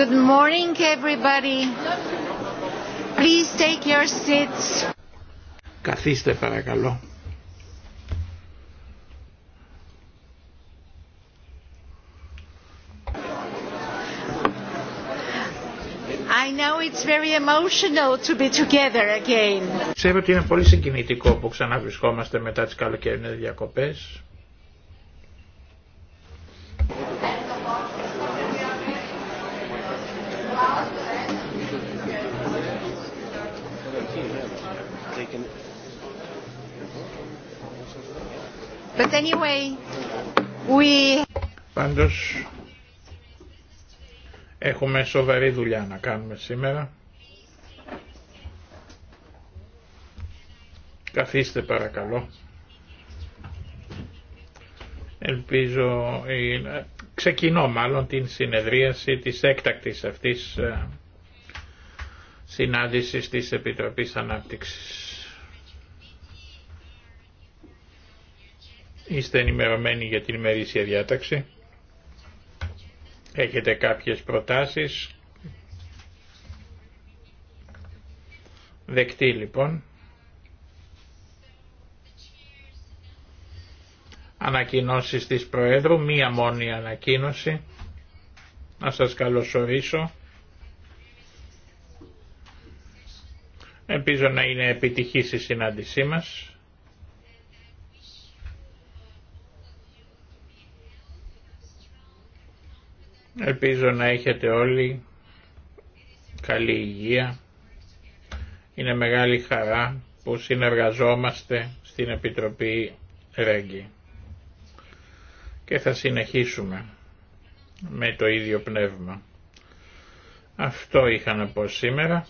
Good morning everybody. Please take your seats. Καθίστε παρακαλώ. I know it's very emotional to be together again. Ξέρω ότι είναι πολύ συγκινητικό που ξαναβρισκόμαστε μετά τις καλοκαιρινές διακοπές. But anyway, we... Πάντως, έχουμε σοβαρή δουλειά να κάνουμε σήμερα. Καθίστε παρακαλώ. Ελπίζω, ξεκινώ μάλλον την συνεδρίαση της έκτακτης αυτής ε, συνάντησης της Επιτροπής Ανάπτυξης. Είστε ενημερωμένοι για την ημερήσια διάταξη. Έχετε κάποιες προτάσεις. Δεκτή λοιπόν. Ανακοινώσεις της Προέδρου, μία μόνη ανακοίνωση. Να σας καλωσορίσω. Ελπίζω να είναι επιτυχής η συνάντησή μας. Ελπίζω να έχετε όλοι καλή υγεία. Είναι μεγάλη χαρά που συνεργαζόμαστε στην Επιτροπή Ρέγγι. Και θα συνεχίσουμε με το ίδιο πνεύμα. Αυτό είχα να πω σήμερα.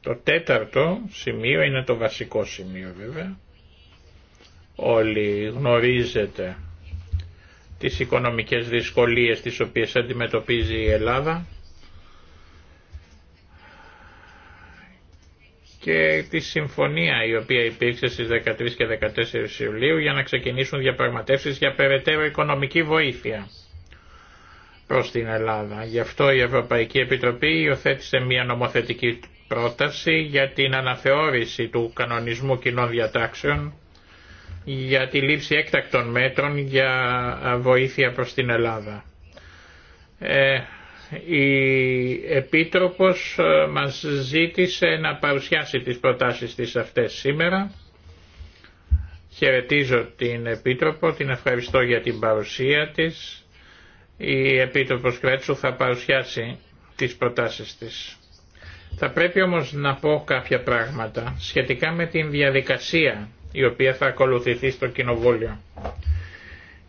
Το τέταρτο σημείο είναι το βασικό σημείο βέβαια. Όλοι γνωρίζετε τις οικονομικές δυσκολίες τις οποίες αντιμετωπίζει η Ελλάδα και τη συμφωνία η οποία υπήρξε στις 13 και 14 Ιουλίου για να ξεκινήσουν διαπραγματεύσεις για περαιτέρω οικονομική βοήθεια προς την Ελλάδα. Γι' αυτό η Ευρωπαϊκή Επιτροπή υιοθέτησε μια νομοθετική πρόταση για την αναθεώρηση του κανονισμού κοινών διατάξεων για τη λήψη έκτακτων μέτρων για βοήθεια προς την Ελλάδα. Ε, η Επίτροπος ε, μας ζήτησε να παρουσιάσει τις προτάσεις της αυτές σήμερα. Χαιρετίζω την Επίτροπο, την ευχαριστώ για την παρουσία της. Η Επίτροπος Κρέτσου θα παρουσιάσει τις προτάσεις της. Θα πρέπει όμως να πω κάποια πράγματα σχετικά με την διαδικασία η οποία θα ακολουθηθεί στο Κοινοβούλιο.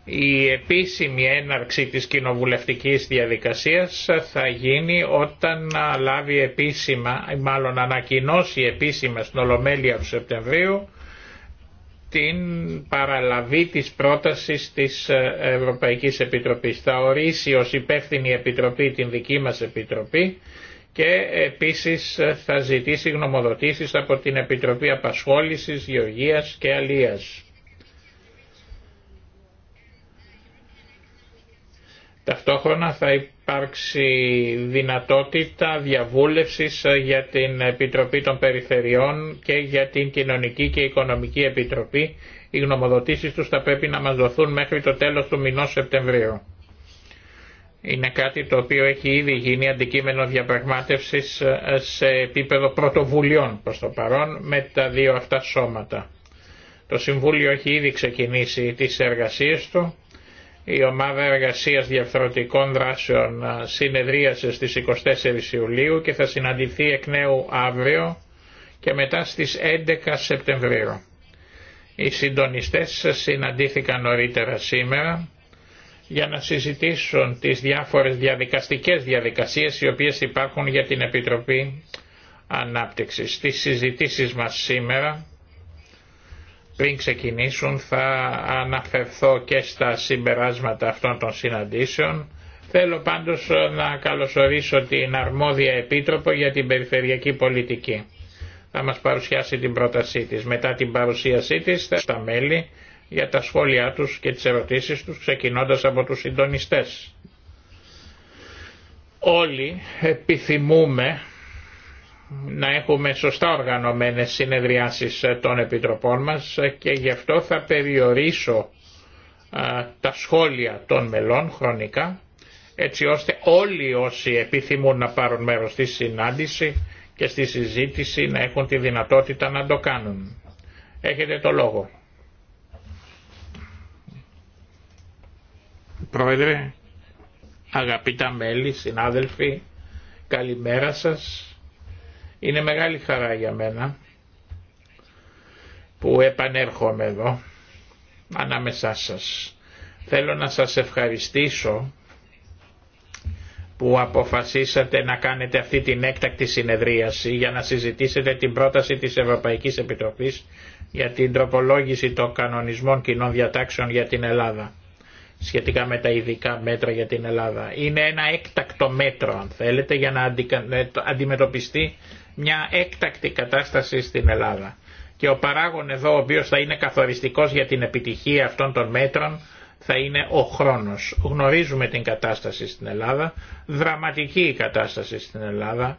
Η επίσημη έναρξη της κοινοβουλευτικής διαδικασίας θα γίνει όταν λάβει επίσημα, μάλλον ανακοινώσει επίσημα στην Ολομέλεια του Σεπτεμβρίου την παραλαβή της πρότασης της Ευρωπαϊκής Επιτροπής. Θα ορίσει ως υπεύθυνη επιτροπή την δική μας επιτροπή και επίσης θα ζητήσει γνωμοδοτήσεις από την Επιτροπή Απασχόλησης, Γεωργίας και Αλίας. Ταυτόχρονα θα υπάρξει δυνατότητα διαβούλευσης για την Επιτροπή των Περιφερειών και για την Κοινωνική και Οικονομική Επιτροπή. Οι γνωμοδοτήσεις τους θα πρέπει να μας δοθούν μέχρι το τέλος του μηνός Σεπτεμβρίου είναι κάτι το οποίο έχει ήδη γίνει αντικείμενο διαπραγμάτευσης ε, σε επίπεδο πρωτοβουλειών προς το παρόν με τα δύο αυτά σώματα. Το Συμβούλιο έχει ήδη ξεκινήσει τις εργασίες του. Η Ομάδα Εργασίας Διαφθορωτικών Δράσεων ε, συνεδρίασε στις 24 Ιουλίου και θα συναντηθεί εκ νέου αύριο και μετά στις 11 Σεπτεμβρίου. Οι συντονιστές συναντήθηκαν νωρίτερα σήμερα για να συζητήσουν τις διάφορες διαδικαστικές διαδικασίες οι οποίες υπάρχουν για την Επιτροπή Ανάπτυξης. Στις συζητήσεις μας σήμερα, πριν ξεκινήσουν, θα αναφερθώ και στα συμπεράσματα αυτών των συναντήσεων. Θέλω πάντως να καλωσορίσω την αρμόδια Επίτροπο για την Περιφερειακή Πολιτική. Θα μας παρουσιάσει την πρότασή της. Μετά την παρουσίασή της, στα μέλη, για τα σχόλιά τους και τις ερωτήσεις τους ξεκινώντας από τους συντονιστές. Όλοι επιθυμούμε να έχουμε σωστά οργανωμένες συνεδριάσεις των Επιτροπών μας και γι' αυτό θα περιορίσω τα σχόλια των μελών χρονικά έτσι ώστε όλοι όσοι επιθυμούν να πάρουν μέρος στη συνάντηση και στη συζήτηση να έχουν τη δυνατότητα να το κάνουν. Έχετε το λόγο. Πρόεδρε, αγαπητά μέλη, συνάδελφοι, καλημέρα σας. Είναι μεγάλη χαρά για μένα που επανέρχομαι εδώ ανάμεσά σας. Θέλω να σας ευχαριστήσω που αποφασίσατε να κάνετε αυτή την έκτακτη συνεδρίαση για να συζητήσετε την πρόταση της Ευρωπαϊκής Επιτροπής για την τροπολόγηση των κανονισμών κοινών διατάξεων για την Ελλάδα σχετικά με τα ειδικά μέτρα για την Ελλάδα. Είναι ένα έκτακτο μέτρο αν θέλετε για να ε, αντιμετωπιστεί μια έκτακτη κατάσταση στην Ελλάδα. Και ο παράγων εδώ ο οποίος θα είναι καθοριστικός για την επιτυχία αυτών των μέτρων θα είναι ο χρόνος. Γνωρίζουμε την κατάσταση στην Ελλάδα, δραματική η κατάσταση στην Ελλάδα.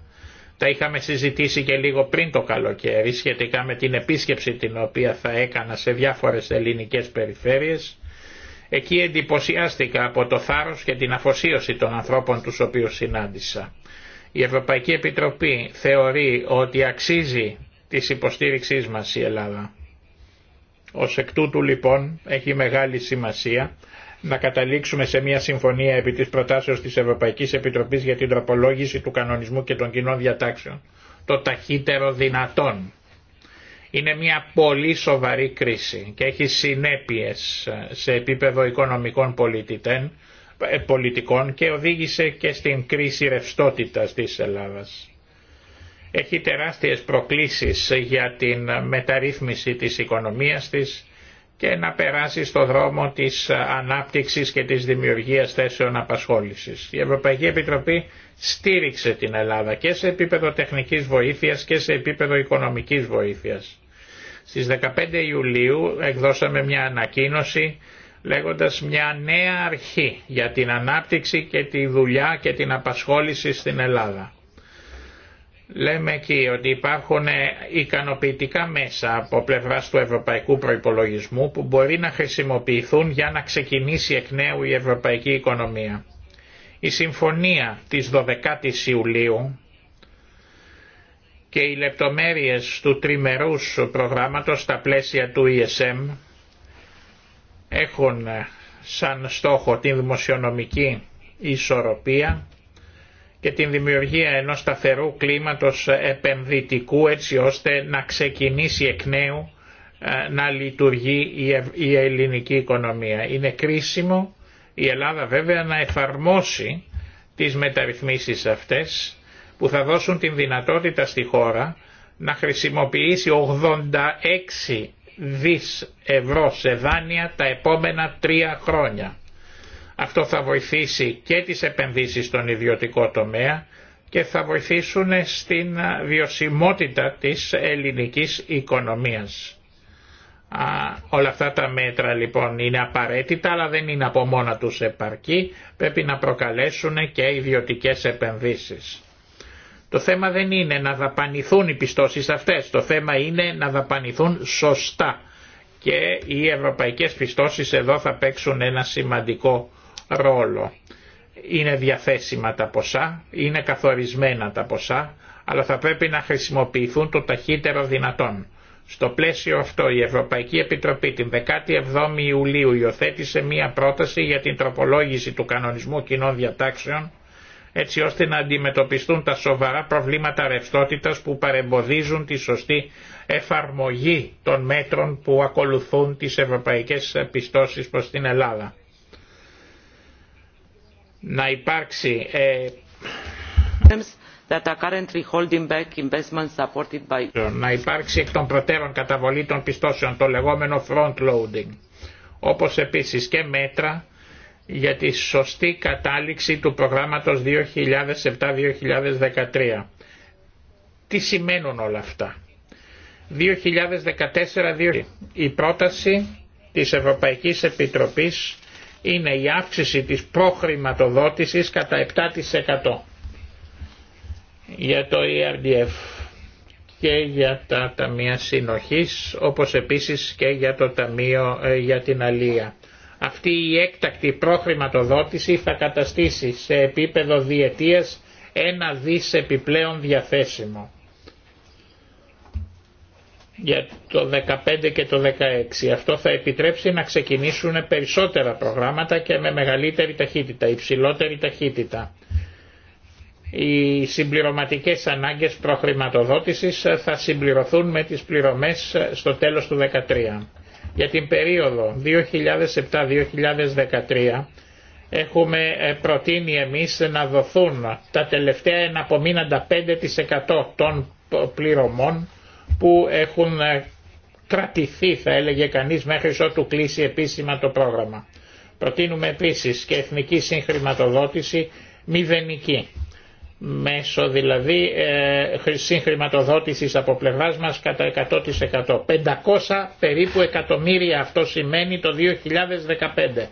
Τα είχαμε συζητήσει και λίγο πριν το καλοκαίρι σχετικά με την επίσκεψη την οποία θα έκανα σε διάφορες ελληνικές περιφέρειες Εκεί εντυπωσιάστηκα από το θάρρος και την αφοσίωση των ανθρώπων τους οποίους συνάντησα. Η Ευρωπαϊκή Επιτροπή θεωρεί ότι αξίζει της υποστήριξής μας η Ελλάδα. Ως εκ τούτου λοιπόν έχει μεγάλη σημασία να καταλήξουμε σε μια συμφωνία επί της προτάσεως της Ευρωπαϊκής Επιτροπής για την τροπολόγηση του κανονισμού και των κοινών διατάξεων. Το ταχύτερο δυνατόν. Είναι μια πολύ σοβαρή κρίση και έχει συνέπειες ε, σε επίπεδο οικονομικών ε, πολιτικών και οδήγησε και στην κρίση ρευστότητας της Ελλάδας. Έχει τεράστιες προκλήσεις για την μεταρρύθμιση της οικονομίας της και να περάσει στο δρόμο της ανάπτυξης και της δημιουργίας θέσεων απασχόλησης. Η Ευρωπαϊκή Επιτροπή στήριξε την Ελλάδα και σε επίπεδο τεχνικής βοήθειας και σε επίπεδο οικονομικής βοήθειας. Στις 15 Ιουλίου εκδώσαμε μια ανακοίνωση λέγοντας μια νέα αρχή για την ανάπτυξη και τη δουλειά και την απασχόληση στην Ελλάδα. Λέμε εκεί ότι υπάρχουν ικανοποιητικά μέσα από πλευρά του ευρωπαϊκού προϋπολογισμού που μπορεί να χρησιμοποιηθούν για να ξεκινήσει εκ νέου η ευρωπαϊκή οικονομία. Η συμφωνία της 12ης Ιουλίου και οι λεπτομέρειες του τριμερούς προγράμματος στα πλαίσια του ESM έχουν ε, σαν στόχο την δημοσιονομική ισορροπία και την δημιουργία ενός σταθερού κλίματος επενδυτικού έτσι ώστε να ξεκινήσει εκ νέου ε, να λειτουργεί η ελληνική οικονομία. Είναι κρίσιμο η Ελλάδα βέβαια να εφαρμόσει τις μεταρρυθμίσεις αυτές που θα δώσουν την δυνατότητα στη χώρα να χρησιμοποιήσει 86 δις ευρώ σε δάνεια τα επόμενα τρία χρόνια. Αυτό θα βοηθήσει και τις επενδύσεις στον ιδιωτικό τομέα και θα βοηθήσουν στην βιωσιμότητα της ελληνικής οικονομίας. Α, όλα αυτά τα μέτρα λοιπόν είναι απαραίτητα αλλά δεν είναι από μόνα τους επαρκή, πρέπει να προκαλέσουν και ιδιωτικές επενδύσεις. Το θέμα δεν είναι να δαπανηθούν οι πιστώσεις αυτές, το θέμα είναι να δαπανηθούν σωστά και οι ευρωπαϊκές πιστώσεις εδώ θα παίξουν ένα σημαντικό ρόλο. Είναι διαθέσιμα τα ποσά, είναι καθορισμένα τα ποσά, αλλά θα πρέπει να χρησιμοποιηθούν το ταχύτερο δυνατόν. Στο πλαίσιο αυτό η Ευρωπαϊκή Επιτροπή την 17η Ιουλίου υιοθέτησε μία πρόταση για την τροπολόγηση του κανονισμού κοινών διατάξεων έτσι ώστε να αντιμετωπιστούν τα σοβαρά προβλήματα ρευστότητας που παρεμποδίζουν τη σωστή εφαρμογή των μέτρων που ακολουθούν τις ευρωπαϊκές πιστώσεις προς την Ελλάδα. Να υπάρξει... Ε, holding back supported by... Να υπάρξει εκ των προτέρων καταβολή των πιστώσεων, το λεγόμενο front loading, όπως επίσης και μέτρα για τη σωστή κατάληξη του προγράμματος 2007-2013. Τι σημαίνουν όλα αυτά. 2014-2013 η πρόταση της Ευρωπαϊκής Επιτροπής είναι η αύξηση της προχρηματοδότησης κατά 7% για το ERDF και για τα Ταμεία Συνοχής όπως επίσης και για το Ταμείο ε, για την Αλία αυτή η έκτακτη προχρηματοδότηση θα καταστήσει σε επίπεδο διετίας ένα δις επιπλέον διαθέσιμο για το 2015 και το 2016. Αυτό θα επιτρέψει να ξεκινήσουν περισσότερα προγράμματα και με μεγαλύτερη ταχύτητα, υψηλότερη ταχύτητα. Οι συμπληρωματικές ανάγκες προχρηματοδότησης θα συμπληρωθούν με τις πληρωμές στο τέλος του 2013. Για την περίοδο 2007-2013 έχουμε ε, προτείνει εμείς να δοθούν τα τελευταία εναπομείναντα 5% των πληρωμών που έχουν ε, κρατηθεί θα έλεγε κανείς μέχρι ότου κλείσει επίσημα το πρόγραμμα. Προτείνουμε επίσης και εθνική συγχρηματοδότηση μηδενική μέσω δηλαδή ε, συγχρηματοδότησης από πλευράς μας κατά 100%. 500 περίπου εκατομμύρια αυτό σημαίνει το 2015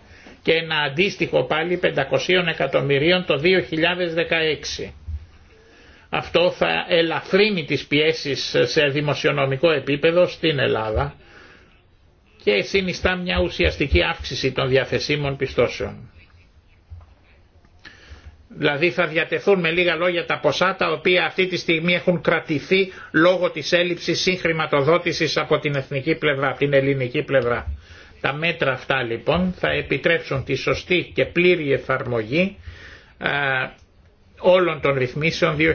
και ένα αντίστοιχο πάλι 500 εκατομμυρίων το 2016. Αυτό θα ελαφρύνει τις πιέσεις σε δημοσιονομικό επίπεδο στην Ελλάδα και συνιστά μια ουσιαστική αύξηση των διαθεσίμων πιστώσεων. Δηλαδή θα διατεθούν με λίγα λόγια τα ποσά τα οποία αυτή τη στιγμή έχουν κρατηθεί λόγω της έλλειψης συγχρηματοδότησης από την εθνική πλευρά, από την ελληνική πλευρά. Τα μέτρα αυτά λοιπόν θα επιτρέψουν τη σωστή και πλήρη εφαρμογή ε, όλων των ρυθμίσεων 2007-2013.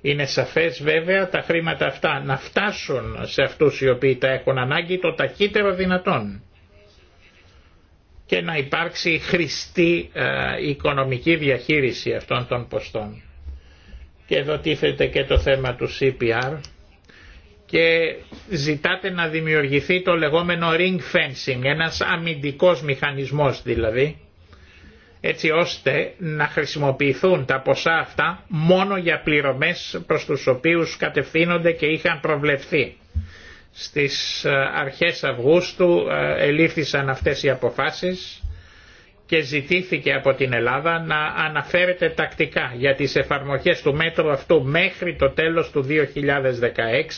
Είναι σαφές βέβαια τα χρήματα αυτά να φτάσουν σε αυτούς οι οποίοι τα έχουν ανάγκη το ταχύτερο δυνατόν και να υπάρξει χρηστή ε, οικονομική διαχείριση αυτών των ποστών. Και εδώ τίθεται και το θέμα του CPR και ζητάτε να δημιουργηθεί το λεγόμενο ring fencing, ένας αμυντικός μηχανισμός δηλαδή, έτσι ώστε να χρησιμοποιηθούν τα ποσά αυτά μόνο για πληρωμές προς τους οποίους κατευθύνονται και είχαν προβλεφθεί. Στις ε, αρχές Αυγούστου ε, ελήφθησαν αυτές οι αποφάσεις και ζητήθηκε από την Ελλάδα να αναφέρεται τακτικά για τις εφαρμογές του μέτρου αυτού μέχρι το τέλος του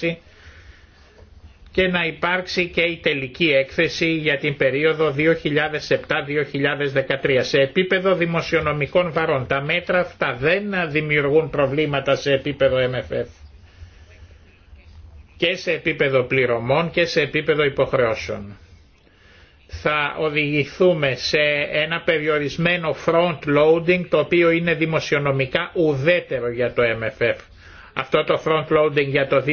2016 και να υπάρξει και η τελική έκθεση για την περίοδο 2007-2013 σε επίπεδο δημοσιονομικών βαρών. Τα μέτρα αυτά δεν δημιουργούν προβλήματα σε επίπεδο MFF και σε επίπεδο πληρωμών και σε επίπεδο υποχρεώσεων. Θα οδηγηθούμε σε ένα περιορισμένο front loading το οποίο είναι δημοσιονομικά ουδέτερο για το MFF. Αυτό το front loading για το 2015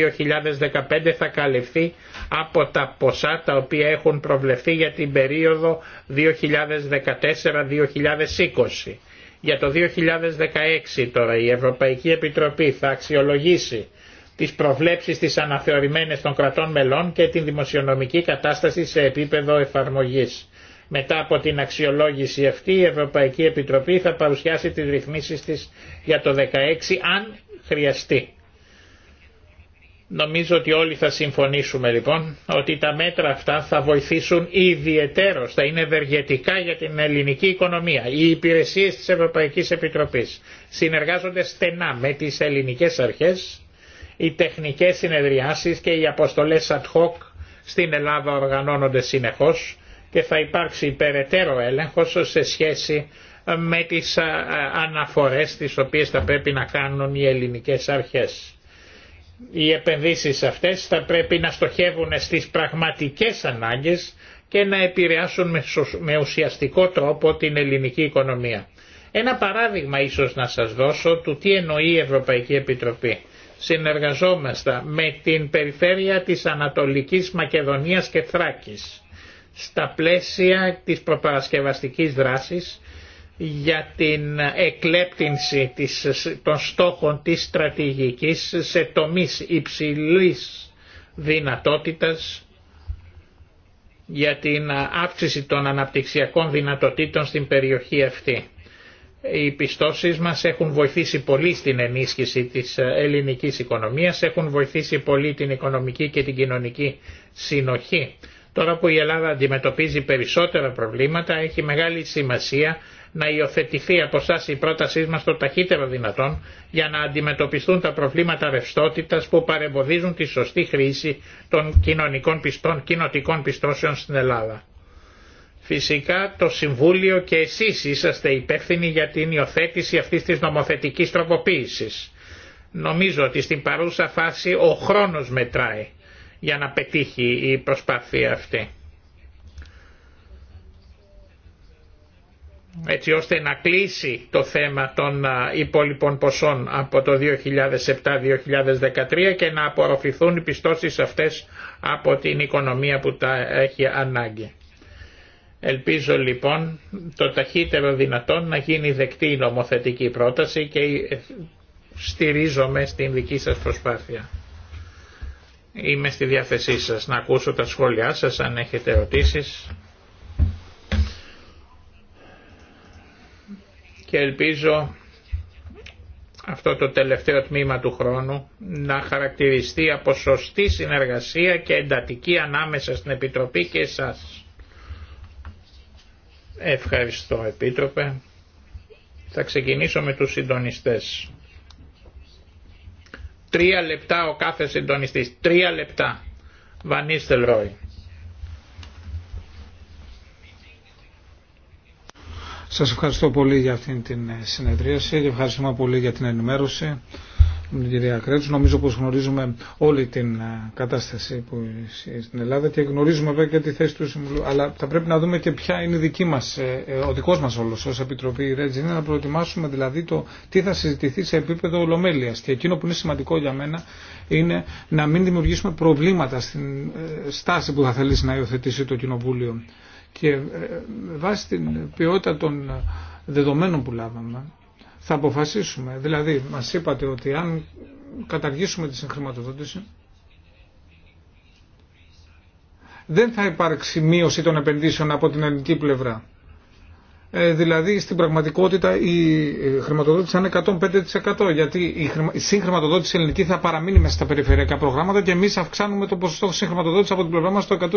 θα καλυφθεί από τα ποσά τα οποία έχουν προβλεφθεί για την περίοδο 2014-2020. Για το 2016 τώρα η Ευρωπαϊκή Επιτροπή θα αξιολογήσει τις προβλέψεις της αναθεωρημένες των κρατών μελών και την δημοσιονομική κατάσταση σε επίπεδο εφαρμογής. Μετά από την αξιολόγηση αυτή η Ευρωπαϊκή Επιτροπή θα παρουσιάσει τις ρυθμίσεις της για το 2016 αν χρειαστεί. Νομίζω ότι όλοι θα συμφωνήσουμε λοιπόν ότι τα μέτρα αυτά θα βοηθήσουν ιδιαιτέρως, θα είναι ευεργετικά για την ελληνική οικονομία. Οι υπηρεσίες της Ευρωπαϊκής Επιτροπής συνεργάζονται στενά με τις ελληνικές αρχές οι τεχνικές συνεδριάσεις και οι αποστολές ad hoc στην Ελλάδα οργανώνονται συνεχώς και θα υπάρξει περαιτέρω έλεγχος σε σχέση ε, με τις ε, αναφορές τις οποίες θα πρέπει να κάνουν οι ελληνικές αρχές. Οι επενδύσεις αυτές θα πρέπει να στοχεύουν στις πραγματικές ανάγκες και να επηρεάσουν με ουσιαστικό τρόπο την ελληνική οικονομία. Ένα παράδειγμα ίσως να σας δώσω του τι εννοεί η Ευρωπαϊκή Επιτροπή συνεργαζόμαστε με την περιφέρεια της Ανατολικής Μακεδονίας και Θράκης στα πλαίσια της προπαρασκευαστικής δράσης για την εκλέπτυνση των στόχων της στρατηγικής σε τομείς υψηλής δυνατότητας για την αύξηση των αναπτυξιακών δυνατοτήτων στην περιοχή αυτή. Οι πιστώσεις μας έχουν βοηθήσει πολύ στην ενίσχυση της ε, ελληνικής οικονομίας, έχουν βοηθήσει πολύ την οικονομική και την κοινωνική συνοχή. Τώρα που η Ελλάδα αντιμετωπίζει περισσότερα προβλήματα έχει μεγάλη σημασία να υιοθετηθεί από εσά η πρότασή μα το ταχύτερο δυνατόν για να αντιμετωπιστούν τα προβλήματα ρευστότητα που παρεμποδίζουν τη σωστή χρήση των κοινωνικών κοινοτικών πιστώσεων στην Ελλάδα. Φυσικά το Συμβούλιο και εσείς είσαστε υπεύθυνοι για την υιοθέτηση αυτής της νομοθετικής τροποποίησης. Νομίζω ότι στην παρούσα φάση ο χρόνος μετράει για να πετύχει η προσπάθεια αυτή. έτσι ώστε να κλείσει το θέμα των υπόλοιπων ποσών από το 2007-2013 και να απορροφηθούν οι πιστώσεις αυτές από την οικονομία που τα έχει ανάγκη. Ελπίζω λοιπόν το ταχύτερο δυνατόν να γίνει δεκτή η νομοθετική πρόταση και στηρίζομαι στην δική σας προσπάθεια. Είμαι στη διάθεσή σας να ακούσω τα σχόλιά σας αν έχετε ερωτήσεις. Και ελπίζω αυτό το τελευταίο τμήμα του χρόνου να χαρακτηριστεί από σωστή συνεργασία και εντατική ανάμεσα στην Επιτροπή και εσάς. Ευχαριστώ Επίτροπε. Θα ξεκινήσω με τους συντονιστές. Τρία λεπτά ο κάθε συντονιστής. Τρία λεπτά. Βανίστελ Ρόι. Σας ευχαριστώ πολύ για αυτήν την συνεδρίαση και ευχαριστούμε πολύ για την ενημέρωση την κυρία Κρέτσου. Νομίζω πως γνωρίζουμε όλη την ε, κατάσταση που στην Ελλάδα και γνωρίζουμε βέβαια και τη θέση του Συμβουλίου. Αλλά θα πρέπει να δούμε και ποια είναι η δική μας, ε, ε, ο δικός μας όλος ως Επιτροπή Ρέτζη. Είναι να προετοιμάσουμε δηλαδή το τι θα συζητηθεί σε επίπεδο ολομέλειας. Και εκείνο που είναι σημαντικό για μένα είναι να μην δημιουργήσουμε προβλήματα στην στάση που θα θελήσει να υιοθετήσει το Κοινοβούλιο. Και βάσει την ποιότητα των δεδομένων που λάβαμε, θα αποφασίσουμε. Δηλαδή, μας είπατε ότι αν καταργήσουμε τη συγχρηματοδότηση, δεν θα υπάρξει μείωση των επενδύσεων από την ελληνική πλευρά. Ε, δηλαδή στην πραγματικότητα η ε, χρηματοδότηση είναι 105% γιατί η συγχρηματοδότηση ελληνική θα παραμείνει μέσα στα περιφερειακά προγράμματα και εμείς αυξάνουμε το ποσοστό συγχρηματοδότηση από την πλευρά μας στο 100%.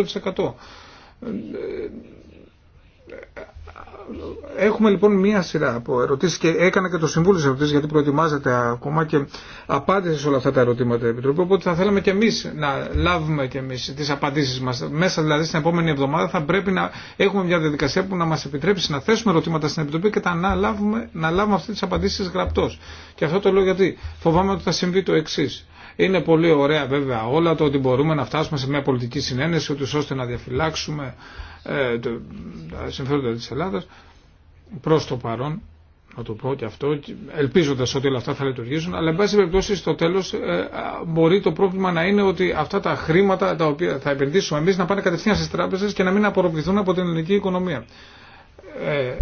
Έχουμε λοιπόν μία σειρά από ερωτήσει και έκανα και το Συμβούλιο ερωτήσεις γιατί προετοιμάζεται ακόμα και απάντησε σε όλα αυτά τα ερωτήματα η Επιτροπή. Οπότε θα θέλαμε και εμεί να λάβουμε και εμεί τι απαντήσει μα. Μέσα δηλαδή στην επόμενη εβδομάδα θα πρέπει να έχουμε μια διαδικασία που να μα επιτρέψει να θέσουμε ερωτήματα στην Επιτροπή και να λάβουμε, να λάβουμε αυτές τις απαντήσεις γραπτώς. Και αυτό το λέω γιατί φοβάμαι ότι θα συμβεί το εξή. Είναι πολύ ωραία βέβαια όλα το ότι μπορούμε να φτάσουμε σε μια πολιτική συνένεση ώστε να διαφυλάξουμε ε, τα συμφέροντα της Ελλάδας προς το παρόν να το πω και αυτό, ελπίζοντα ότι όλα αυτά θα λειτουργήσουν, αλλά εν πάση περιπτώσει στο τέλο ε, μπορεί το πρόβλημα να είναι ότι αυτά τα χρήματα τα οποία θα επενδύσουμε εμεί να πάνε κατευθείαν στι τράπεζε και να μην απορροφηθούν από την ελληνική οικονομία. Ε,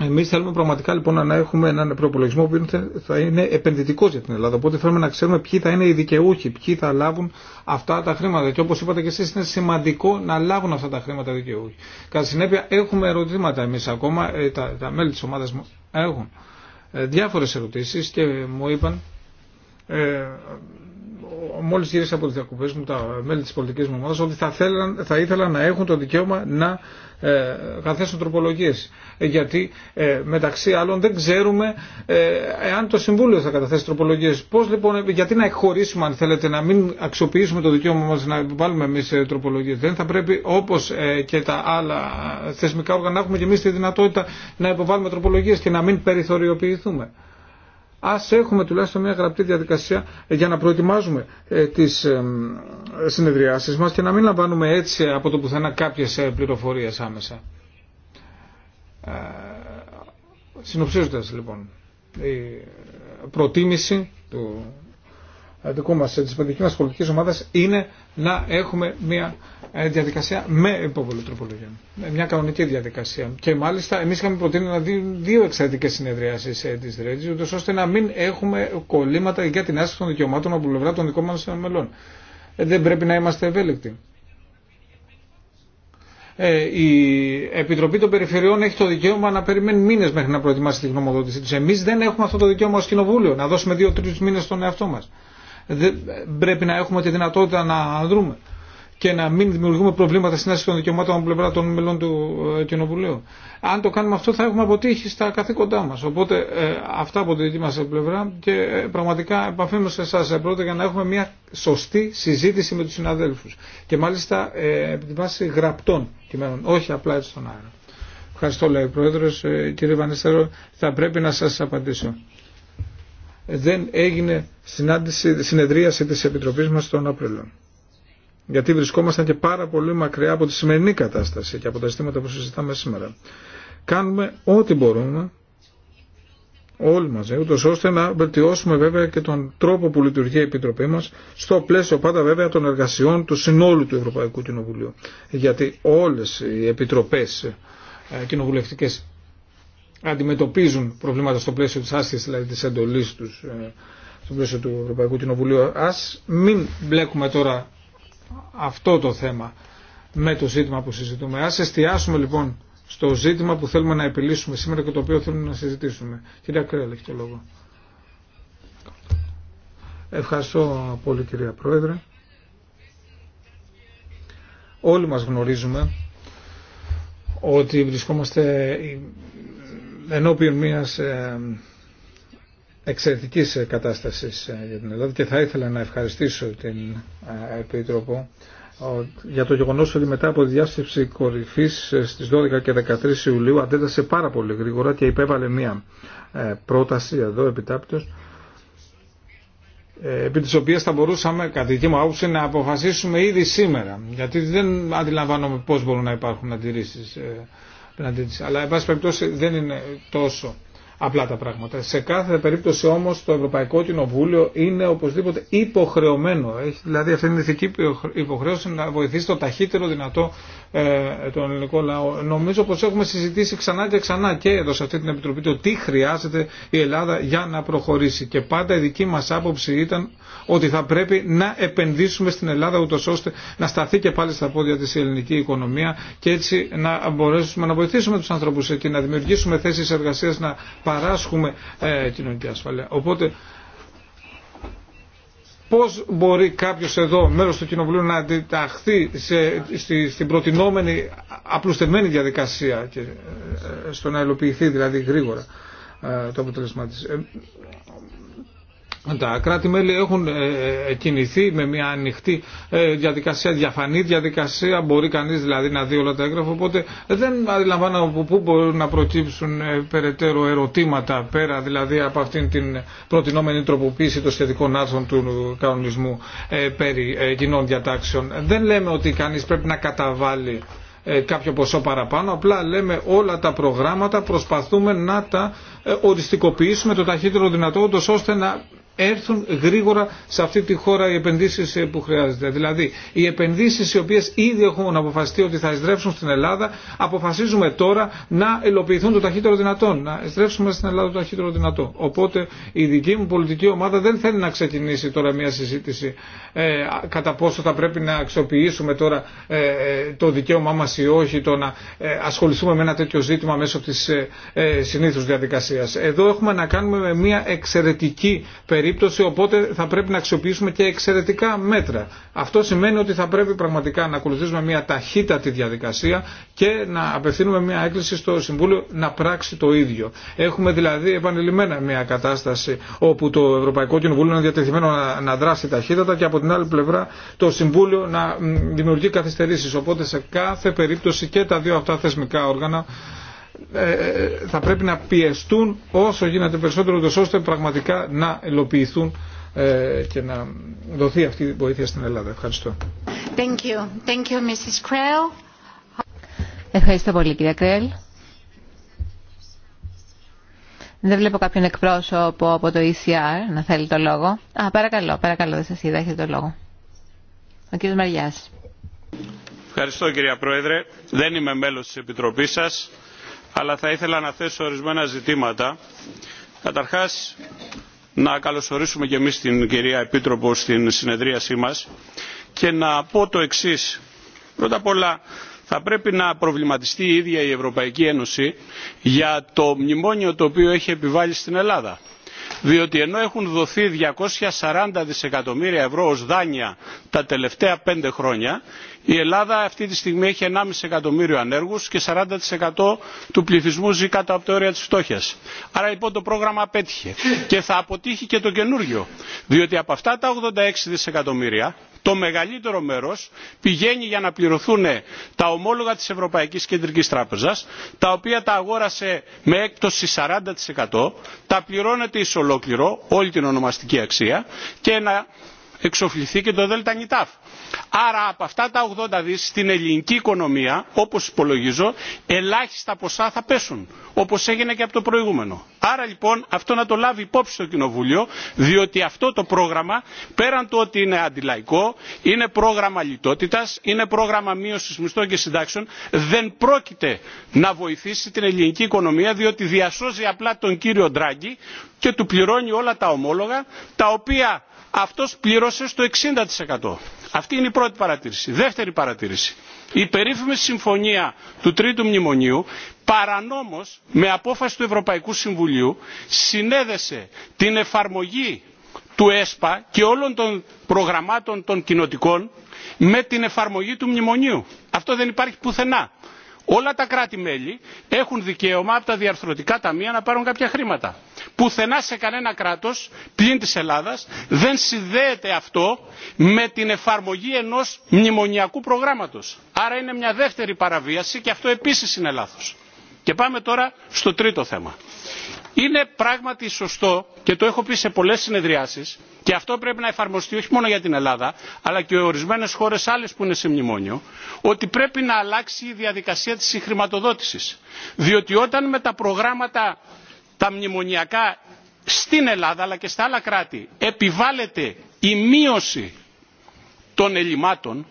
Εμεί θέλουμε πραγματικά λοιπόν να έχουμε έναν προπολογισμό που θα είναι επενδυτικό για την Ελλάδα. Οπότε θέλουμε να ξέρουμε ποιοι θα είναι οι δικαιούχοι, ποιοι θα λάβουν αυτά τα χρήματα. Και όπω είπατε και εσεί, είναι σημαντικό να λάβουν αυτά τα χρήματα οι δικαιούχοι. Κατά συνέπεια, έχουμε ερωτήματα εμεί ακόμα, ε, τα, τα μέλη τη ομάδα μου έχουν ε, διάφορε ερωτήσει και μου είπαν ε, Μόλι γύρισα από τι διακοπέ μου τα μέλη τη πολιτική μου ομάδα ότι θα, θέλαν, θα ήθελαν να έχουν το δικαίωμα να ε, καθέσουν τροπολογίε. Γιατί ε, μεταξύ άλλων δεν ξέρουμε ε, εάν το Συμβούλιο θα καταθέσει τροπολογίε. Πώ λοιπόν, γιατί να εκχωρήσουμε αν θέλετε, να μην αξιοποιήσουμε το δικαίωμα μα, να βάλουμε εμεί ε, τροπολογίε. Δεν θα πρέπει όπω ε, και τα άλλα θεσμικά όργανα να έχουμε και εμεί τη δυνατότητα να υποβάλουμε τροπολογίε και να μην περιθωριοποιηθούμε ας έχουμε τουλάχιστον μια γραπτή διαδικασία για να προετοιμάζουμε ε, τις ε, συνεδριάσεις μας και να μην λαμβάνουμε έτσι από το πουθενά κάποιες ε, πληροφορίες άμεσα. Συνοψίζοντας λοιπόν, η προτίμηση του δικού μα της παιδικής μας πολιτικής ομάδας είναι να έχουμε μια ε, διαδικασία με υπόβολο τροπολογία. Ε, μια κανονική διαδικασία. Και μάλιστα εμεί είχαμε προτείνει να δίνουν δύο εξαιρετικέ συνεδριάσει ε, τη ΡΕΤΖΙ, ώστε να μην έχουμε κολλήματα για την άσκηση των δικαιωμάτων από πλευρά των δικών μα μελών. Δεν πρέπει να είμαστε ευέλικτοι. Η Επιτροπή των Περιφερειών έχει το δικαίωμα να περιμένει μήνε μέχρι να προετοιμάσει τη γνωμοδότησή του. Εμεί δεν έχουμε αυτό το δικαίωμα ω Κοινοβούλιο, να δώσουμε δύο-τρει μήνε στον εαυτό μα. Δεν πρέπει να έχουμε τη δυνατότητα να δρούμε και να μην δημιουργούμε προβλήματα στην των δικαιωμάτων από πλευρά των μελών του ε, Κοινοβουλίου. Αν το κάνουμε αυτό θα έχουμε αποτύχει στα καθήκοντά μας. Οπότε ε, αυτά από τη δική μας πλευρά και ε, πραγματικά επαφήμαι σε εσάς πρώτα για να έχουμε μια σωστή συζήτηση με τους συναδέλφους. Και μάλιστα ε, επί τη βάση γραπτών κειμένων, όχι απλά έτσι στον αέρα. Ευχαριστώ λέει ο Πρόεδρος. κύριε Βανίστερο, θα πρέπει να σας απαντήσω. Δεν έγινε συνάντηση, συνεδρίαση της Επιτροπής μας τον Απρίλιο γιατί βρισκόμασταν και πάρα πολύ μακριά από τη σημερινή κατάσταση και από τα ζητήματα που συζητάμε σήμερα. Κάνουμε ό,τι μπορούμε όλοι μαζί, ούτω ώστε να βελτιώσουμε βέβαια και τον τρόπο που λειτουργεί η Επιτροπή μα στο πλαίσιο πάντα βέβαια των εργασιών του συνόλου του Ευρωπαϊκού Κοινοβουλίου. Γιατί όλε οι επιτροπές ε, κοινοβουλευτικέ αντιμετωπίζουν προβλήματα στο πλαίσιο τη άσκηση, δηλαδή εντολή εντολής τους, ε, στο πλαίσιο του Ευρωπαϊκού Κοινοβουλίου. Α μην μπλέκουμε τώρα αυτό το θέμα με το ζήτημα που συζητούμε. Ας εστιάσουμε λοιπόν στο ζήτημα που θέλουμε να επιλύσουμε σήμερα και το οποίο θέλουμε να συζητήσουμε. Κυρία Κρέλ, έχει το λόγο. Ευχαριστώ πολύ κυρία Πρόεδρε. Όλοι μας γνωρίζουμε ότι βρισκόμαστε ενώπιον μιας ε, εξαιρετικής ε, κατάστασης ε, για την Ελλάδα και θα ήθελα να ευχαριστήσω την ε, Επίτροπο για το γεγονός ότι μετά από διάσκεψη κορυφής στις 12 και 13 Ιουλίου αντέδρασε πάρα πολύ γρήγορα και υπέβαλε μία πρόταση εδώ επιτάπητος επί της οποίας θα μπορούσαμε κατά δική μου άποψη να αποφασίσουμε ήδη σήμερα γιατί δεν αντιλαμβάνομαι πώς μπορούν να υπάρχουν αντιρρήσεις αλλά εν πάση περιπτώσει δεν είναι τόσο απλά τα πράγματα. Σε κάθε περίπτωση όμως το Ευρωπαϊκό Κοινοβούλιο είναι οπωσδήποτε υποχρεωμένο. Έχει δηλαδή αυτή την ηθική υποχρέωση να βοηθήσει το ταχύτερο δυνατό ε, τον ελληνικό λαό. Νομίζω πως έχουμε συζητήσει ξανά και ξανά και εδώ σε αυτή την Επιτροπή το τι χρειάζεται η Ελλάδα για να προχωρήσει. Και πάντα η δική μας άποψη ήταν ότι θα πρέπει να επενδύσουμε στην Ελλάδα ούτως ώστε να σταθεί και πάλι στα πόδια της ελληνική οικονομία και έτσι να μπορέσουμε να βοηθήσουμε τους ανθρώπους εκεί, να δημιουργήσουμε θέσεις εργασίας, να παράσχουμε ε, κοινωνική ασφαλεία. Οπότε πώς μπορεί κάποιος εδώ, μέλος του Κοινοβουλίου, να αντιταχθεί σε, στη, στην προτινόμενη απλουστευμένη διαδικασία και, ε, ε, στο να υλοποιηθεί δηλαδή γρήγορα ε, το αποτέλεσμα της τα κράτη-μέλη έχουν ε, ε, κινηθεί με μια ανοιχτή ε, διαδικασία, διαφανή διαδικασία, μπορεί κανείς δηλαδή να δει όλα τα έγγραφα, οπότε δεν αντιλαμβάνω από πού μπορούν να προκύψουν περαιτέρω ερωτήματα πέρα δηλαδή από αυτήν την προτινόμενη τροποποίηση των σχετικών άρθρων του κανονισμού περί κοινών διατάξεων. Δεν λέμε ότι κανείς πρέπει να καταβάλει κάποιο ποσό παραπάνω, απλά λέμε όλα τα προγράμματα προσπαθούμε να τα οριστικοποιήσουμε το ταχύτερο δυνατό ώστε να έρθουν γρήγορα σε αυτή τη χώρα οι επενδύσει ε, που χρειάζεται. Δηλαδή, οι επενδύσει οι οποίε ήδη έχουν αποφασιστεί ότι θα εστρέψουν στην Ελλάδα, αποφασίζουμε τώρα να ελοποιηθούν το ταχύτερο δυνατόν. Να εστρέψουμε στην Ελλάδα το ταχύτερο δυνατό. Οπότε, η δική μου πολιτική ομάδα δεν θέλει να ξεκινήσει τώρα μια συζήτηση ε, κατά πόσο θα πρέπει να αξιοποιήσουμε τώρα ε, το δικαίωμά μα ή όχι, το να ασχοληθούμε με ένα τέτοιο ζήτημα μέσω τη ε, ε, διαδικασία. Εδώ έχουμε να κάνουμε με μια εξαιρετική περίπτωση περίπτωση, οπότε θα πρέπει να αξιοποιήσουμε και εξαιρετικά μέτρα. Αυτό σημαίνει ότι θα πρέπει πραγματικά να ακολουθήσουμε μια ταχύτατη διαδικασία και να απευθύνουμε μια έκκληση στο Συμβούλιο να πράξει το ίδιο. Έχουμε δηλαδή επανειλημμένα μια κατάσταση όπου το Ευρωπαϊκό Κοινοβούλιο είναι διατεθειμένο να δράσει ταχύτατα και από την άλλη πλευρά το Συμβούλιο να δημιουργεί καθυστερήσει. Οπότε σε κάθε περίπτωση και τα δύο αυτά θεσμικά όργανα ε, θα πρέπει να πιεστούν όσο γίνεται περισσότερο ώστε πραγματικά να ελοποιηθούν ε, και να δοθεί αυτή η βοήθεια στην Ελλάδα. Ευχαριστώ. Thank you. Thank you, Mrs. Ευχαριστώ πολύ κυρία Κρέλ. Δεν βλέπω κάποιον εκπρόσωπο από το ECR να θέλει το λόγο. Α, παρακαλώ, παρακαλώ, δεν σας είδα, έχετε το λόγο. Ο κύριος Μαριάς. Ευχαριστώ κυρία Πρόεδρε. Δεν είμαι μέλος της Επιτροπής σας αλλά θα ήθελα να θέσω ορισμένα ζητήματα. Καταρχάς, να καλωσορίσουμε και εμείς την κυρία Επίτροπο στην συνεδρίασή μας και να πω το εξής. Πρώτα απ' όλα, θα πρέπει να προβληματιστεί η ίδια η Ευρωπαϊκή Ένωση για το μνημόνιο το οποίο έχει επιβάλει στην Ελλάδα διότι ενώ έχουν δοθεί 240 δισεκατομμύρια ευρώ ως δάνεια τα τελευταία πέντε χρόνια η Ελλάδα αυτή τη στιγμή έχει 1,5 εκατομμύριο ανέργους και 40% του πληθυσμού ζει κάτω από τα όρια της φτώχειας. Άρα λοιπόν το πρόγραμμα απέτυχε και θα αποτύχει και το καινούργιο. Διότι από αυτά τα 86 δισεκατομμύρια το μεγαλύτερο μέρος πηγαίνει για να πληρωθούν τα ομόλογα της Ευρωπαϊκής Κεντρικής Τράπεζας, τα οποία τα αγόρασε με έκπτωση 40%, τα πληρώνεται εις ολόκληρο όλη την ονομαστική αξία και ένα εξοφληθεί και το ΔΝΤ. Άρα από αυτά τα 80 δις στην ελληνική οικονομία, όπως υπολογίζω, ελάχιστα ποσά θα πέσουν, όπως έγινε και από το προηγούμενο. Άρα λοιπόν αυτό να το λάβει υπόψη το Κοινοβούλιο, διότι αυτό το πρόγραμμα, πέραν του ότι είναι αντιλαϊκό, είναι πρόγραμμα λιτότητας, είναι πρόγραμμα μείωσης μισθών και συντάξεων, δεν πρόκειται να βοηθήσει την ελληνική οικονομία, διότι διασώζει απλά τον κύριο Ντράγκη και του πληρώνει όλα τα ομόλογα, τα οποία αυτός πλήρωσε στο 60%. Αυτή είναι η πρώτη παρατήρηση. Δεύτερη παρατήρηση. Η περίφημη συμφωνία του Τρίτου Μνημονίου παρανόμως με απόφαση του Ευρωπαϊκού Συμβουλίου συνέδεσε την εφαρμογή του ΕΣΠΑ και όλων των προγραμμάτων των κοινοτικών με την εφαρμογή του Μνημονίου. Αυτό δεν υπάρχει πουθενά όλα τα κράτη μέλη έχουν δικαίωμα από τα διαρθρωτικά ταμεία να πάρουν κάποια χρήματα. πουθενά σε κανένα κράτος πλην της ελλάδας δεν συνδέεται αυτό με την εφαρμογή ενός μνημονιακού προγράμματος. άρα είναι μια δεύτερη παραβίαση και αυτό επίσης είναι λάθος. και πάμε τώρα στο τρίτο θέμα είναι πράγματι σωστό και το έχω πει σε πολλές συνεδριάσεις και αυτό πρέπει να εφαρμοστεί όχι μόνο για την Ελλάδα αλλά και ορισμένες χώρες άλλες που είναι σε μνημόνιο ότι πρέπει να αλλάξει η διαδικασία της συγχρηματοδότησης. Διότι όταν με τα προγράμματα τα μνημονιακά στην Ελλάδα αλλά και στα άλλα κράτη επιβάλλεται η μείωση των ελλημάτων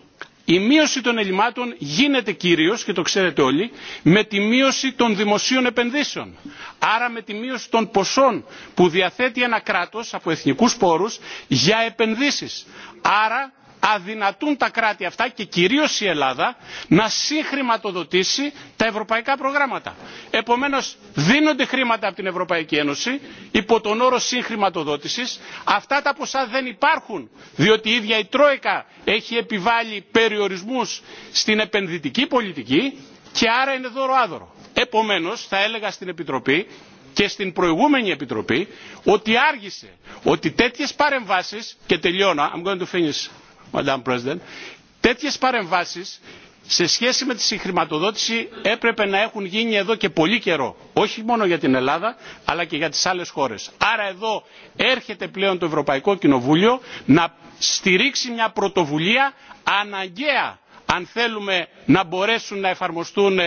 η μείωση των ελλημάτων γίνεται κυρίως και το ξέρετε όλοι με τη μείωση των δημοσίων επενδύσεων άρα με τη μείωση των ποσών που διαθέτει ένα κράτος από εθνικούς πόρους για επενδύσεις άρα αδυνατούν τα κράτη αυτά και κυρίως η Ελλάδα να συγχρηματοδοτήσει τα ευρωπαϊκά προγράμματα. Επομένως δίνονται χρήματα από την Ευρωπαϊκή Ένωση υπό τον όρο συγχρηματοδότησης. Αυτά τα ποσά δεν υπάρχουν διότι η ίδια η Τρόικα έχει επιβάλει περιορισμούς στην επενδυτική πολιτική και άρα είναι δώρο-άδωρο. Επομένως θα έλεγα στην Επιτροπή και στην προηγούμενη επιτροπή ότι άργησε ότι τέτοιες παρεμβάσεις και τελειώνω I'm going to finish Madam President, τέτοιες παρεμβάσεις σε σχέση με τη συγχρηματοδότηση έπρεπε να έχουν γίνει εδώ και πολύ καιρό. Όχι μόνο για την Ελλάδα, αλλά και για τις άλλες χώρες. Άρα εδώ έρχεται πλέον το Ευρωπαϊκό Κοινοβούλιο να στηρίξει μια πρωτοβουλία αναγκαία αν θέλουμε να μπορέσουν να εφαρμοστούν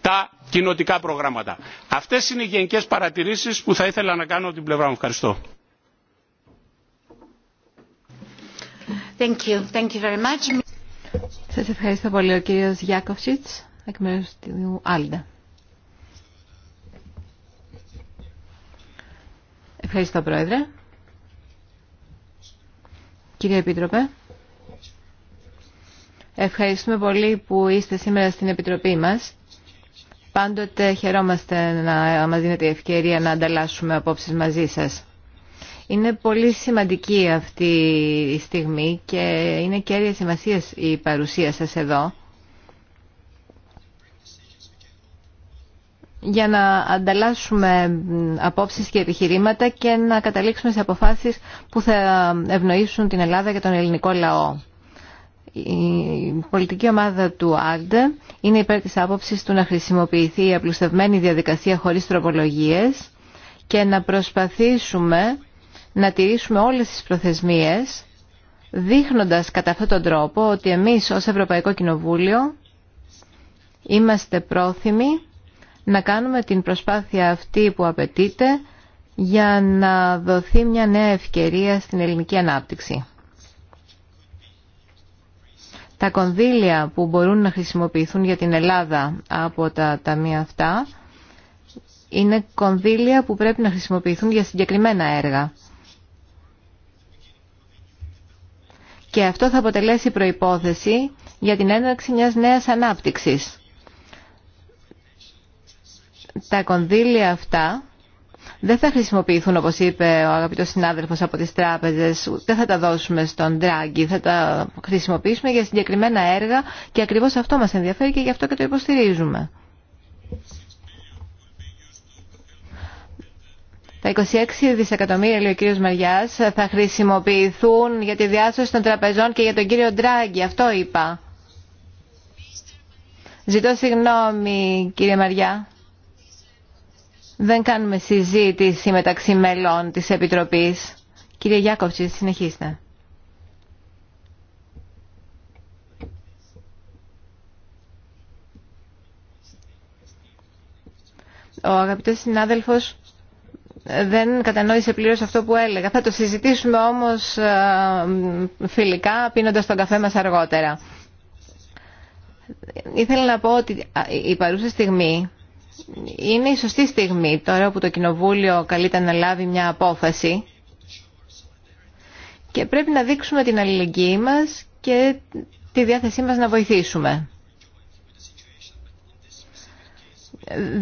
τα κοινοτικά προγράμματα. Αυτές είναι οι γενικές παρατηρήσεις που θα ήθελα να κάνω από την πλευρά μου. Ευχαριστώ. Thank you. Thank you very much. Σας ευχαριστώ πολύ ο κύριος Γιάκοφσιτς, εκ μέρους του Άλντα. Ευχαριστώ Πρόεδρε. Κύριε Επίτροπε, ευχαριστούμε πολύ που είστε σήμερα στην Επιτροπή μας. Πάντοτε χαιρόμαστε να μας δίνετε η ευκαιρία να ανταλλάσσουμε απόψεις μαζί σας. Είναι πολύ σημαντική αυτή η στιγμή και είναι κέρια σημασία η παρουσία σας εδώ. για να ανταλλάσσουμε απόψεις και επιχειρήματα και να καταλήξουμε σε αποφάσεις που θα ευνοήσουν την Ελλάδα και τον ελληνικό λαό. Η πολιτική ομάδα του ΑΛΤΕ είναι υπέρ της άποψης του να χρησιμοποιηθεί η απλουστευμένη διαδικασία χωρίς τροπολογίες και να προσπαθήσουμε να τηρήσουμε όλες τις προθεσμίες, δείχνοντας κατά αυτόν τον τρόπο ότι εμείς ως Ευρωπαϊκό Κοινοβούλιο είμαστε πρόθυμοι να κάνουμε την προσπάθεια αυτή που απαιτείται για να δοθεί μια νέα ευκαιρία στην ελληνική ανάπτυξη. Τα κονδύλια που μπορούν να χρησιμοποιηθούν για την Ελλάδα από τα ταμεία αυτά είναι κονδύλια που πρέπει να χρησιμοποιηθούν για συγκεκριμένα έργα. και αυτό θα αποτελέσει προϋπόθεση για την έναρξη μιας νέας ανάπτυξης. Τα κονδύλια αυτά δεν θα χρησιμοποιηθούν, όπως είπε ο αγαπητός συνάδελφος από τις τράπεζες, δεν θα τα δώσουμε στον Τράγκη, θα τα χρησιμοποιήσουμε για συγκεκριμένα έργα και ακριβώς αυτό μας ενδιαφέρει και γι' αυτό και το υποστηρίζουμε. Τα 26 δισεκατομμύρια, λέει ο κύριο Μαριάς, θα χρησιμοποιηθούν για τη διάσωση των τραπεζών και για τον κύριο Ντράγκη. Αυτό είπα. Ζητώ συγγνώμη, κύριε Μαριά. Δεν κάνουμε συζήτηση μεταξύ μελών της Επιτροπής. Κύριε Γιάκοψη, συνεχίστε. Ο αγαπητός συνάδελφος δεν κατανόησε πλήρως αυτό που έλεγα. Θα το συζητήσουμε όμως ε, φιλικά πίνοντας τον καφέ μας αργότερα. Ήθελα να πω ότι η παρούσα στιγμή είναι η σωστή στιγμή τώρα που το Κοινοβούλιο καλείται να λάβει μια απόφαση και πρέπει να δείξουμε την αλληλεγγύη μας και τη διάθεσή μας να βοηθήσουμε.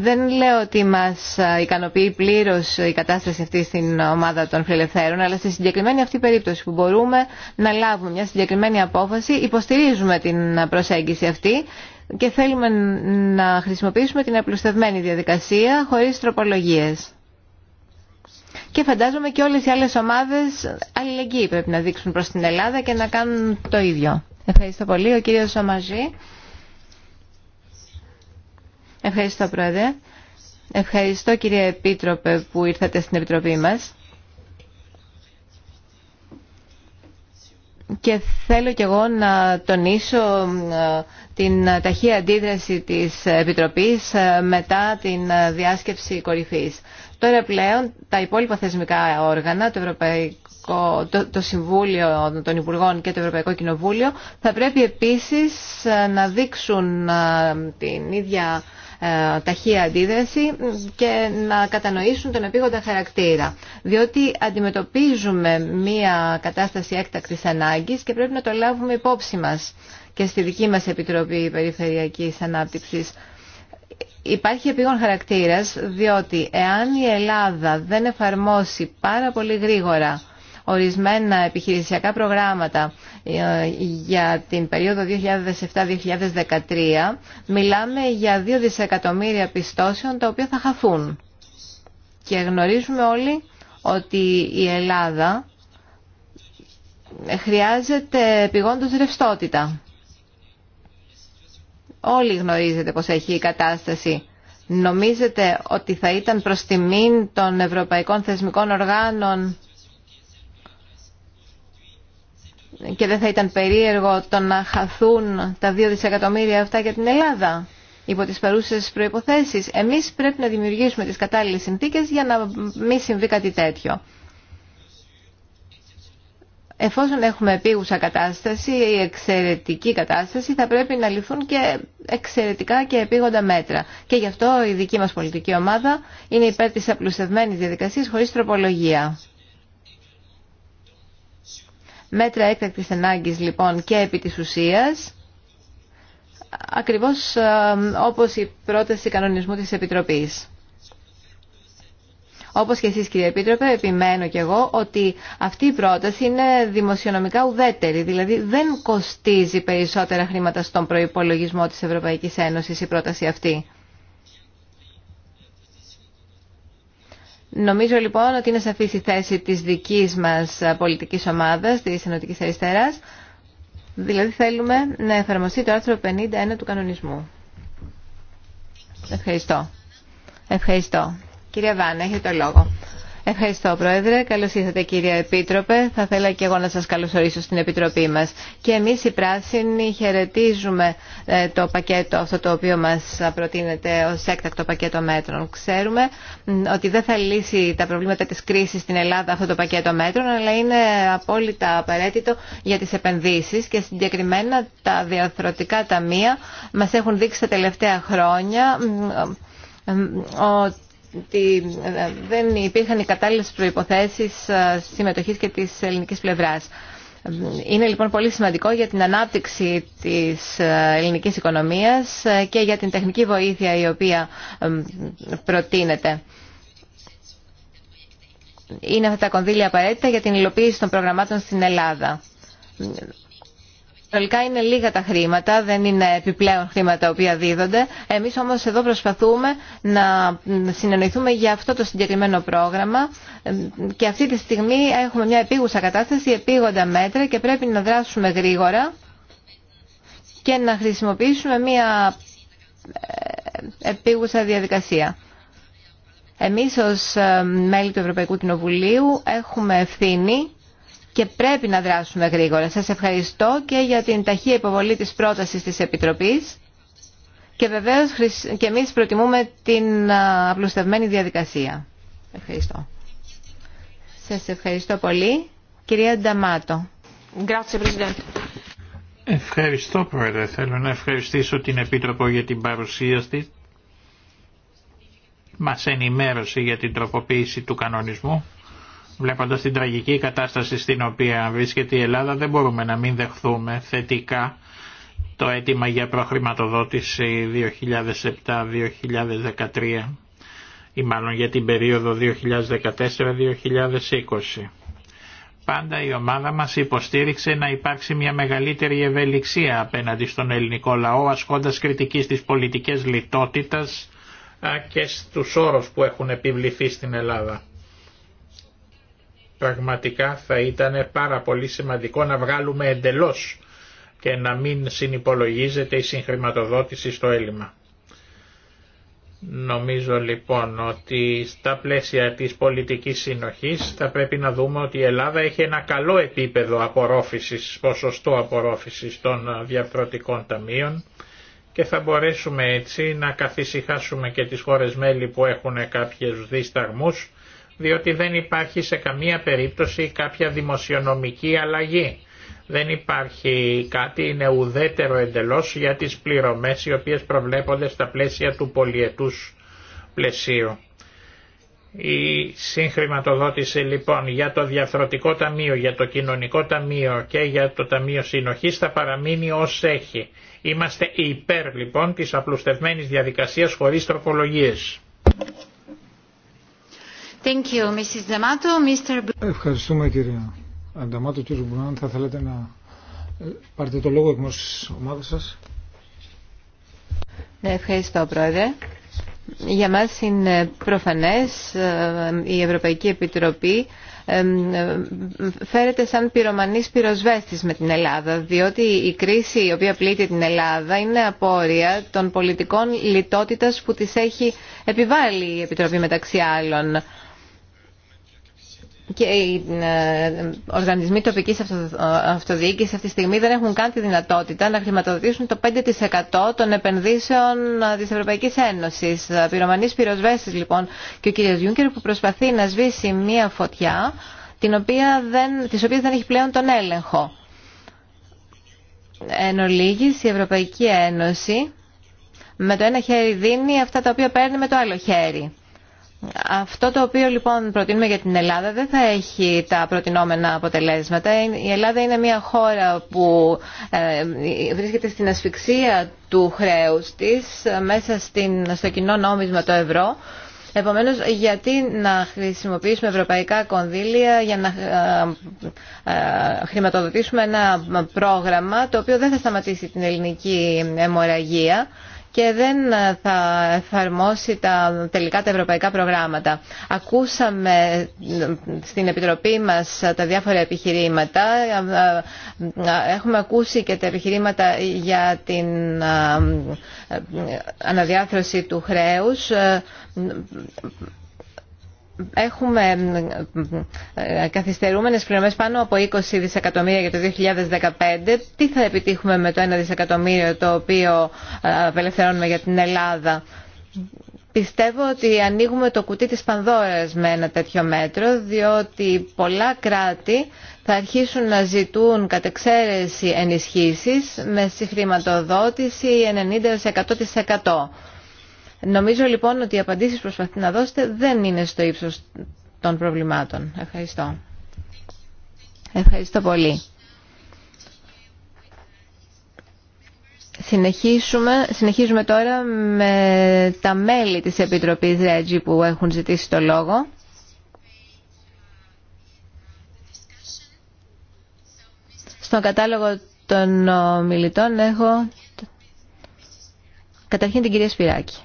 δεν λέω ότι μας ικανοποιεί πλήρως η κατάσταση αυτή στην ομάδα των φιλελευθέρων, αλλά στη συγκεκριμένη αυτή περίπτωση που μπορούμε να λάβουμε μια συγκεκριμένη απόφαση, υποστηρίζουμε την προσέγγιση αυτή και θέλουμε να χρησιμοποιήσουμε την απλουστευμένη διαδικασία χωρίς τροπολογίες. Και φαντάζομαι και όλες οι άλλες ομάδες αλληλεγγύη πρέπει να δείξουν προς την Ελλάδα και να κάνουν το ίδιο. Ευχαριστώ πολύ. Ο κύριος Σομαζή. Ευχαριστώ, Πρόεδρε. Ευχαριστώ, κύριε Επίτροπε, που ήρθατε στην Επιτροπή μας. Και θέλω κι εγώ να τονίσω ε, την ταχεία αντίδραση της Επιτροπής ε, μετά την διάσκεψη κορυφής. Τώρα πλέον τα υπόλοιπα θεσμικά όργανα, το, Ευρωπαϊκό, το, Συμβούλιο των Υπουργών και το Ευρωπαϊκό Κοινοβούλιο θα πρέπει επίσης ε, να δείξουν την ίδια ε, ταχεία αντίδραση και να κατανοήσουν τον επίγοντα χαρακτήρα. Διότι αντιμετωπίζουμε μία κατάσταση έκτακτης ανάγκης και πρέπει να το λάβουμε υπόψη μας και στη δική μας Επιτροπή Περιφερειακής Ανάπτυξης. Υπάρχει επίγον χαρακτήρας διότι εάν η Ελλάδα δεν εφαρμόσει πάρα πολύ γρήγορα ορισμένα επιχειρησιακά προγράμματα ε, για την περίοδο 2007-2013 μιλάμε για 2 δισεκατομμύρια πιστώσεων τα οποία θα χαθούν. Και γνωρίζουμε όλοι ότι η Ελλάδα χρειάζεται επιγόντως ρευστότητα. Όλοι γνωρίζετε πως έχει η κατάσταση. Νομίζετε ότι θα ήταν προς τιμήν των ευρωπαϊκών θεσμικών οργάνων και δεν θα ήταν περίεργο το να χαθούν τα 2 δισεκατομμύρια αυτά για την Ελλάδα υπό τις παρούσες προϋποθέσεις. Εμείς πρέπει να δημιουργήσουμε τις κατάλληλες συνθήκες για να μην συμβεί κάτι τέτοιο. Εφόσον έχουμε επίγουσα κατάσταση ή εξαιρετική κατάσταση, θα πρέπει να ληφθούν και εξαιρετικά και επίγοντα μέτρα. Και γι' αυτό η δική μας πολιτική ομάδα είναι υπέρ της απλουστευμένης διαδικασίας χωρίς τροπολογία. Μέτρα έκτακτης ανάγκης λοιπόν και επί της ουσίας, ακριβώς ε, όπως η πρόταση κανονισμού της Επιτροπής. Όπως και εσείς κύριε Επίτροπε, επιμένω κι εγώ ότι αυτή η πρόταση είναι δημοσιονομικά ουδέτερη, δηλαδή δεν κοστίζει περισσότερα χρήματα στον προϋπολογισμό της Ευρωπαϊκής Ένωσης η πρόταση αυτή. Νομίζω λοιπόν ότι είναι σαφής η θέση της δικής μας πολιτικής ομάδας, της Ενωτικής Αριστεράς. Δηλαδή θέλουμε να εφαρμοστεί το άρθρο 51 του κανονισμού. Ευχαριστώ. Ευχαριστώ. Κυρία Βάνα, έχετε το λόγο. Ευχαριστώ, Πρόεδρε. Καλώς ήρθατε, κύριε Επίτροπε. Θα ήθελα και εγώ να σας καλωσορίσω στην Επιτροπή μας. Και εμείς οι πράσινοι χαιρετίζουμε ε, το πακέτο αυτό το οποίο μας προτείνεται ως έκτακτο πακέτο μέτρων. Ξέρουμε ότι δεν θα λύσει τα προβλήματα της κρίσης στην Ελλάδα αυτό το πακέτο μέτρων, αλλά είναι απόλυτα απαραίτητο για τις επενδύσεις και συγκεκριμένα τα διαρθρωτικά ταμεία μας έχουν δείξει τα τελευταία χρόνια ότι ότι ε, δεν υπήρχαν οι κατάλληλες προϋποθέσεις ε, συμμετοχής και της ελληνικής πλευράς. Είναι λοιπόν πολύ σημαντικό για την ανάπτυξη της ε, ελληνικής οικονομίας και για την τεχνική βοήθεια η οποία προτείνεται. Είναι αυτά τα κονδύλια απαραίτητα για την υλοποίηση των προγραμμάτων στην Ελλάδα. Συνολικά είναι λίγα τα χρήματα, δεν είναι επιπλέον χρήματα τα οποία δίδονται. Εμείς όμως εδώ προσπαθούμε να συνεννοηθούμε για αυτό το συγκεκριμένο πρόγραμμα και αυτή τη στιγμή έχουμε μια επίγουσα κατάσταση, επίγοντα μέτρα και πρέπει να δράσουμε γρήγορα και να χρησιμοποιήσουμε μια ε, επίγουσα διαδικασία. Εμείς ως ε, μέλη του Ευρωπαϊκού Κοινοβουλίου έχουμε ευθύνη και πρέπει να δράσουμε γρήγορα. Σας ευχαριστώ και για την ταχεία υποβολή της πρότασης της Επιτροπής και βεβαίως και εμείς προτιμούμε την απλουστευμένη διαδικασία. Ευχαριστώ. Σας ευχαριστώ πολύ. Κυρία Νταμάτο. Ευχαριστώ Πρόεδρε. Θέλω να ευχαριστήσω την Επίτροπο για την παρουσία τη. Μας ενημέρωσε για την τροποποίηση του κανονισμού Βλέποντας την τραγική κατάσταση στην οποία βρίσκεται η Ελλάδα δεν μπορούμε να μην δεχθούμε θετικά το αίτημα για προχρηματοδότηση 2007-2013 ή μάλλον για την περίοδο 2014-2020. Πάντα η ομάδα μας υποστήριξε να υπάρξει μια μεγαλύτερη ευελιξία απέναντι στον ελληνικό λαό ασκώντας κριτική στις πολιτικές λιτότητας και στους όρους που έχουν επιβληθεί στην Ελλάδα. Πραγματικά θα ήταν πάρα πολύ σημαντικό να βγάλουμε εντελώς και να μην συνυπολογίζεται η συγχρηματοδότηση στο έλλειμμα. Νομίζω λοιπόν ότι στα πλαίσια της πολιτικής συνοχής θα πρέπει να δούμε ότι η Ελλάδα έχει ένα καλό επίπεδο απορρόφησης, ποσοστό απορρόφησης των διαφορετικών ταμείων και θα μπορέσουμε έτσι να καθησυχάσουμε και τις χώρες μέλη που έχουν κάποιες δίσταγμους διότι δεν υπάρχει σε καμία περίπτωση κάποια δημοσιονομική αλλαγή. Δεν υπάρχει κάτι, είναι ουδέτερο εντελώς για τις πληρωμές οι οποίες προβλέπονται στα πλαίσια του πολιετούς πλαισίου. Η συγχρηματοδότηση λοιπόν για το διαφθρωτικό ταμείο, για το κοινωνικό ταμείο και για το ταμείο συνοχής θα παραμείνει ως έχει. Είμαστε υπέρ λοιπόν της απλουστευμένης διαδικασίας χωρίς τροπολογίες. Ευχαριστούμε κύριε Ανταμάτο. Κύριε Μπουνάν, θα θέλετε να ε, πάρετε το λόγο εκ μέρους της ομάδας σας. Ναι, ευχαριστώ Πρόεδρε. Για μα είναι προφανές ε, η Ευρωπαϊκή Επιτροπή ε, φέρεται σαν πυρομανής πυροσβέστης με την Ελλάδα διότι η κρίση η οποία πλήττει την Ελλάδα είναι απόρρια των πολιτικών λιτότητας που της έχει επιβάλει η Επιτροπή μεταξύ άλλων και οι ε, οργανισμοί τοπικής αυτοδιοίκηση αυτή τη στιγμή δεν έχουν καν τη δυνατότητα να χρηματοδοτήσουν το 5% των επενδύσεων ε, της Ευρωπαϊκής Ένωσης. Ε, Πυρομανή πυροσβέστη λοιπόν και ο κ. Γιούγκερ που προσπαθεί να σβήσει μία φωτιά την οποία δεν, της οποίας δεν έχει πλέον τον έλεγχο. Εν ολίγης, η Ευρωπαϊκή Ένωση με το ένα χέρι δίνει αυτά τα οποία παίρνει με το άλλο χέρι. Αυτό το οποίο λοιπόν προτείνουμε για την Ελλάδα δεν θα έχει τα προτινόμενα αποτελέσματα. Ε, η Ελλάδα είναι μια χώρα που ε, βρίσκεται στην ασφυξία του χρέους της ε, μέσα στο κοινό νόμισμα το ευρώ. Επομένως, γιατί να χρησιμοποιήσουμε ευρωπαϊκά κονδύλια για να χρηματοδοτήσουμε ένα πρόγραμμα το οποίο δεν θα σταματήσει την ελληνική αιμορραγία και δεν ε, θα εφαρμόσει τα, τελικά τα ευρωπαϊκά προγράμματα. Ακούσαμε ε, στην Επιτροπή μας τα διάφορα επιχειρήματα. Ε, έχουμε ακούσει και τα επιχειρήματα για την αναδιάθρωση του χρέους Έχουμε ε, καθυστερούμενες πληρωμές πάνω από 20 δισεκατομμύρια για το 2015. Τι θα επιτύχουμε με το 1 δισεκατομμύριο το οποίο ε, απελευθερώνουμε για την Ελλάδα. Πιστεύω ότι ανοίγουμε το κουτί της πανδώρας με ένα τέτοιο μέτρο, διότι πολλά κράτη θα αρχίσουν να ζητούν κατεξαίρεση ενισχύσεις με συγχρηματοδότηση Νομίζω λοιπόν ότι οι απαντήσεις που προσπαθείτε να δώσετε δεν είναι στο ύψος των προβλημάτων. Ευχαριστώ. Ευχαριστώ πολύ. Συνεχίσουμε, συνεχίζουμε τώρα με τα μέλη της Επιτροπής Ρέτζη που έχουν ζητήσει το λόγο. Στον κατάλογο των μιλητών έχω καταρχήν την κυρία Σπυράκη.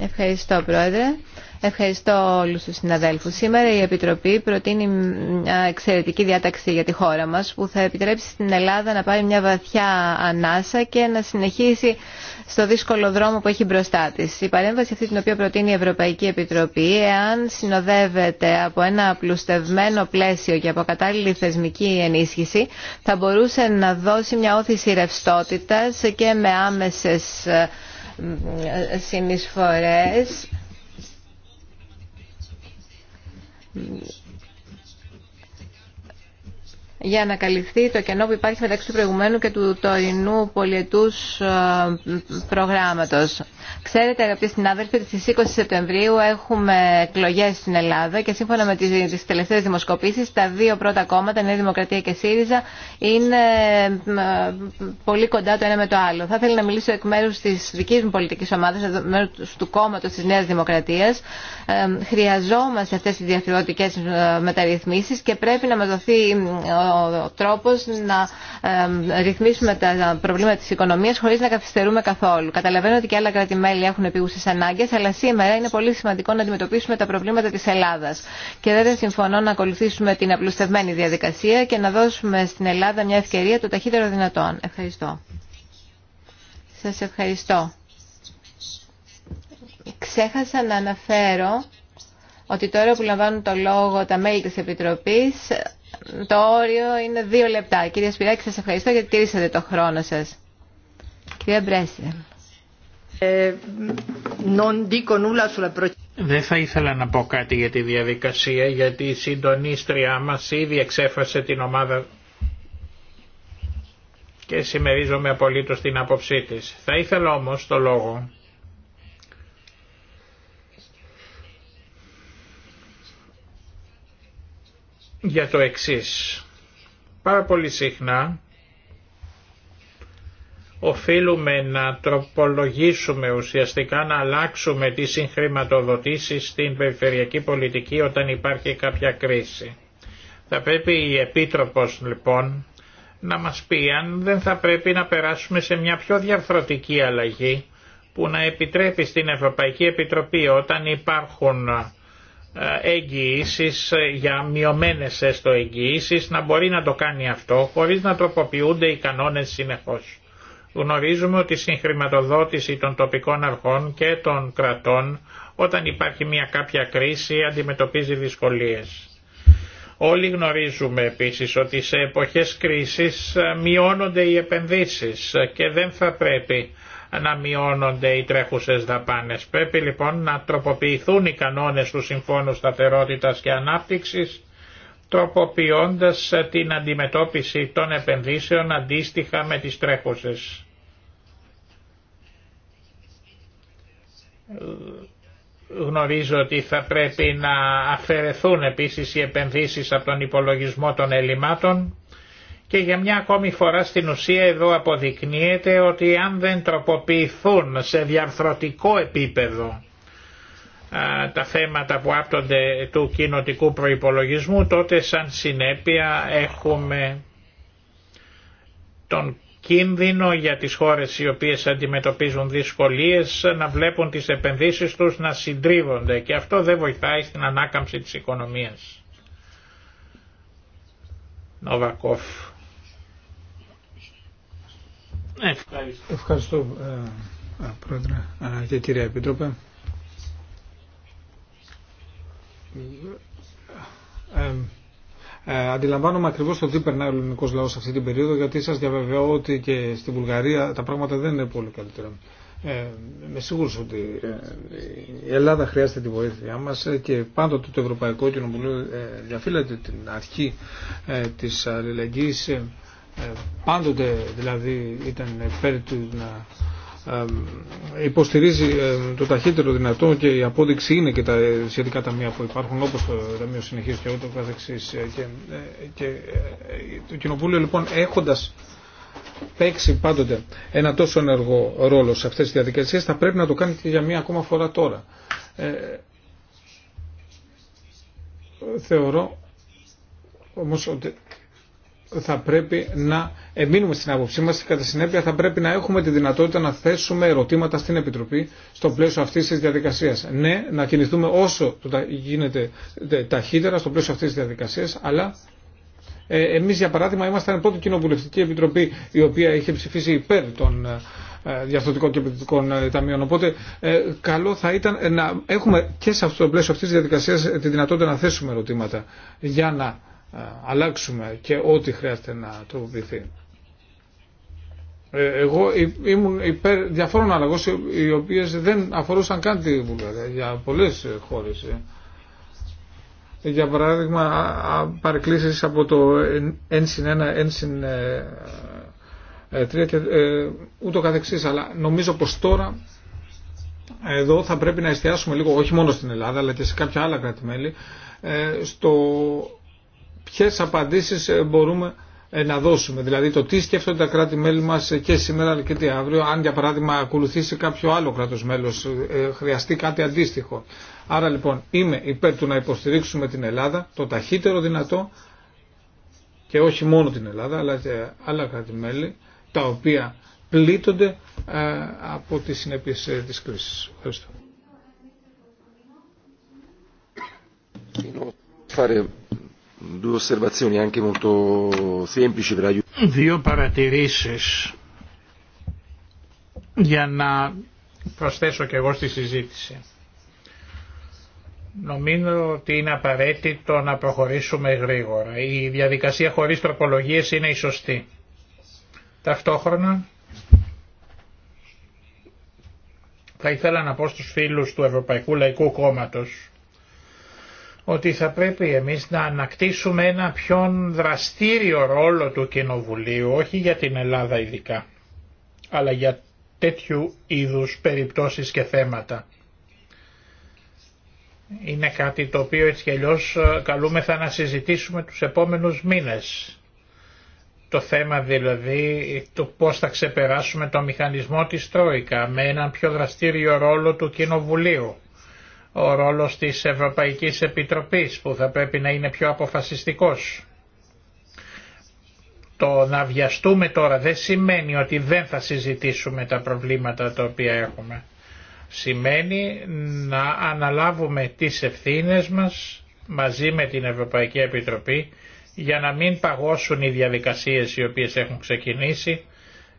Ευχαριστώ, πρόεδρε. Ευχαριστώ όλους τους συναδέλφους. Σήμερα η Επιτροπή προτείνει μια εξαιρετική διάταξη για τη χώρα μας που θα επιτρέψει στην Ελλάδα να πάρει μια βαθιά ανάσα και να συνεχίσει στο δύσκολο δρόμο που έχει μπροστά της. Η παρέμβαση αυτή την οποία προτείνει η Ευρωπαϊκή Επιτροπή, εάν συνοδεύεται από ένα απλουστευμένο πλαίσιο και από κατάλληλη θεσμική ενίσχυση, θα μπορούσε να δώσει μια όθηση ρευστότητας και με άμεσες ε, ε, συνεισφορές Υπότιτλοι Authorwave για να καλυφθεί το κενό που υπάρχει μεταξύ του προηγουμένου και του τωρινού πολιετού ε, προγράμματο. Ξέρετε αγαπητοί συνάδελφοι ότι στι 20 Σεπτεμβρίου έχουμε εκλογέ στην Ελλάδα και σύμφωνα με τι τελευταίε δημοσκοπήσεις τα δύο πρώτα κόμματα, Νέα Δημοκρατία και ΣΥΡΙΖΑ, είναι ε, πολύ κοντά το ένα με το άλλο. Θα ήθελα να μιλήσω εκ μέρου τη δική μου πολιτική ομάδα, εκ μέρους του κόμματο τη Νέα Δημοκρατία. Ε, χρειαζόμαστε αυτέ τι διαφορετικές μεταρρυθμίσεις και πρέπει να μα δοθεί ο τρόπος να ρυθμίσουμε τα προβλήματα της οικονομίας χωρίς να καθυστερούμε καθόλου. Καταλαβαίνω ότι και άλλα κράτη-μέλη έχουν επίγουσες ανάγκες, αλλά σήμερα είναι πολύ σημαντικό να αντιμετωπίσουμε τα προβλήματα της Ελλάδας. Και δεν συμφωνώ να ακολουθήσουμε την απλουστευμένη διαδικασία και να δώσουμε στην Ελλάδα μια ευκαιρία το ταχύτερο δυνατόν. Ευχαριστώ. Σας ευχαριστώ. Ξέχασα να αναφέρω ότι τώρα που λαμβάνουν το λόγο τα μέλη της Επιτροπής το όριο είναι δύο λεπτά. Κύριε Σπυράκη, σας ευχαριστώ γιατί τήρησατε το χρόνο σας. Κύριε Μπρέσσε. Ε, Δεν θα ήθελα να πω κάτι για τη διαδικασία γιατί η συντονίστρια μας ήδη εξέφρασε την ομάδα και συμμερίζομαι απολύτως την άποψή της. Θα ήθελα όμως το λόγο για το εξής. Πάρα πολύ συχνά οφείλουμε να τροπολογήσουμε ουσιαστικά να αλλάξουμε τις συγχρηματοδοτήσεις στην περιφερειακή πολιτική όταν υπάρχει κάποια κρίση. Θα πρέπει η Επίτροπος λοιπόν να μας πει αν δεν θα πρέπει να περάσουμε σε μια πιο διαφορετική αλλαγή που να επιτρέπει στην Ευρωπαϊκή Επιτροπή όταν υπάρχουν ε, εγγυήσει ε, για μειωμένες έστω εγγυήσει να μπορεί να το κάνει αυτό χωρίς να τροποποιούνται οι κανόνες συνεχώς. Γνωρίζουμε ότι η συγχρηματοδότηση των τοπικών αρχών και των κρατών όταν υπάρχει μια κάποια κρίση αντιμετωπίζει δυσκολίες. Όλοι γνωρίζουμε επίσης ότι σε εποχές κρίσης ε, μειώνονται οι επενδύσεις και δεν θα πρέπει να μειώνονται οι τρέχουσες δαπάνες. Πρέπει λοιπόν να τροποποιηθούν οι κανόνες του Συμφώνου Σταθερότητας και Ανάπτυξης, τροποποιώντας ε, την αντιμετώπιση των επενδύσεων αντίστοιχα με τις τρέχουσες. Γνωρίζω ότι θα πρέπει να αφαιρεθούν επίσης οι επενδύσεις από τον υπολογισμό των ελλημάτων και για μια ακόμη φορά στην ουσία εδώ αποδεικνύεται ότι αν δεν τροποποιηθούν σε διαρθρωτικό επίπεδο τα θέματα που άπτονται του κοινοτικού προϋπολογισμού τότε σαν συνέπεια έχουμε τον κίνδυνο για τις χώρες οι οποίες αντιμετωπίζουν δυσκολίες να βλέπουν τις επενδύσεις τους να συντρίβονται και αυτό δεν βοηθάει στην ανάκαμψη της οικονομίας. Ναι, ευχαριστώ. Ευχαριστώ ε, ε, πρόεδρε ε, και κυρία Επίτροπε. Ε, ε, αντιλαμβάνομαι ακριβώ το τι περνάει ο ελληνικό λαό αυτή την περίοδο, γιατί σα διαβεβαιώ ότι και στη Βουλγαρία τα πράγματα δεν είναι πολύ καλύτερα. Ε, είμαι σίγουρο ότι η Ελλάδα χρειάζεται τη βοήθειά μα και πάντοτε το Ευρωπαϊκό Κοινοβουλίο διαφύλαται την αρχή τη αλληλεγγύη ε, πάντοτε δηλαδή ήταν υπέρ του να υποστηρίζει το ταχύτερο δυνατό και η απόδειξη είναι και τα σχετικά ταμεία που υπάρχουν όπως το Ταμείο Συνεχής και ούτω καθεξής ε, και, ε, και το Κοινοβούλιο λοιπόν έχοντας παίξει πάντοτε ένα τόσο ενεργό ρόλο σε αυτές τις διαδικασίες θα πρέπει να το κάνει και για μία ακόμα φορά τώρα. Ε, θεωρώ όμως ότι θα πρέπει να εμείνουμε στην άποψή μας και κατά συνέπεια θα πρέπει να έχουμε τη δυνατότητα να θέσουμε ερωτήματα στην Επιτροπή στο πλαίσιο αυτής της διαδικασίας. Ναι, να κινηθούμε όσο γίνεται ταχύτερα στο πλαίσιο αυτής της διαδικασίας, αλλά ε, εμείς για παράδειγμα ήμασταν η πρώτη κοινοβουλευτική επιτροπή η οποία είχε ψηφίσει υπέρ των ε, διαφθορτικών και επιδοτικών ε, ταμείων. Οπότε καλό θα ήταν να έχουμε και σε αυτό το πλαίσιο αυτής της διαδικασίας τη δυνατότητα να θέσουμε ερωτήματα για να αλλάξουμε και ό,τι χρειάζεται να τροποποιηθεί. Ε, εγώ ήμουν υπέρ διαφόρων αλλαγών οι οποίες δεν αφορούσαν καν τη Βουλγαρία για πολλές χώρες. Ε. Για παράδειγμα παρεκκλήσεις από το 1 1, 1 3 και ε, ούτω καθεξής. Αλλά νομίζω πως τώρα εδώ θα πρέπει να εστιάσουμε λίγο όχι μόνο στην Ελλάδα αλλά και σε κάποια άλλα κράτη-μέλη στο ποιες απαντήσεις ε, μπορούμε ε, να δώσουμε. Δηλαδή το τι σκέφτονται τα κράτη-μέλη μας ε, και σήμερα αλλά και τι αύριο, αν για παράδειγμα ακολουθήσει κάποιο άλλο κράτος μέλος, χρειαστεί κάτι αντίστοιχο. Άρα λοιπόν είμαι υπέρ του να υποστηρίξουμε την Ελλάδα το ταχύτερο δυνατό και όχι μόνο την Ελλάδα αλλά και άλλα κράτη-μέλη τα οποία πλήττονται από τις συνέπειες της κρίσης. Ευχαριστώ. Δύο παρατηρήσεις για να προσθέσω και εγώ στη συζήτηση. Νομίζω ότι είναι απαραίτητο να προχωρήσουμε γρήγορα. Η διαδικασία χωρίς τροπολογίες είναι η σωστή. Ταυτόχρονα θα ήθελα να πω στους φίλους του Ευρωπαϊκού Λαϊκού Κόμματος ότι θα πρέπει εμείς να ανακτήσουμε ένα πιο δραστήριο ρόλο του Κοινοβουλίου, όχι για την Ελλάδα ειδικά, αλλά για τέτοιου είδους περιπτώσεις και θέματα. Είναι κάτι το οποίο έτσι κι αλλιώς ε, καλούμεθα να συζητήσουμε τους επόμενους μήνες. Το θέμα δηλαδή το πώς θα ξεπεράσουμε το μηχανισμό της Τρόικα με έναν πιο δραστήριο ρόλο του Κοινοβουλίου ο ρόλος της Ευρωπαϊκής Επιτροπής που θα πρέπει να είναι πιο αποφασιστικός. Το να βιαστούμε τώρα δεν σημαίνει ότι δεν θα συζητήσουμε τα προβλήματα τα οποία έχουμε. Σημαίνει να αναλάβουμε τις ευθύνες μας μαζί με την Ευρωπαϊκή Επιτροπή για να μην παγώσουν οι διαδικασίες οι οποίες έχουν ξεκινήσει.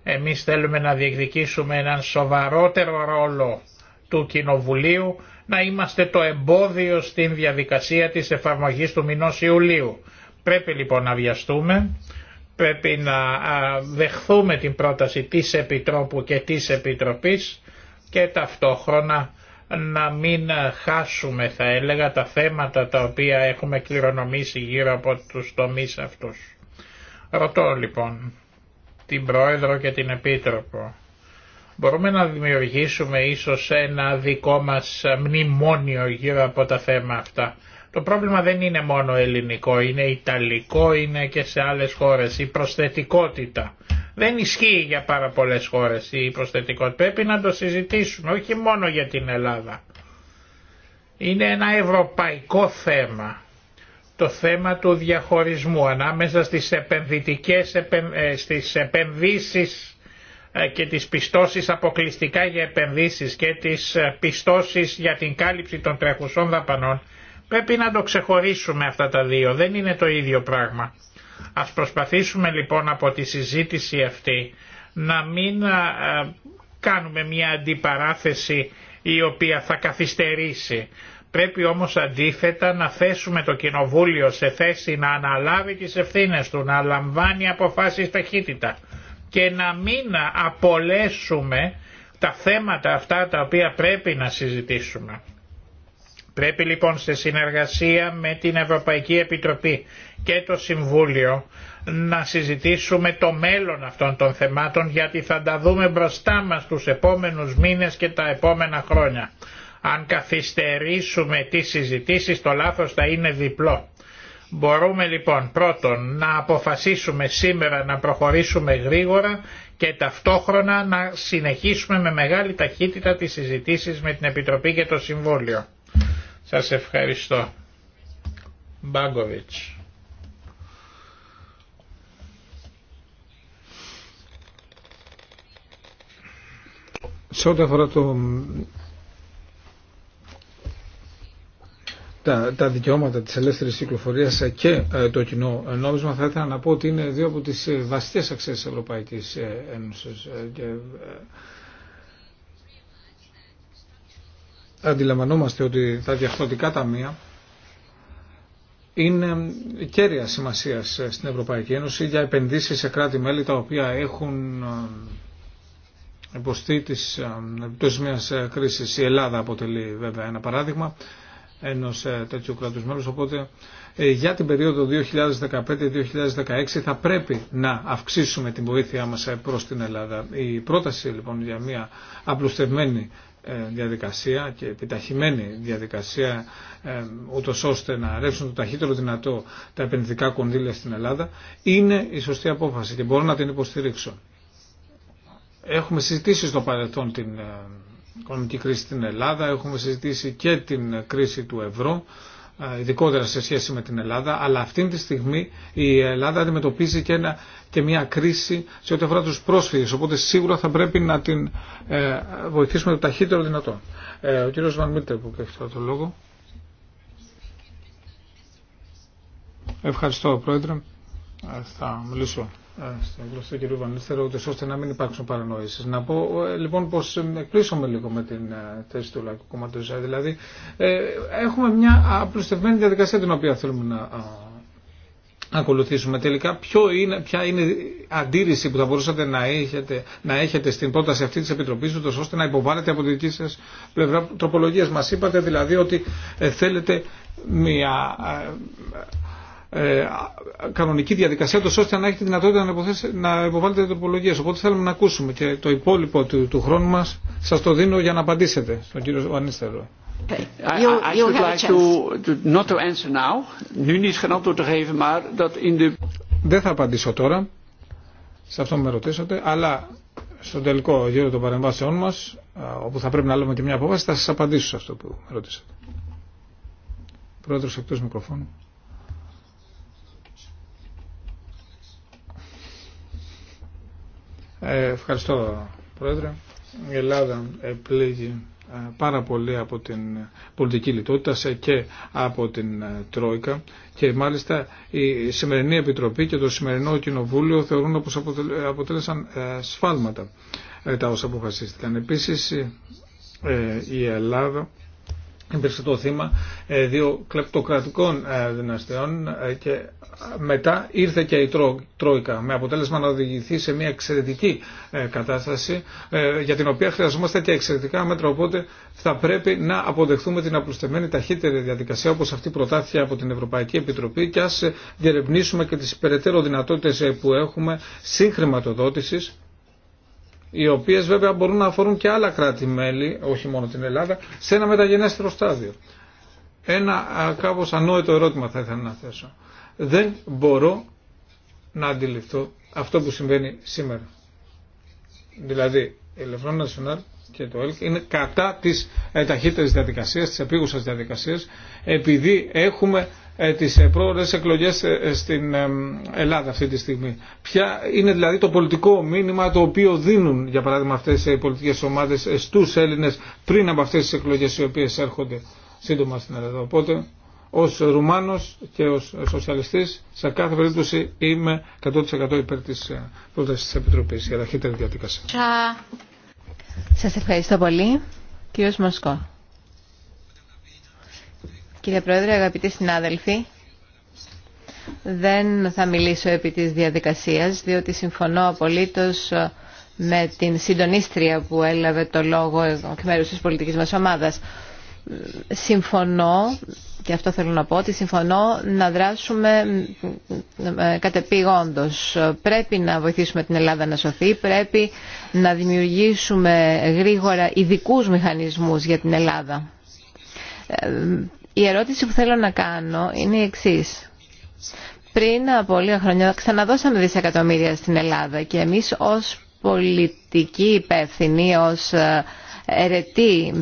Εμείς θέλουμε να διεκδικήσουμε έναν σοβαρότερο ρόλο του Κοινοβουλίου να είμαστε το εμπόδιο στην διαδικασία της εφαρμογής του μηνός Ιουλίου. Πρέπει λοιπόν να βιαστούμε, πρέπει να δεχθούμε την πρόταση της Επιτρόπου και της Επιτροπής και ταυτόχρονα να μην χάσουμε θα έλεγα τα θέματα τα οποία έχουμε κληρονομήσει γύρω από τους τομείς αυτούς. Ρωτώ λοιπόν την Πρόεδρο και την Επίτροπο Μπορούμε να δημιουργήσουμε ίσως ένα δικό μας μνημόνιο γύρω από τα θέματα αυτά. Το πρόβλημα δεν είναι μόνο ελληνικό, είναι ιταλικό, είναι και σε άλλες χώρες. Η προσθετικότητα δεν ισχύει για πάρα πολλές χώρες η προσθετικότητα. Πρέπει να το συζητήσουμε, όχι μόνο για την Ελλάδα. Είναι ένα ευρωπαϊκό θέμα. Το θέμα του διαχωρισμού ανάμεσα στις, επενδυτικές, ε, στις επενδύσεις ε, και τις πιστώσεις αποκλειστικά για επενδύσεις και τις ε, πιστώσεις για την κάλυψη των τρέχουσών δαπανών πρέπει να το ξεχωρίσουμε αυτά τα δύο, δεν είναι το ίδιο πράγμα. Ας προσπαθήσουμε λοιπόν από τη συζήτηση αυτή να μην ε, κάνουμε μια αντιπαράθεση η οποία θα καθυστερήσει. Πρέπει όμως αντίθετα να θέσουμε το Κοινοβούλιο σε θέση να αναλάβει τις ευθύνες του, να λαμβάνει αποφάσεις ταχύτητα και να μην απολέσουμε τα θέματα αυτά τα οποία πρέπει να συζητήσουμε. Πρέπει λοιπόν σε συνεργασία με την Ευρωπαϊκή Επιτροπή και το Συμβούλιο να συζητήσουμε το μέλλον αυτών των θεμάτων γιατί θα τα δούμε μπροστά μας τους επόμενους μήνες και τα επόμενα χρόνια. Αν καθυστερήσουμε τις συζητήσεις το λάθος θα είναι διπλό. Μπορούμε λοιπόν πρώτον να αποφασίσουμε σήμερα να προχωρήσουμε γρήγορα και ταυτόχρονα να συνεχίσουμε με μεγάλη ταχύτητα τις συζητήσεις με την Επιτροπή και το Συμβούλιο. Σας ευχαριστώ. Μπάγκοβιτς. τα, τα δικαιώματα της ελεύθερης κυκλοφορίας και ε, το κοινό νόμισμα θα ήθελα να πω ότι είναι δύο από τις ε, βασικές αξίες της Ευρωπαϊκής ε, Ένωσης. Και, αντιλαμβανόμαστε ότι τα μία ταμεία είναι κέρια σημασία στην Ευρωπαϊκή Ένωση για επενδύσεις σε κράτη-μέλη τα οποία έχουν υποστεί της επιπτώσης μιας κρίσης. Η Ελλάδα αποτελεί βέβαια ένα παράδειγμα Ενό ε, τέτοιου κράτους Οπότε ε, για την περίοδο 2015-2016 θα πρέπει να αυξήσουμε την βοήθειά μας ε, προ την Ελλάδα. Η πρόταση λοιπόν για μια απλουστευμένη διαδικασία και επιταχυμένη διαδικασία ούτω ώστε να ρεύσουν το ταχύτερο δυνατό τα επενδυτικά κονδύλια στην Ελλάδα είναι η σωστή απόφαση και μπορώ να την υποστηρίξω. Έχουμε συζητήσει στο παρελθόν την οικονομική κρίση στην Ελλάδα, έχουμε συζητήσει και την κρίση του ευρώ, ειδικότερα σε σχέση με την Ελλάδα, αλλά αυτή τη στιγμή η Ελλάδα αντιμετωπίζει και, και μια κρίση σε ό,τι αφορά τους πρόσφυγες, οπότε σίγουρα θα πρέπει να την ε, βοηθήσουμε το ταχύτερο δυνατό. Ε, ο κύριος Βαν Μίλτερ που έχει τώρα το λόγο. Ευχαριστώ Πρόεδρε. Ε, θα μιλήσω στο γλωσσό του κ. Βανίστερο, ούτε ώστε να μην υπάρξουν παρανοήσει. Να πω ε, λοιπόν πω με λίγο με την ε, θέση του Λαϊκού Κόμματο. Ε, δηλαδή, ε, έχουμε μια απλουστευμένη διαδικασία την οποία θέλουμε να ακολουθήσουμε τελικά ποιο είναι, ποια είναι η αντίρρηση που θα μπορούσατε να έχετε, να έχετε στην πρόταση αυτή της Επιτροπής ώστε να υποβάλλετε από τη δική σα πλευρά τροπολογίας. Μας είπατε δηλαδή ότι θέλετε μια ε, κανονική διαδικασία, τόσο ώστε να έχετε δυνατότητα να υποβάλλετε τροπολογίε. Οπότε θέλουμε να ακούσουμε και το υπόλοιπο του, του χρόνου μα σα το δίνω για να απαντήσετε στον κύριο Βανίστερο. Okay. Ε, I, like to, not to answer now, nu niet geen antwoord te geven, maar dat in de... Δεν θα απαντήσω τώρα, σε αυτό με ρωτήσατε, αλλά στο τελικό γύρο των παρεμβάσεών μας, όπου θα πρέπει να λέμε και μια απόφαση, θα σας απαντήσω σε αυτό που με ρωτήσατε. Πρόεδρος εκτός μικροφώνου. Ε, ευχαριστώ, Πρόεδρε. Η Ελλάδα επλήγει ε, πάρα πολύ από την πολιτική λιτότητα και από την ε, Τρόικα και μάλιστα η σημερινή Επιτροπή και το σημερινό Κοινοβούλιο θεωρούν όπως αποτέλεσαν ε, σφάλματα τα όσα αποφασίστηκαν. Επίσης η Ελλάδα υπήρξε το θύμα ε, δύο κλεπτοκρατικών ε, δυναστεών ε, και μετά ήρθε και η Τρόικα με αποτέλεσμα να οδηγηθεί σε μια εξαιρετική κατάσταση για την οποία χρειαζόμαστε και εξαιρετικά μέτρα οπότε θα πρέπει να αποδεχθούμε την απλουστεμένη ταχύτερη διαδικασία όπως αυτή προτάθηκε από την Ευρωπαϊκή Επιτροπή και ας διερευνήσουμε και τις υπεραιτέρω δυνατότητες που έχουμε σύγχρηματοδότησης οι οποίες βέβαια μπορούν να αφορούν και άλλα κράτη-μέλη, όχι μόνο την Ελλάδα, σε ένα μεταγενέστερο στάδιο. Ένα κάπω ανόητο ερώτημα θα ήθελα να θέσω. Δεν μπορώ να αντιληφθώ αυτό που συμβαίνει σήμερα. Δηλαδή, η Ελευθερία Νασιονάλ και το ΕΛΚ είναι κατά της ε, διαδικασία, διαδικασίας, της διαδικασία, επειδή έχουμε ε, τις ε, πρόορες εκλογές ε, στην Ελλάδα αυτή τη στιγμή. Ποια είναι δηλαδή το πολιτικό μήνυμα το οποίο δίνουν για παράδειγμα αυτές οι πολιτικές ομάδες στους Έλληνες πριν από αυτές τις εκλογές οι οποίες έρχονται σύντομα στην Ελλάδα. Οπότε ως Ρουμάνος και ως σοσιαλιστής σε κάθε περίπτωση είμαι 100% υπέρ της πρόταση της Επιτροπής για ταχύτερη διαδικασία. Σας ευχαριστώ πολύ. Κύριος Μασκό. Κύριε Πρόεδρε, αγαπητοί συνάδελφοι, δεν θα μιλήσω επί της διαδικασίας, διότι συμφωνώ απολύτως με την συντονίστρια που έλαβε το λόγο εκ μέρους της πολιτικής μας ομάδας. Συμφωνώ, και αυτό θέλω να πω, ότι συμφωνώ να δράσουμε κατεπήγοντος. Πρέπει να βοηθήσουμε την Ελλάδα να σωθεί, πρέπει να δημιουργήσουμε γρήγορα ειδικού μηχανισμούς για την Ελλάδα η ερώτηση που θέλω να κάνω είναι η εξή: Πριν από λίγα χρόνια ξαναδώσαμε δισεκατομμύρια στην Ελλάδα και εμείς ως πολιτικοί υπεύθυνοι, ως ερετοί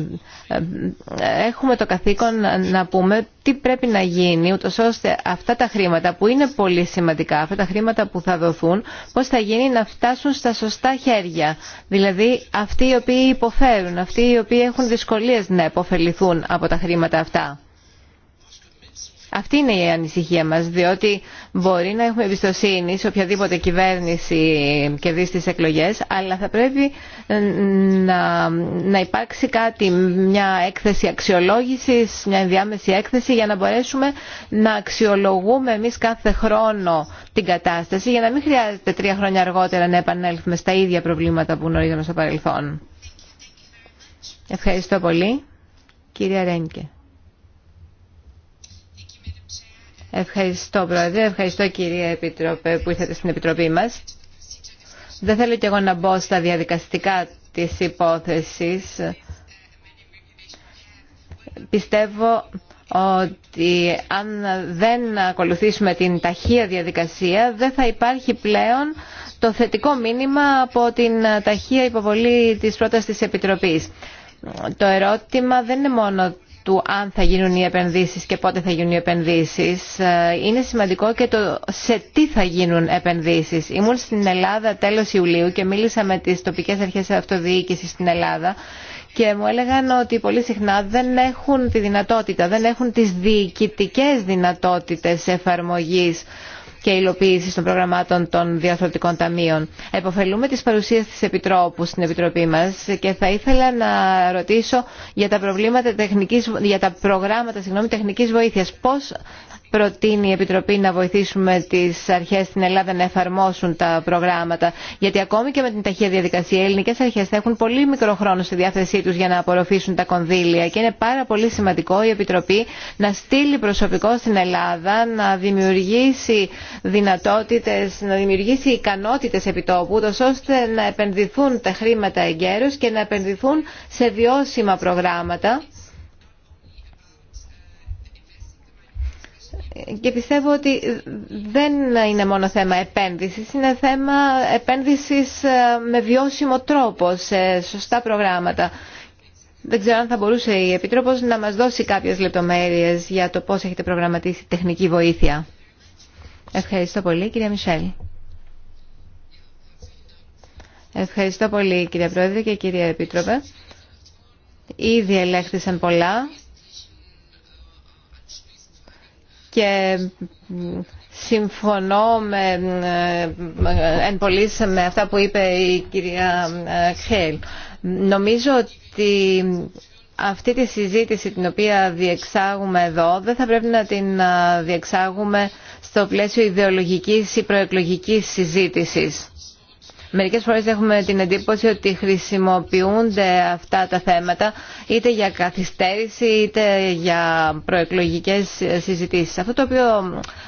ε, έχουμε το καθήκον να πούμε τι πρέπει να γίνει ούτω ώστε αυτά τα χρήματα που είναι πολύ σημαντικά, αυτά τα χρήματα που θα δοθούν πώς θα γίνει να φτάσουν στα σωστά χέρια δηλαδή αυτοί οι οποίοι υποφέρουν, αυτοί οι οποίοι έχουν δυσκολίες να υποφεληθούν από τα χρήματα αυτά αυτή είναι η ανησυχία μας, διότι μπορεί να έχουμε εμπιστοσύνη σε οποιαδήποτε κυβέρνηση κερδίσει τις εκλογές, αλλά θα πρέπει να, να υπάρξει κάτι, μια έκθεση αξιολόγησης, μια ενδιάμεση έκθεση, για να μπορέσουμε να αξιολογούμε εμείς κάθε χρόνο την κατάσταση, για να μην χρειάζεται τρία χρόνια αργότερα να επανέλθουμε στα ίδια προβλήματα που γνωρίζαμε στο παρελθόν. Ευχαριστώ πολύ. Κυρία Ρένκε. Ευχαριστώ, Πρόεδρε. Ευχαριστώ, κυρία Επίτροπε, που ήρθατε στην Επιτροπή μας. Δεν θέλω κι εγώ να μπω στα διαδικαστικά της υπόθεσης. Πιστεύω ότι αν δεν ακολουθήσουμε την ταχεία διαδικασία δεν θα υπάρχει πλέον το θετικό μήνυμα από την ταχεία υποβολή της πρότασης της Επιτροπής. Το ερώτημα δεν είναι μόνο του αν θα γίνουν οι επενδύσεις και πότε θα γίνουν οι επενδύσεις. Ε, είναι σημαντικό και το σε τι θα γίνουν επενδύσεις. Ήμουν στην Ελλάδα τέλος Ιουλίου και μίλησα με τις τοπικές αρχές αυτοδιοίκησης στην Ελλάδα και μου έλεγαν ότι πολύ συχνά δεν έχουν τη δυνατότητα, δεν έχουν τις διοικητικές δυνατότητες εφαρμογής και υλοποίηση των προγραμμάτων των διαθροτικών ταμείων. Εποφελούμε τη παρουσία τη Επιτρόπου στην Επιτροπή μα και θα ήθελα να ρωτήσω για τα, προβλήματα τεχνικής, για τα προγράμματα τεχνική βοήθεια. πώς προτείνει η Επιτροπή να βοηθήσουμε τις αρχές στην Ελλάδα να εφαρμόσουν τα προγράμματα. Γιατί ακόμη και με την ταχεία διαδικασία οι ελληνικές αρχές θα έχουν πολύ μικρό χρόνο στη διάθεσή τους για να απορροφήσουν τα κονδύλια και είναι πάρα πολύ σημαντικό η Επιτροπή να στείλει προσωπικό στην Ελλάδα, να δημιουργήσει δυνατότητες, να δημιουργήσει ικανότητες επιτόπου, ώστε να επενδυθούν τα χρήματα εγκαίρως και να επενδυθούν σε βιώσιμα προγράμματα και πιστεύω ότι δεν είναι μόνο θέμα επένδυσης, είναι θέμα επένδυσης ε, με βιώσιμο τρόπο σε σωστά προγράμματα. Δεν ξέρω αν θα μπορούσε η Επίτροπος να μας δώσει κάποιες λεπτομέρειες για το πώς έχετε προγραμματίσει τεχνική βοήθεια. Ευχαριστώ πολύ, κυρία Μισελ. Ευχαριστώ πολύ, κυρία Πρόεδρε και κυρία Επίτροπε. Ήδη ελέγχθησαν πολλά και συμφωνώ με, ε, εν με αυτά που είπε η κυρία Χέιλ. Ε, Νομίζω ότι αυτή τη συζήτηση την οποία διεξάγουμε εδώ δεν θα πρέπει να την ε, διεξάγουμε στο πλαίσιο ιδεολογικής ή προεκλογικής συζήτησης. Μερικές φορές έχουμε την εντύπωση ότι χρησιμοποιούνται αυτά τα θέματα είτε για καθυστέρηση είτε για προεκλογικές συζητήσεις. Αυτό το οποίο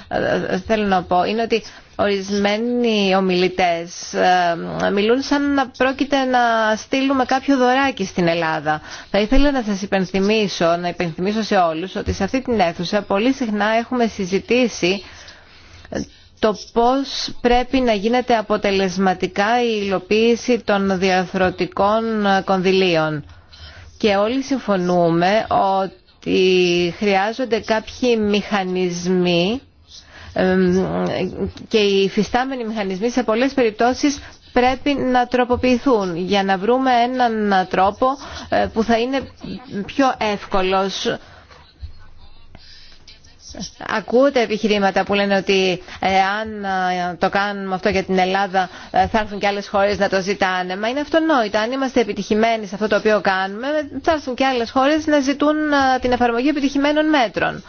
ε, ε, θέλω να πω είναι ότι ορισμένοι ομιλητές ε, μιλούν σαν να πρόκειται να στείλουμε κάποιο δωράκι στην Ελλάδα. Θα ήθελα να σας υπενθυμίσω, να υπενθυμίσω σε όλους ότι σε αυτή την αίθουσα πολύ συχνά έχουμε συζητήσει το πώς πρέπει να γίνεται αποτελεσματικά η υλοποίηση των διαθροτικών κονδυλίων. Και όλοι συμφωνούμε ότι χρειάζονται κάποιοι μηχανισμοί και οι φυστάμενοι μηχανισμοί σε πολλές περιπτώσεις πρέπει να τροποποιηθούν για να βρούμε έναν τρόπο ε, που θα είναι πιο εύκολος Ακούτε επιχειρήματα που λένε ότι ε, αν ε, το κάνουμε αυτό για την Ελλάδα ε, θα έρθουν και άλλες χώρες να το ζητάνε. Μα είναι αυτονόητο. Αν είμαστε επιτυχημένοι σε αυτό το οποίο κάνουμε θα έρθουν και άλλες χώρες να ζητούν την εφαρμογή επιτυχημένων μέτρων.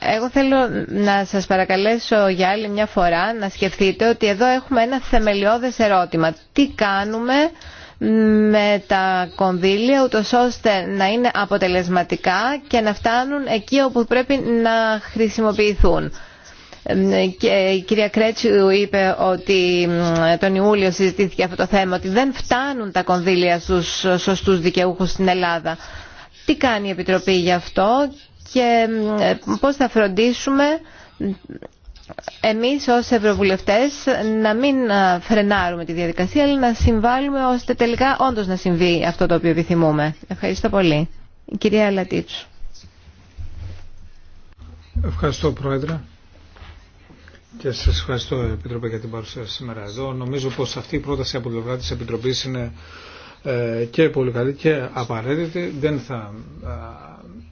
Εγώ θέλω να σας παρακαλέσω για άλλη μια φορά να σκεφτείτε ότι εδώ έχουμε ένα θεμελιώδες ερώτημα. Τι κάνουμε με τα κονδύλια ούτως ώστε να είναι αποτελεσματικά και να φτάνουν εκεί όπου πρέπει να χρησιμοποιηθούν. Και η κυρία Κρέτσου είπε ότι ε, τον Ιούλιο συζητήθηκε αυτό το θέμα, ότι δεν φτάνουν τα κονδύλια στους σωστούς δικαιούχους στην Ελλάδα. Τι κάνει η Επιτροπή γι' αυτό και ε, πώς θα φροντίσουμε εμείς ως ευρωβουλευτές να μην ε, φρενάρουμε τη διαδικασία αλλά να συμβάλλουμε ώστε τελικά όντως να συμβεί αυτό το οποίο επιθυμούμε. Ευχαριστώ πολύ. κυρία Λατίτσου. Ευχαριστώ Πρόεδρε και σας ευχαριστώ Επίτροπε για την παρουσία σήμερα εδώ. Νομίζω πως αυτή η πρόταση από την πλευρά της Επιτροπής είναι ε, και πολύ καλή και απαραίτητη. Δεν θα ε,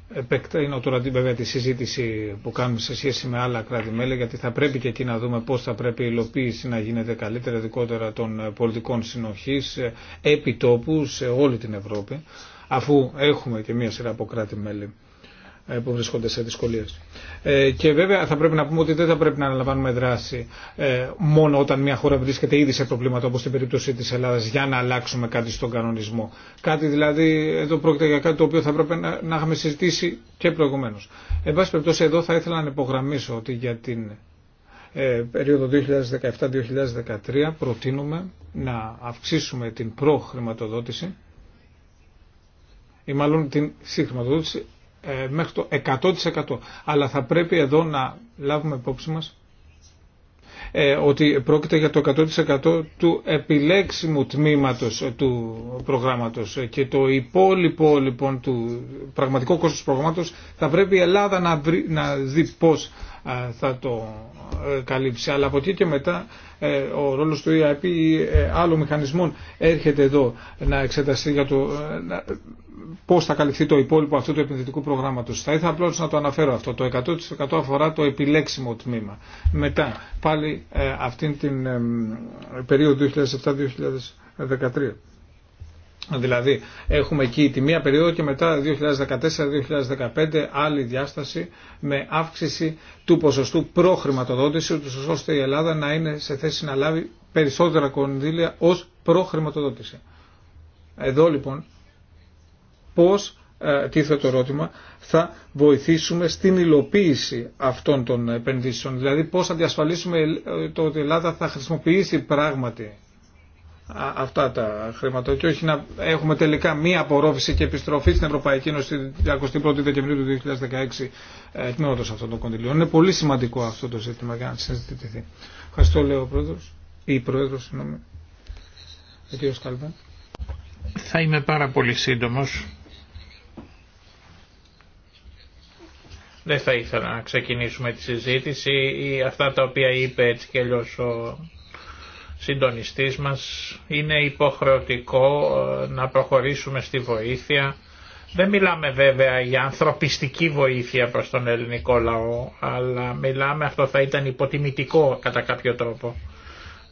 είναι τώρα την βέβαια τη συζήτηση που κάνουμε σε σχέση με άλλα κράτη-μέλη, γιατί θα πρέπει και εκεί να δούμε πώς θα πρέπει η υλοποίηση να γίνεται καλύτερα, ειδικότερα των πολιτικών συνοχής, επιτόπου σε όλη την Ευρώπη, αφού έχουμε και μία σειρά από κράτη-μέλη ε, που βρίσκονται σε δυσκολίες. Ε, και βέβαια θα πρέπει να πούμε ότι δεν θα πρέπει να αναλαμβάνουμε δράση ε, μόνο όταν μια χώρα βρίσκεται ήδη σε προβλήματα όπως στην περίπτωση της Ελλάδας για να αλλάξουμε κάτι στον κανονισμό. Κάτι δηλαδή, εδώ πρόκειται για κάτι το οποίο θα πρέπει να, να είχαμε συζητήσει και προηγουμένως. Εν πάση περιπτώσει εδώ θα ήθελα να υπογραμμίσω ότι για την ε, περίοδο 2017-2013 προτείνουμε να αυξήσουμε την προχρηματοδότηση ή μάλλον την συγχρηματοδότηση ε, μέχρι το 100%. Αλλά θα πρέπει εδώ να λάβουμε υπόψη μας ε, ότι πρόκειται για το 100% του επιλέξιμου τμήματος ε, του προγράμματος και το υπόλοιπο λοιπόν του πραγματικού κόστος προγράμματος θα πρέπει η Ελλάδα να, να δει πώς θα το καλύψει. Αλλά από εκεί και μετά ο ρόλος του EIP ή άλλων μηχανισμών έρχεται εδώ να εξεταστεί για το πώς θα καλυφθεί το υπόλοιπο αυτού του επενδυτικού προγράμματος. Θα ήθελα απλώς να το αναφέρω αυτό. Το 100% αφορά το επιλέξιμο τμήμα. Μετά πάλι ε, αυτήν την ε, περίοδο 2007-2013. Δηλαδή έχουμε εκεί τη μία περίοδο και μετά 2014-2015 άλλη διάσταση με αύξηση του ποσοστού προχρηματοδότηση ώστε η Ελλάδα να είναι σε θέση να λάβει περισσότερα κονδύλια ως προχρηματοδότηση. Εδώ λοιπόν πώς ε, τίθεται το ερώτημα, θα βοηθήσουμε στην υλοποίηση αυτών των επενδύσεων. Δηλαδή πώς θα διασφαλίσουμε ε, το ότι η Ελλάδα θα χρησιμοποιήσει πράγματι αυτά τα χρήματα και όχι να έχουμε τελικά μία απορρόφηση και επιστροφή στην Ευρωπαϊκή Ένωση 21η Δεκεμβρίου του 2016 εκμεώτος αυτών των κοντιλίων. Είναι πολύ σημαντικό αυτό το ζήτημα για να συζητηθεί. Ευχαριστώ λέει ο Πρόεδρος ή Πρόεδρος, συγγνώμη, ο κ. Θα είμαι πάρα πολύ σύντομο. Δεν θα ήθελα να ξεκινήσουμε τη συζήτηση ή αυτά τα οποία είπε έτσι και ο συντονιστής μας. Είναι υποχρεωτικό ε, να προχωρήσουμε στη βοήθεια. Δεν μιλάμε βέβαια για ανθρωπιστική βοήθεια προς τον ελληνικό λαό, αλλά μιλάμε, αυτό θα ήταν υποτιμητικό κατά κάποιο τρόπο.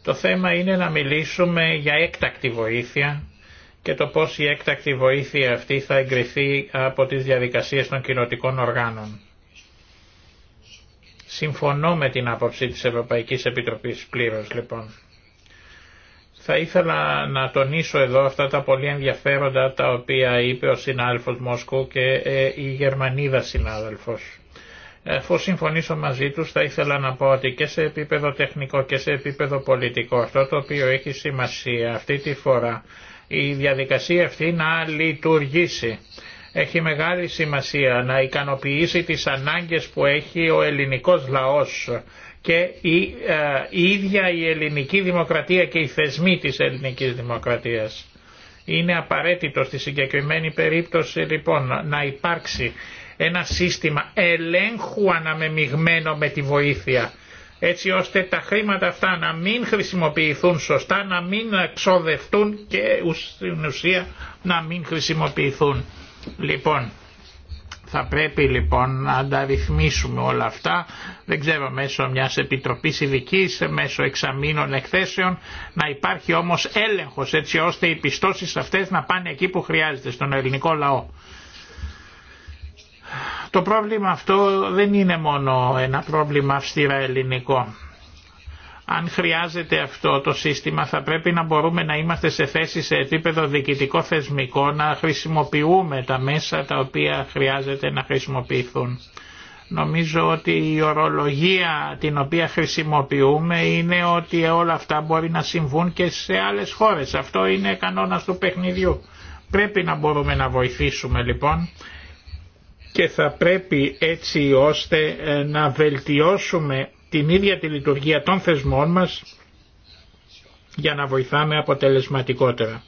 Το θέμα είναι να μιλήσουμε για έκτακτη βοήθεια και το πώς η έκτακτη βοήθεια αυτή θα εγκριθεί από τις διαδικασίες των κοινωτικών οργάνων. Συμφωνώ με την άποψη της Ευρωπαϊκής Επιτροπής πλήρως λοιπόν. Θα ήθελα να τονίσω εδώ αυτά τα πολύ ενδιαφέροντα τα οποία είπε ο συνάδελφος Μόσκου και ε, η Γερμανίδα συνάδελφος. Αφού συμφωνήσω μαζί τους θα ήθελα να πω ότι και σε επίπεδο τεχνικό και σε επίπεδο πολιτικό αυτό το οποίο έχει σημασία αυτή τη φορά η διαδικασία αυτή να λειτουργήσει έχει μεγάλη σημασία να ικανοποιήσει τις ανάγκες που έχει ο ελληνικός λαός και ε, η, ίδια η ελληνική δημοκρατία και οι θεσμοί της ελληνικής δημοκρατίας. Είναι απαραίτητο στη συγκεκριμένη περίπτωση λοιπόν να υπάρξει ένα σύστημα ελέγχου αναμεμειγμένο με τη βοήθεια έτσι ώστε τα χρήματα αυτά να μην χρησιμοποιηθούν σωστά, να μην ξοδευτούν και στην ουσία να μην χρησιμοποιηθούν. Λοιπόν, θα πρέπει λοιπόν να τα όλα αυτά, δεν ξέρω μέσω μιας επιτροπής ειδική, μέσω εξαμήνων εκθέσεων, να υπάρχει όμως έλεγχος έτσι ώστε οι πιστώσεις αυτές να πάνε εκεί που χρειάζεται, στον ελληνικό λαό. Το πρόβλημα αυτό δεν είναι μόνο ένα πρόβλημα αυστηρά ελληνικό. Αν χρειάζεται αυτό το σύστημα θα πρέπει να μπορούμε να είμαστε σε θέση σε επίπεδο διοικητικό θεσμικό να χρησιμοποιούμε τα μέσα τα οποία χρειάζεται να χρησιμοποιηθούν. Νομίζω ότι η ορολογία την οποία χρησιμοποιούμε είναι ότι όλα αυτά μπορεί να συμβούν και σε άλλες χώρες. Αυτό είναι κανόνας του παιχνιδιού. Πρέπει να μπορούμε να βοηθήσουμε λοιπόν και θα πρέπει έτσι ώστε ε, να βελτιώσουμε την ίδια τη λειτουργία των θεσμών μας για να βοηθάμε αποτελεσματικότερα.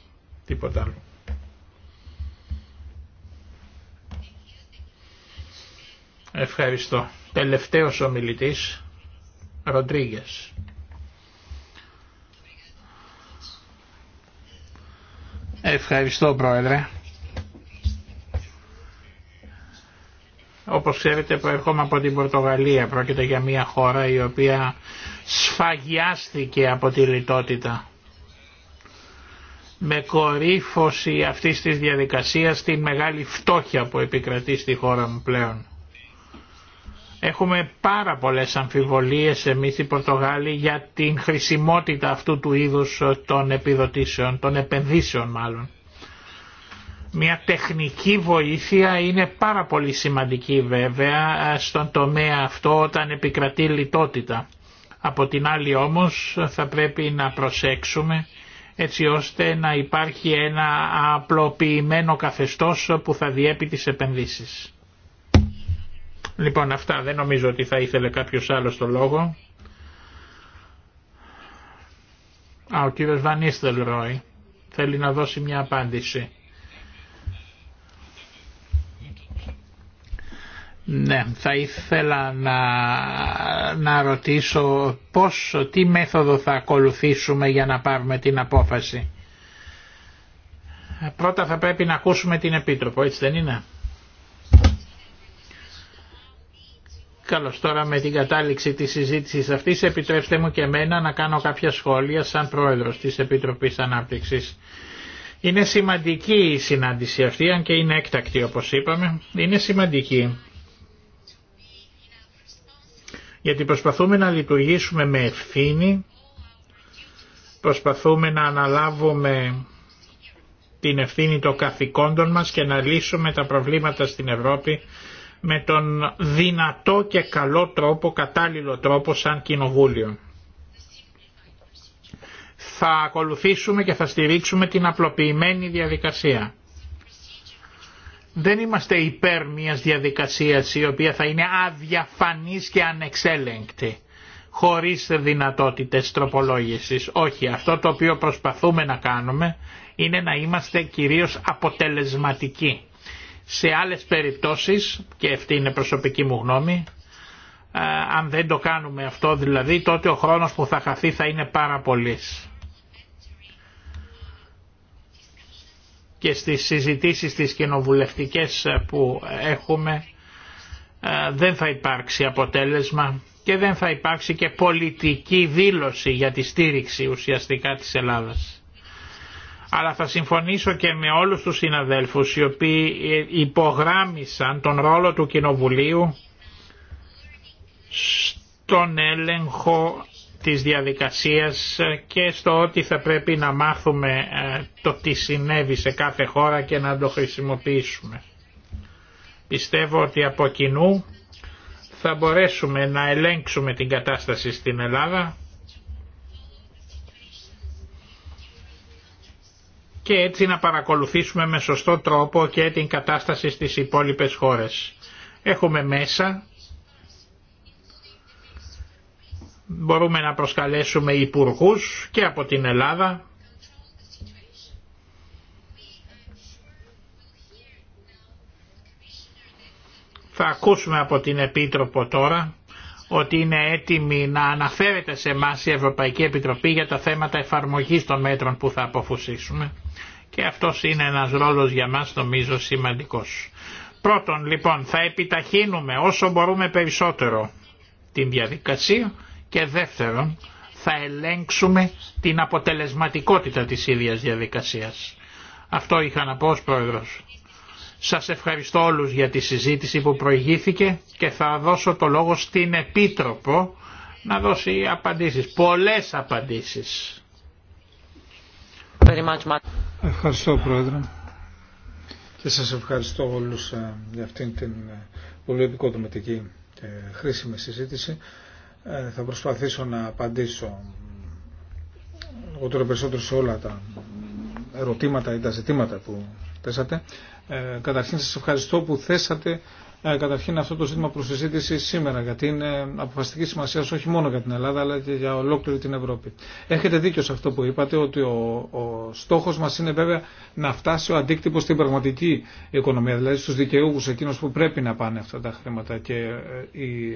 Τίποτα άλλο. Ευχαριστώ. Τελευταίος ομιλητής, Ροντρίγκες. Ευχαριστώ Πρόεδρε. Όπως ξέρετε προερχόμαι από την Πορτογαλία. Πρόκειται για μια χώρα η οποία σφαγιάστηκε από τη λιτότητα. Με κορύφωση αυτής της διαδικασίας τη μεγάλη φτώχεια που επικρατεί στη χώρα μου πλέον. Έχουμε πάρα πολλές αμφιβολίες εμείς οι Πορτογάλοι για την χρησιμότητα αυτού του είδους των επιδοτήσεων, των επενδύσεων μάλλον. Μια τεχνική βοήθεια είναι πάρα πολύ σημαντική βέβαια στον τομέα αυτό όταν επικρατεί λιτότητα. Από την άλλη όμως θα πρέπει να προσέξουμε έτσι ώστε να υπάρχει ένα απλοποιημένο καθεστώς που θα διέπει τις επενδύσεις. Λοιπόν αυτά δεν νομίζω ότι θα ήθελε κάποιος άλλος το λόγο. Α, ο κύριος Βανίστελ Ρόι θέλει να δώσει μια απάντηση. Ναι, θα ήθελα να, να ρωτήσω πώς, τι μέθοδο θα ακολουθήσουμε για να πάρουμε την απόφαση. Πρώτα θα πρέπει να ακούσουμε την Επίτροπο, έτσι δεν είναι. Καλώς τώρα με την κατάληξη της συζήτησης αυτής επιτρέψτε μου και εμένα να κάνω κάποια σχόλια σαν πρόεδρος της Επιτροπής Ανάπτυξης. Είναι σημαντική η συνάντηση αυτή, αν και είναι έκτακτη όπως είπαμε, είναι σημαντική γιατί προσπαθούμε να λειτουργήσουμε με ευθύνη, προσπαθούμε να αναλάβουμε την ευθύνη των καθηκόντων μας και να λύσουμε τα προβλήματα στην Ευρώπη με τον δυνατό και καλό τρόπο, κατάλληλο τρόπο σαν κοινοβούλιο. Θα ακολουθήσουμε και θα στηρίξουμε την απλοποιημένη διαδικασία δεν είμαστε υπέρ μιας διαδικασίας η οποία θα είναι αδιαφανής και ανεξέλεγκτη χωρίς δυνατότητες τροπολόγησης. Όχι, αυτό το οποίο προσπαθούμε να κάνουμε είναι να είμαστε κυρίως αποτελεσματικοί. Σε άλλες περιπτώσεις, και αυτή είναι προσωπική μου γνώμη, ε, αν δεν το κάνουμε αυτό δηλαδή, τότε ο χρόνος που θα χαθεί θα είναι πάρα και στις συζητήσεις τις κοινοβουλευτικές που έχουμε ε, δεν θα υπάρξει αποτέλεσμα και δεν θα υπάρξει και πολιτική δήλωση για τη στήριξη ουσιαστικά της Ελλάδας. Αλλά θα συμφωνήσω και με όλους τους συναδέλφους οι οποίοι ε, υπογράμμισαν τον ρόλο του Κοινοβουλίου στον έλεγχο της διαδικασίας και στο ότι θα πρέπει να μάθουμε ε, το τι συνέβη σε κάθε χώρα και να το χρησιμοποιήσουμε. Πιστεύω ότι από κοινού θα μπορέσουμε να ελέγξουμε την κατάσταση στην Ελλάδα και έτσι να παρακολουθήσουμε με σωστό τρόπο και την κατάσταση στις υπόλοιπες χώρες. Έχουμε μέσα Μπορούμε να προσκαλέσουμε υπουργού και από την Ελλάδα Θα ακούσουμε από την Επίτροπο τώρα ότι είναι έτοιμη να αναφέρεται σε εμά η Ευρωπαϊκή Επιτροπή για τα θέματα εφαρμογής των μέτρων που θα αποφουσίσουμε και αυτός είναι ένας ρόλος για μας νομίζω σημαντικός. Πρώτον λοιπόν θα επιταχύνουμε όσο μπορούμε περισσότερο την διαδικασία και δεύτερον θα ελέγξουμε την αποτελεσματικότητα της ίδιας διαδικασίας. Αυτό είχα να πω ως πρόεδρος. Σας ευχαριστώ όλους για τη συζήτηση που προηγήθηκε και θα δώσω το λόγο στην Επίτροπο να δώσει απαντήσεις, πολλές απαντήσεις. Ευχαριστώ Πρόεδρε και σας ευχαριστώ όλους ε, για αυτήν την ε, πολύ επικοδομητική και χρήσιμη συζήτηση. Ε, θα προσπαθήσω να απαντήσω λιγότερο περισσότερο σε όλα τα ερωτήματα ή τα ζητήματα που θέσατε. Ε, καταρχήν σας ευχαριστώ που θέσατε ε, καταρχήν αυτό το ζήτημα προς συζήτηση σήμερα, γιατί είναι αποφασιστική σημασία όχι μόνο για την Ελλάδα, αλλά και για ολόκληρη την Ευρώπη. Έχετε δίκιο σε αυτό που είπατε, ότι ο, ο στόχος μας είναι βέβαια να φτάσει ο αντίκτυπος στην πραγματική οικονομία, δηλαδή στους δικαιούχους εκείνους που πρέπει να πάνε αυτά τα χρήματα. Και ε, οι,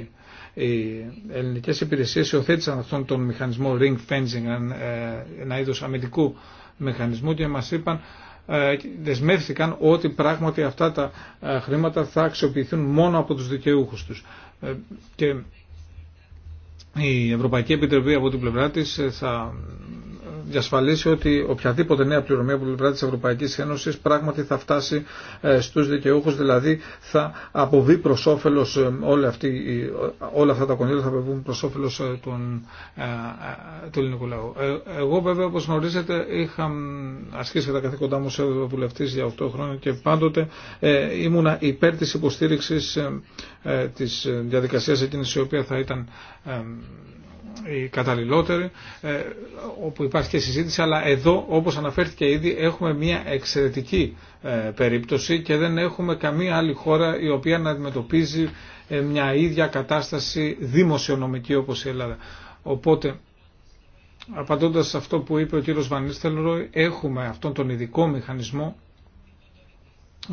οι ελληνικές υπηρεσίες υιοθέτησαν αυτόν τον μηχανισμό ring fencing, ε, ένα είδος αμυντικού μηχανισμού και μας είπαν ε, δεσμεύθηκαν ότι πράγματι αυτά τα ε, χρήματα θα αξιοποιηθούν μόνο από τους δικαιούχους τους. Ε, και η Ευρωπαϊκή Επιτροπή από την πλευρά της θα διασφαλίσει ότι οποιαδήποτε νέα πληρωμή από πλευρά τη Ευρωπαϊκή Ένωση πράγματι θα φτάσει ε, στου δικαιούχου, δηλαδή θα αποβεί προ όφελο ε, ε, όλα αυτά τα κονδύλια θα αποβούν προ όφελο του ελληνικού λαού. Εγώ βέβαια όπω γνωρίζετε είχα ασκήσει τα καθήκοντά μου σε βουλευτή για 8 χρόνια και πάντοτε ήμουνα υπέρ τη υποστήριξη τη διαδικασία εκείνη η οποία θα ήταν οι καταλληλότεροι, ε, όπου υπάρχει και συζήτηση, αλλά εδώ, όπως αναφέρθηκε ήδη, έχουμε μια εξαιρετική ε, περίπτωση και δεν έχουμε καμία άλλη χώρα η οποία να αντιμετωπίζει ε, μια ίδια κατάσταση δημοσιονομική όπως η Ελλάδα. Οπότε, απαντώντας σε αυτό που είπε ο κύριος Βανίστελροι, έχουμε αυτόν τον ειδικό μηχανισμό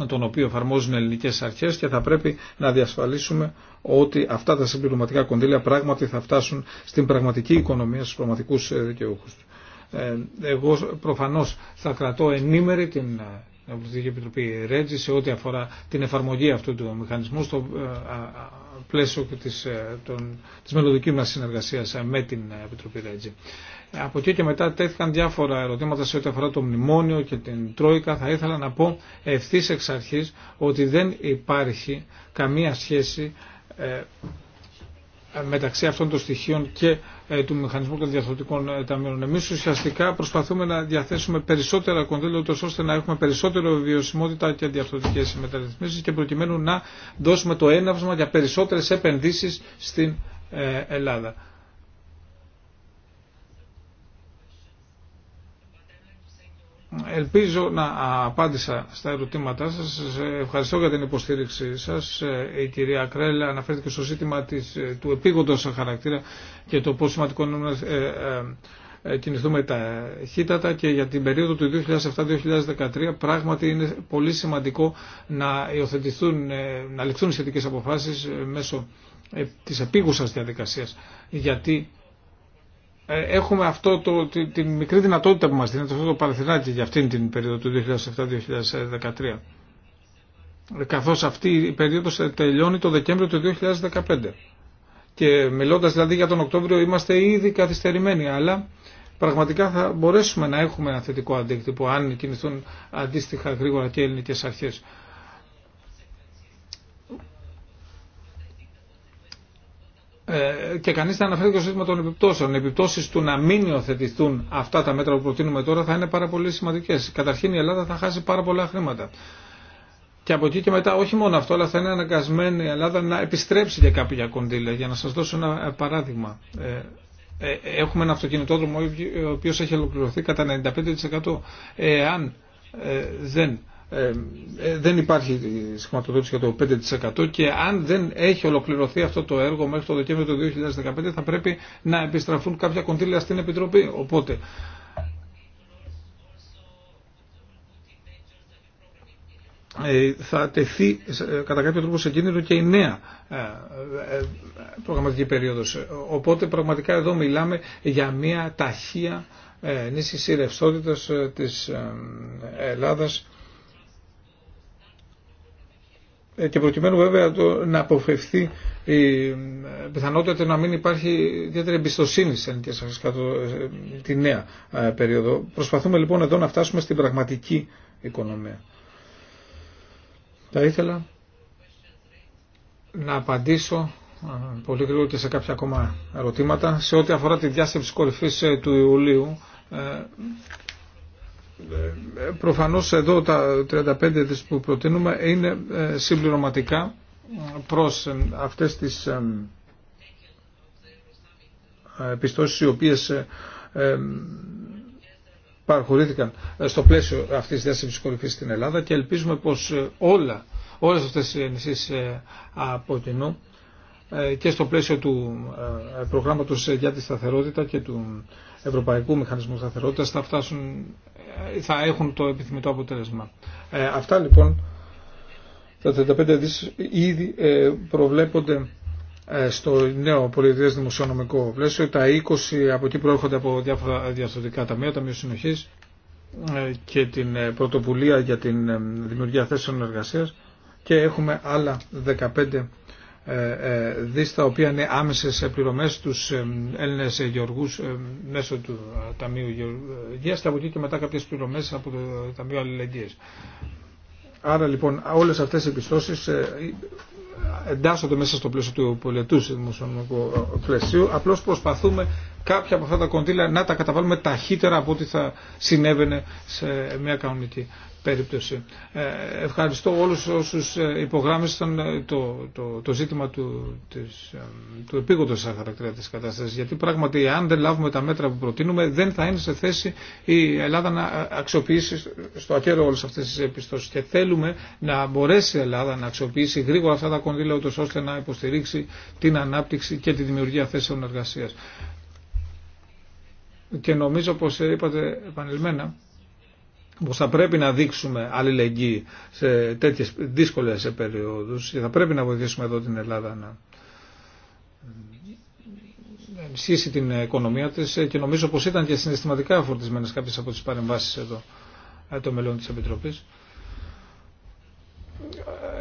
τον οποίο εφαρμόζουν οι ελληνικές αρχές και θα πρέπει να διασφαλίσουμε ότι αυτά τα συμπληρωματικά κονδύλια πράγματι θα φτάσουν στην πραγματική οικονομία στους πραγματικούς ε, δικαιούχους. Ε, εγώ προφανώς θα κρατώ ενήμερη ε, την Ευρωπαϊκή Επιτροπή Ρέτζη σε ό,τι αφορά την εφαρμογή αυτού του μηχανισμού στο πλαίσιο της, των, της μελλοντικής μας με την Επιτροπή Ρέτζη. Από εκεί και μετά τέθηκαν διάφορα ερωτήματα σε ό,τι αφορά το μνημόνιο και την Τρόικα. Θα ήθελα να πω ευθύ εξ αρχή ότι δεν υπάρχει καμία σχέση ε, μεταξύ αυτών των στοιχείων και ε, του μηχανισμού των διαθροτικών ε, ταμείων. Εμεί ουσιαστικά προσπαθούμε να διαθέσουμε περισσότερα κονδύλια, ώστε να έχουμε περισσότερο βιωσιμότητα και διαθροτικέ μεταρρυθμίσει και προκειμένου να δώσουμε το έναυσμα για περισσότερε επενδύσει στην Ελλάδα. Ελπίζω να απάντησα στα ερωτήματά σας. Ευχαριστώ για την υποστήριξή σας. Η κυρία Κρέλ αναφέρθηκε στο ζήτημα της, ε, του επίγοντος χαρακτήρα και το πόσο σημαντικό είναι να ε, ε, κινηθούμε ταχύτατα και για την περίοδο του 2007-2013 πράγματι είναι πολύ σημαντικό να υιοθετηθούν, να ληφθούν σχετικές αποφάσεις μέσω της επίγουσας διαδικασίας. Γιατί ε, έχουμε αυτό το, την, μικρή δυνατότητα που μας δίνεται, αυτό το παραθυράκι για αυτήν την περίοδο του 2007-2013 ε, καθώς αυτή η περίοδος ε, τελειώνει το Δεκέμβριο του 2015. Και μιλώντας δηλαδή για τον Οκτώβριο είμαστε ήδη καθυστερημένοι, αλλά πραγματικά θα μπορέσουμε να έχουμε ένα θετικό αντίκτυπο αν κινηθούν αντίστοιχα γρήγορα και ελληνικές αρχές. Ε, και κανεί θα αναφέρει το σύστημα των επιπτώσεων. Οι επιπτώσει του να μην υιοθετηθούν αυτά τα μέτρα που προτείνουμε τώρα θα είναι πάρα πολύ σημαντικέ. Καταρχήν η Ελλάδα θα χάσει πάρα πολλά χρήματα. Και από εκεί και μετά, όχι μόνο αυτό, αλλά θα είναι αναγκασμένη η Ελλάδα να επιστρέψει για κάποια κονδύλια. Για να σα δώσω ένα ε, παράδειγμα. Ε, έχουμε ένα αυτοκινητόδρομο ο οποίο έχει ολοκληρωθεί κατά 95%. Εάν δεν ε, ε, δεν υπάρχει σχηματοδότηση για το 5% και αν δεν έχει ολοκληρωθεί αυτό το έργο μέχρι το Δεκέμβριο του 2015 θα πρέπει να επιστραφούν κάποια κονδύλια στην Επιτροπή. Οπότε ε, θα τεθεί κατά κάποιο τρόπο σε κίνδυνο και η νέα προγραμματική περίοδος. Οπότε πραγματικά εδώ μιλάμε για μια ταχεία ενίσχυση ρευστότητας της Ελλάδας ε, και προκειμένου βέβαια το, να αποφευθεί η ε, πιθανότητα να μην υπάρχει ιδιαίτερη εμπιστοσύνη σε ελληνικές ε, τη νέα περίοδο. Προσπαθούμε λοιπόν εδώ να φτάσουμε στην πραγματική οικονομία. Θα ήθελα να απαντήσω πολύ γρήγορα και σε κάποια ακόμα ερωτήματα σε ό,τι αφορά τη διάσκεψη κορυφής του Ιουλίου ε, προφανώς εδώ τα 35 δις που προτείνουμε είναι ε, συμπληρωματικά ε, προς αυτές τις επιστώσεις οι οποίες παραχωρήθηκαν στο πλαίσιο αυτής της διάσημης κορυφής στην Ελλάδα και ελπίζουμε πως όλα, όλες αυτές οι ενισχύσεις από κοινού και στο πλαίσιο του προγράμματος για τη σταθερότητα και του Ευρωπαϊκού Μηχανισμού σταθερότητα θα, φτάσουν, ε, θα έχουν το επιθυμητό αποτέλεσμα. Ε, αυτά λοιπόν τα 35 δις ήδη ε, προβλέπονται ε, στο νέο πολιτικές δημοσιονομικό πλαίσιο. Τα 20 από εκεί προέρχονται από διάφορα διαστατικά ταμεία, ταμείο συνοχής και την πρωτοβουλία για την δημιουργία θέσεων εργασίας και έχουμε άλλα 15 ε, ε, δις τα οποία είναι άμεσες πληρωμές τους ε, Έλληνες γεωργούς μέσω του Ταμείου Γεωργίας και από εκεί και μετά κάποιες πληρωμές από το Ταμείο Αλληλεγγύης. Άρα λοιπόν όλες αυτές οι πιστώσεις εντάσσονται μέσα στο πλαίσιο του πολιτού δημοσιονομικού πλαισίου. Απλώς προσπαθούμε κάποια από αυτά τα κονδύλια να τα καταβάλουμε ταχύτερα από ό,τι θα συνέβαινε σε μια κανονική περίπτωση. Ε, ευχαριστώ όλους όσους ε, υπογράμμισαν ε, το, το, το ζήτημα του, της, του επίγοντος χαρακτήρα της κατάστασης γιατί πράγματι αν δεν λάβουμε τα μέτρα που προτείνουμε δεν θα είναι σε θέση η Ελλάδα να αξιοποιήσει στο ακέρο όλες αυτές τις επιστώσεις και θέλουμε να μπορέσει η Ελλάδα να αξιοποιήσει γρήγορα αυτά τα κονδύλια ώστε να υποστηρίξει την ανάπτυξη και τη δημιουργία θέσεων εργασίας και νομίζω πως ε, είπατε επανειλημμένα πως θα πρέπει να δείξουμε αλληλεγγύη σε τέτοιες δύσκολες περιόδους και θα πρέπει να βοηθήσουμε εδώ την Ελλάδα να ενισχύσει την οικονομία της ε, και νομίζω πως ήταν και συναισθηματικά φορτισμένες κάποιες από τις παρεμβάσεις εδώ ε, των μελών της Επιτροπής.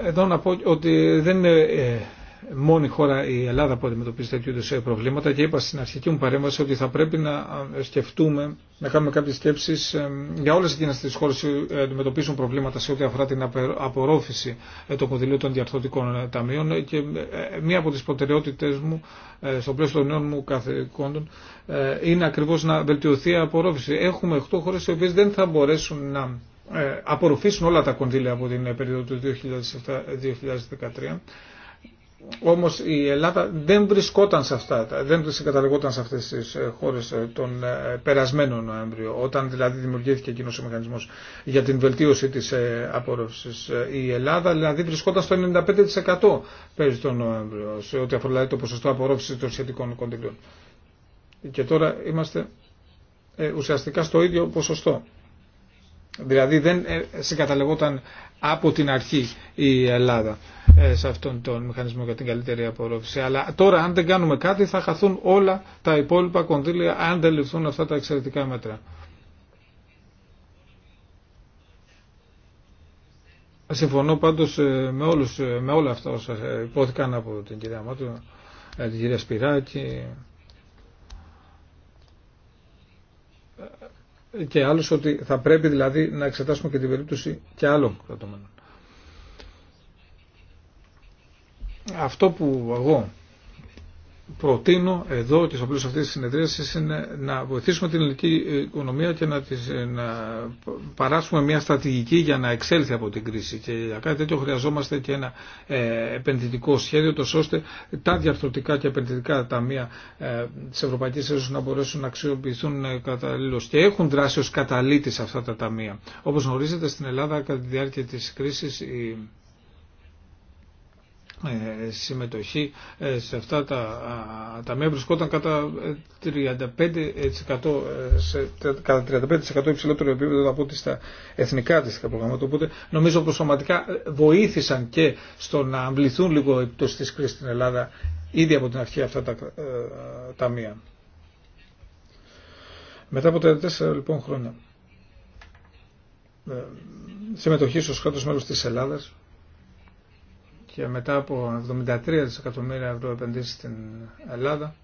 Εδώ να πω ότι δεν είναι μόνη χώρα η Ελλάδα που αντιμετωπίζει τέτοιου είδου ε, προβλήματα και είπα στην αρχική μου παρέμβαση ότι θα πρέπει να σκεφτούμε, να κάνουμε κάποιε σκέψει ε, για όλε εκείνε τι χώρε που ε, αντιμετωπίζουν προβλήματα σε ό,τι αφορά την απορρόφηση των κονδυλίων των διαρθρωτικών ταμείων και μία από τι προτεραιότητέ μου στο πλαίσιο των νέων μου καθηκόντων είναι ακριβώ να βελτιωθεί η απορρόφηση. Έχουμε 8 χώρε οι οποίε δεν θα μπορέσουν να απορροφήσουν όλα τα κονδύλια από την περίοδο του 2007-2013 όμως η Ελλάδα δεν βρισκόταν σε αυτά, δεν συγκαταλεγόταν σε αυτές τις ε, χώρες ε, τον ε, περασμένο Νοέμβριο, όταν δηλαδή δημιουργήθηκε εκείνο ο μηχανισμός για την βελτίωση της απόρρευσης. Η Ελλάδα δηλαδή βρισκόταν στο 95% πέρυσι τον Νοέμβριο, σε ό,τι αφορά δηλαδή το ποσοστό απορρόφησης των σχετικών κοντιλίων. Και τώρα είμαστε ουσιαστικά στο ίδιο ποσοστό. Δηλαδή δεν ε, συγκαταλεγόταν από την αρχή η Ελλάδα ε, σε αυτόν τον μηχανισμό για την καλύτερη απορρόφηση. Αλλά τώρα αν δεν κάνουμε κάτι θα χαθούν όλα τα υπόλοιπα κονδύλια αν δεν ληφθούν αυτά τα εξαιρετικά μέτρα. Συμφωνώ πάντως ε, με, όλους, με όλα αυτά όσα υπόθηκαν από την κυρία Μάτου, την κυρία Σπυράκη, και άλλος ότι θα πρέπει δηλαδή να εξετάσουμε και την περίπτωση και άλλων κρατωμένων. Αυτό που εγώ προτείνω εδώ και στο πλαίσιο αυτής της συνεδρίασης είναι να βοηθήσουμε την ελληνική οικονομία και να, τις, να παράσουμε μια στρατηγική για να εξέλθει από την κρίση. Και για κάτι τέτοιο χρειαζόμαστε και ένα ε, επενδυτικό σχέδιο, τόσο ώστε τα διαρθρωτικά και επενδυτικά ταμεία ε, της Ευρωπαϊκής Ένωσης να μπορέσουν να αξιοποιηθούν ε, Και έχουν δράσει ως σε αυτά τα ταμεία. Όπως γνωρίζετε στην Ελλάδα κατά τη διάρκεια της κρίσης η συμμετοχή ε, σε αυτά τα ταμεία βρισκόταν κατά 35%, ε, ε, κατά 35 υψηλότερο επίπεδο από ό,τι στα εθνικά αντίστοιχα προγράμματα. Οπότε νομίζω πως σωματικά βοήθησαν και στο να αμβληθούν λίγο πτώσεις της κρίσης στην Ελλάδα ήδη από την αρχή αυτά τα ταμεία. Μετά από τα τέσσερα λοιπόν χρόνια συμμετοχή ως κράτος μέλος της Ελλάδας και μετά από 73 δισεκατομμύρια ευρώ επενδύσει στην Ελλάδα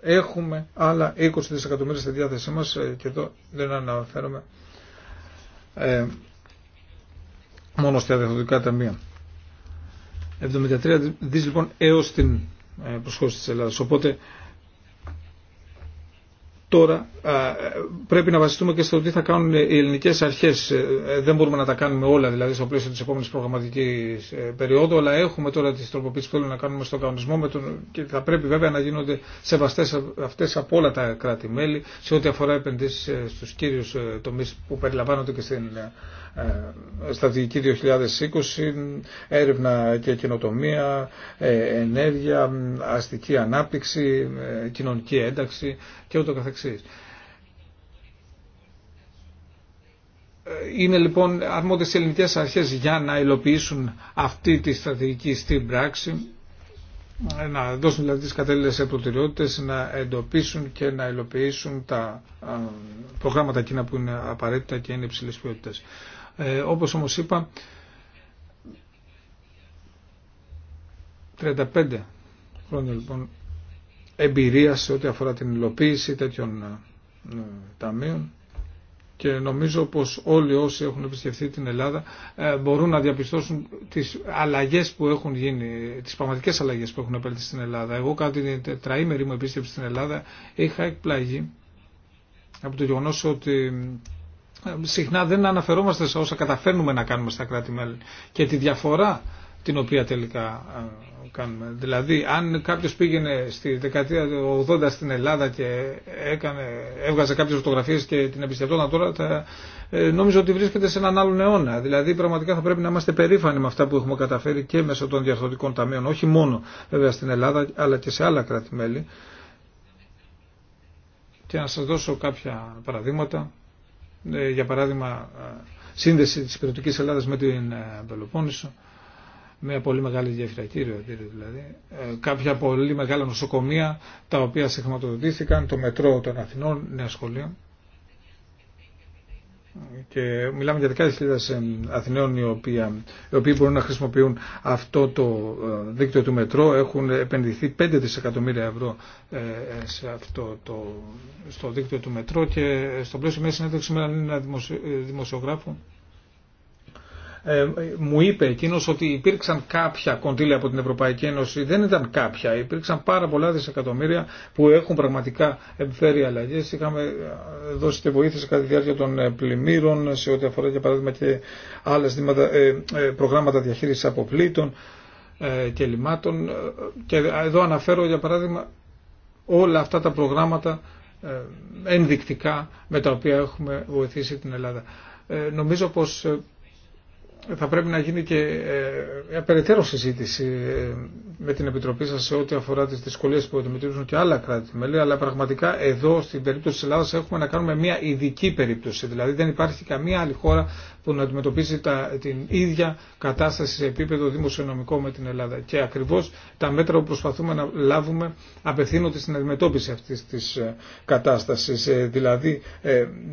έχουμε άλλα 20 δισεκατομμύρια στη διάθεσή μας ε, και εδώ δεν αναφέρομαι ε, μόνο στα διευθυντικά ταμεία. 73 δις λοιπόν έως την ε, προσχώρηση της Ελλάδας. Οπότε Τώρα πρέπει να βασιστούμε και στο τι θα κάνουν οι ελληνικέ αρχέ. Ε, δεν μπορούμε να τα κάνουμε όλα δηλαδή στο πλαίσιο τη επόμενη προγραμματική ε, περίοδου, αλλά έχουμε τώρα τι τροποποιήσεις που θέλουμε να κάνουμε στον κανονισμό με τον... και θα πρέπει βέβαια να γίνονται σεβαστέ αυτέ από όλα τα κράτη-μέλη σε ό,τι αφορά επενδύσει ε, στου κύριου τομεί που περιλαμβάνονται και στην ε, στρατηγική 2020, έρευνα και καινοτομία, ε, ενέργεια, αστική ανάπτυξη, ε, κοινωνική ένταξη και ούτω καθεξής. Είναι λοιπόν αρμόδιες οι ελληνικές αρχές για να υλοποιήσουν αυτή τη στρατηγική στην πράξη, να δώσουν δηλαδή τις προτεραιότητες, να εντοπίσουν και να υλοποιήσουν τα προγράμματα εκείνα που είναι απαραίτητα και είναι υψηλής ποιότητας. Ε, όπως όμως είπα, 35 χρόνια λοιπόν εμπειρία σε ό,τι αφορά την υλοποίηση τέτοιων ε, ε, ταμείων και νομίζω πως όλοι όσοι έχουν επισκεφθεί την Ελλάδα ε, μπορούν να διαπιστώσουν τις αλλαγές που έχουν γίνει, τις πραγματικές αλλαγές που έχουν επέλθει στην Ελλάδα. Εγώ κάτι την τετραήμερη μου επίσκεψη στην Ελλάδα είχα εκπλαγεί από το γεγονός ότι συχνά δεν αναφερόμαστε σε όσα καταφέρνουμε να κάνουμε στα κράτη-μέλη και τη διαφορά την οποία τελικά κάνουμε. Δηλαδή, αν κάποιο πήγαινε στη δεκαετία του 80 στην Ελλάδα και έκανε, έβγαζε κάποιε φωτογραφίε και την εμπιστευτόταν τώρα, θα, ε, ότι βρίσκεται σε έναν άλλον αιώνα. Δηλαδή, πραγματικά θα πρέπει να είμαστε περήφανοι με αυτά που έχουμε καταφέρει και μέσω των διαρθωτικών ταμείων, όχι μόνο βέβαια στην Ελλάδα, αλλά και σε άλλα κράτη-μέλη. Και να σα δώσω κάποια παραδείγματα. Ε, για παράδειγμα ε, σύνδεση της υπηρετικής Ελλάδας με την ε, Πελοπόννησο, μια πολύ μεγάλη γέφυρα, κύριο, δηλαδή, κάποια πολύ μεγάλα νοσοκομεία τα οποία συγχρηματοδοτήθηκαν, το μετρό των Αθηνών, νέα σχολεία και μιλάμε για δεκάδες Αθηναίων οι, οποία, οι οποίοι μπορούν να χρησιμοποιούν αυτό το ε, δίκτυο του μετρό έχουν επενδυθεί 5 δισεκατομμύρια ευρώ ε, ε, σε αυτό το, στο δίκτυο του μετρό και στο πλαίσιο μια συνέντευξη σήμερα είναι ένα δημοσιογράφο ε, μου είπε εκείνο ότι υπήρξαν κάποια κονδύλια από την Ευρωπαϊκή Ένωση. Δεν ήταν κάποια. Υπήρξαν πάρα πολλά δισεκατομμύρια που έχουν πραγματικά επιφέρει αλλαγέ. Είχαμε ε, δώσει και βοήθεια κατά τη διάρκεια των ε, πλημμύρων σε ό,τι αφορά για παράδειγμα και άλλε προγράμματα διαχείριση αποπλήτων και λιμάτων. Και εδώ αναφέρω για παράδειγμα όλα αυτά τα προγράμματα ενδεικτικά με τα οποία έχουμε βοηθήσει την Ελλάδα. Νομίζω πως θα πρέπει να γίνει και ε, μια περαιτέρω συζήτηση ε, με την Επιτροπή σας σε ό,τι αφορά τις δυσκολίες που αντιμετωπίζουν και άλλα κράτη-μέλη, αλλά πραγματικά εδώ στην περίπτωση της Ελλάδας έχουμε να κάνουμε μια ειδική περίπτωση. Δηλαδή δεν υπάρχει καμία άλλη χώρα που να αντιμετωπίσει τα, την ίδια κατάσταση σε επίπεδο δημοσιονομικό με την Ελλάδα. Και ακριβώς τα μέτρα που προσπαθούμε να λάβουμε απευθύνονται στην αντιμετώπιση αυτής της ε, κατάστασης. Δηλαδή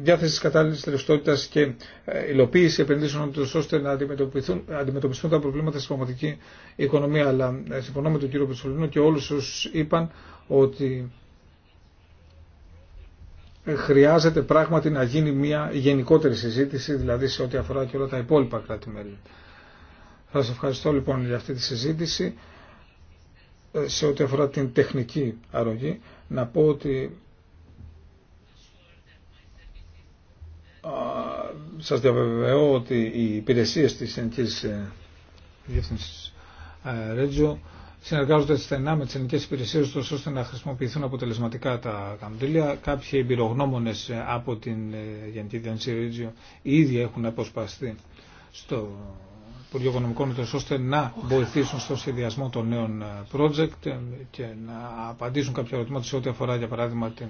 διάθεση κατάλληλη ρευστότητας και υλοποίηση επενδύσεων ώστε να αντιμετωπιστούν τα προβλήματα στην πραγματική οικονομία. Αλλά ε, συμφωνώ με τον κύριο Πετσολίνο και όλους όσους είπαν ότι ε, χρειάζεται πράγματι να γίνει μια γενικότερη συζήτηση, δηλαδή σε ό,τι αφορά και όλα τα υπόλοιπα κράτη-μέλη. Θα σας ευχαριστώ λοιπόν για αυτή τη συζήτηση. Ε, σε ό,τι αφορά την τεχνική αρρωγή, να πω ότι σας διαβεβαιώ ότι οι υπηρεσίες της ελληνική ε, Διεύθυνσης ε, Ρέτζιο συνεργάζονται στενά με τις ελληνικές υπηρεσίες τους ώστε να χρησιμοποιηθούν αποτελεσματικά τα καμπτήλια. Κάποιοι εμπειρογνώμονες ε, από την Γενική Διεύθυνση Ρέτζιο ήδη έχουν αποσπαστεί στο Υπουργείο Οικονομικών ώστε να βοηθήσουν στο σχεδιασμό των νέων project και να απαντήσουν κάποια ερωτήματα σε ό,τι αφορά για παράδειγμα την,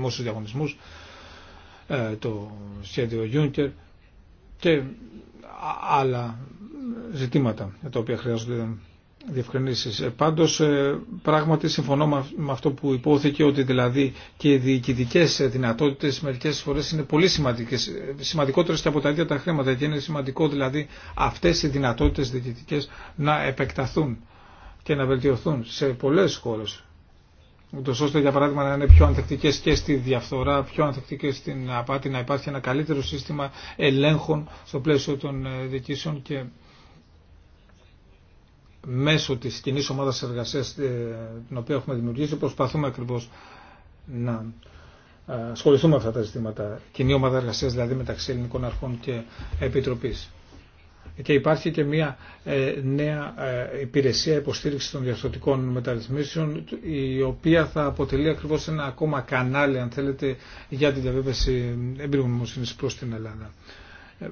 τους διαγωνισμού. Ε, το σχέδιο Juncker και άλλα ζητήματα τα οποία χρειάζονται διευκρινήσεις. Ε, πάντως ε, πράγματι συμφωνώ με αυτό που υπόθηκε ότι δηλαδή και οι διοικητικές δυνατότητες μερικές φορές είναι πολύ σημαντικές, σημαντικότερες και από τα ίδια τα χρήματα και είναι σημαντικό δηλαδή αυτές οι δυνατότητες διοικητικές να επεκταθούν και να βελτιωθούν σε πολλές χώρες ούτως ώστε για παράδειγμα να είναι πιο ανθεκτικέ και στη διαφθορά, πιο ανθεκτικέ στην απάτη, να υπάρχει ένα καλύτερο σύστημα ελέγχων στο πλαίσιο των ε, διοικήσεων και μέσω της κοινή ομάδα εργασία ε, την οποία έχουμε δημιουργήσει προσπαθούμε ακριβώς να ε, ασχοληθούμε με αυτά τα ζητήματα. Κοινή ομάδα εργασία δηλαδή μεταξύ ελληνικών αρχών και επιτροπή και υπάρχει και μια ε, νέα ε, υπηρεσία υποστήριξη των διαφθορτικών μεταρρυθμίσεων η οποία θα αποτελεί ακριβώς ένα ακόμα κανάλι αν θέλετε για την διαβίωση νομοσύνης προς την Ελλάδα. Ε,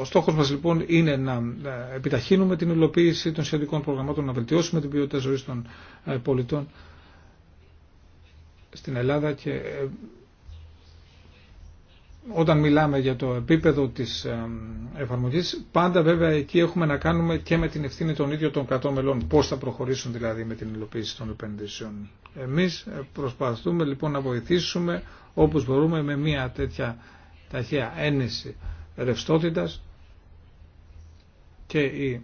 ο στόχος μας λοιπόν είναι να επιταχύνουμε την υλοποίηση των σχετικών προγραμμάτων, να βελτιώσουμε την ποιότητα ζωής των πολιτών στην Ελλάδα και όταν μιλάμε για το επίπεδο της ε, εφαρμογής, πάντα βέβαια εκεί έχουμε να κάνουμε και με την ευθύνη των ίδιων των κρατών πώς θα προχωρήσουν δηλαδή με την υλοποίηση των επενδύσεων. Εμείς ε, προσπαθούμε λοιπόν να βοηθήσουμε όπως μπορούμε με μια τέτοια ταχεία ένεση ρευστότητας και η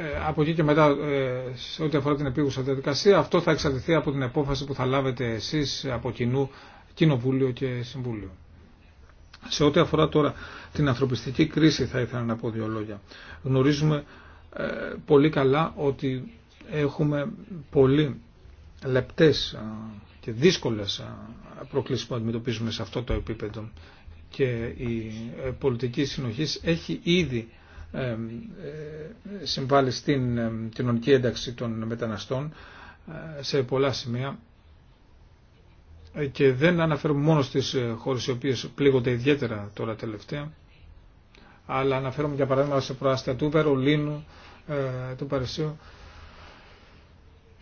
Ε, από εκεί και μετά, ε, σε ό,τι αφορά την επίγουσα διαδικασία, αυτό θα εξαρτηθεί από την απόφαση που θα λάβετε εσείς από κοινού Κοινοβούλιο και Συμβούλιο. Σε ό,τι αφορά τώρα την ανθρωπιστική κρίση θα ήθελα να πω δύο λόγια. Γνωρίζουμε ε, πολύ καλά ότι έχουμε πολύ λεπτές και δύσκολες προκλήσεις που αντιμετωπίζουμε σε αυτό το επίπεδο και η πολιτική συνοχή έχει ήδη ε, συμβάλλει στην κοινωνική ένταξη των μεταναστών ε, σε πολλά σημεία ε, και δεν αναφέρουμε μόνο στις χώρες οι οποίες πλήγονται ιδιαίτερα τώρα τελευταία αλλά αναφέρουμε για παράδειγμα σε προάστια του Βερολίνου, του Παρισίου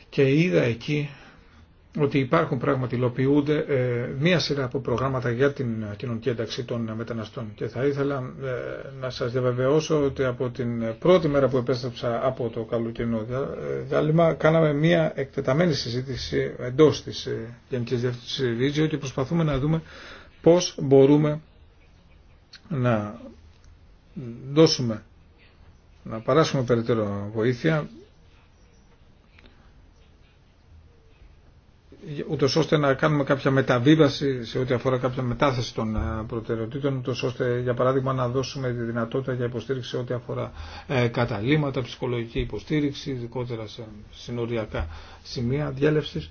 και είδα εκεί ότι υπάρχουν πράγματι υλοποιούνται ε, μία σειρά από προγράμματα για την κοινωνική ένταξη των μεταναστών. Και θα ήθελα ε, να σας διαβεβαιώσω ότι από την πρώτη μέρα που επέστρεψα από το καλοκαιρινό ε, διάλειμμα κάναμε μία εκτεταμένη συζήτηση εντός της Γενικής Διεύθυνσης Ρίτζιο και προσπαθούμε να δούμε πώς μπορούμε να δώσουμε, να παράσουμε περαιτέρω βοήθεια ούτως ώστε να κάνουμε κάποια μεταβίβαση σε ό,τι αφορά κάποια μετάθεση των ε, προτεραιοτήτων, ούτως ώστε για παράδειγμα να δώσουμε τη δυνατότητα για υποστήριξη σε ό,τι αφορά ε, καταλήματα, ψυχολογική υποστήριξη, ειδικότερα σε συνοριακά σημεία διέλευσης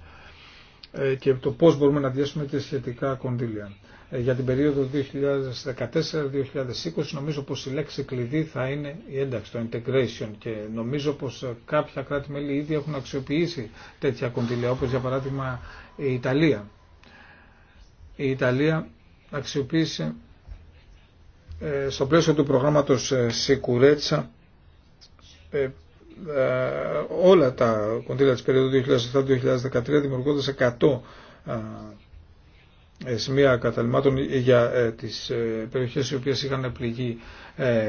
ε, και το πώ μπορούμε να διέσουμε και σχετικά κονδύλια για την περίοδο 2014-2020 νομίζω πως η λέξη κλειδί θα είναι η ένταξη, το integration και νομίζω πως κάποια κράτη-μέλη ήδη έχουν αξιοποιήσει τέτοια κονδύλια όπως για παράδειγμα η Ιταλία. Η Ιταλία αξιοποίησε ε, στο πλαίσιο του προγράμματος Σικουρέτσα ε, ε, όλα τα κονδύλια της περίοδου 2007-2013 δημιουργώντας 100 ε, σημεία καταλήμματων για ε, τις ε, περιοχές οι οποίες είχαν πληγεί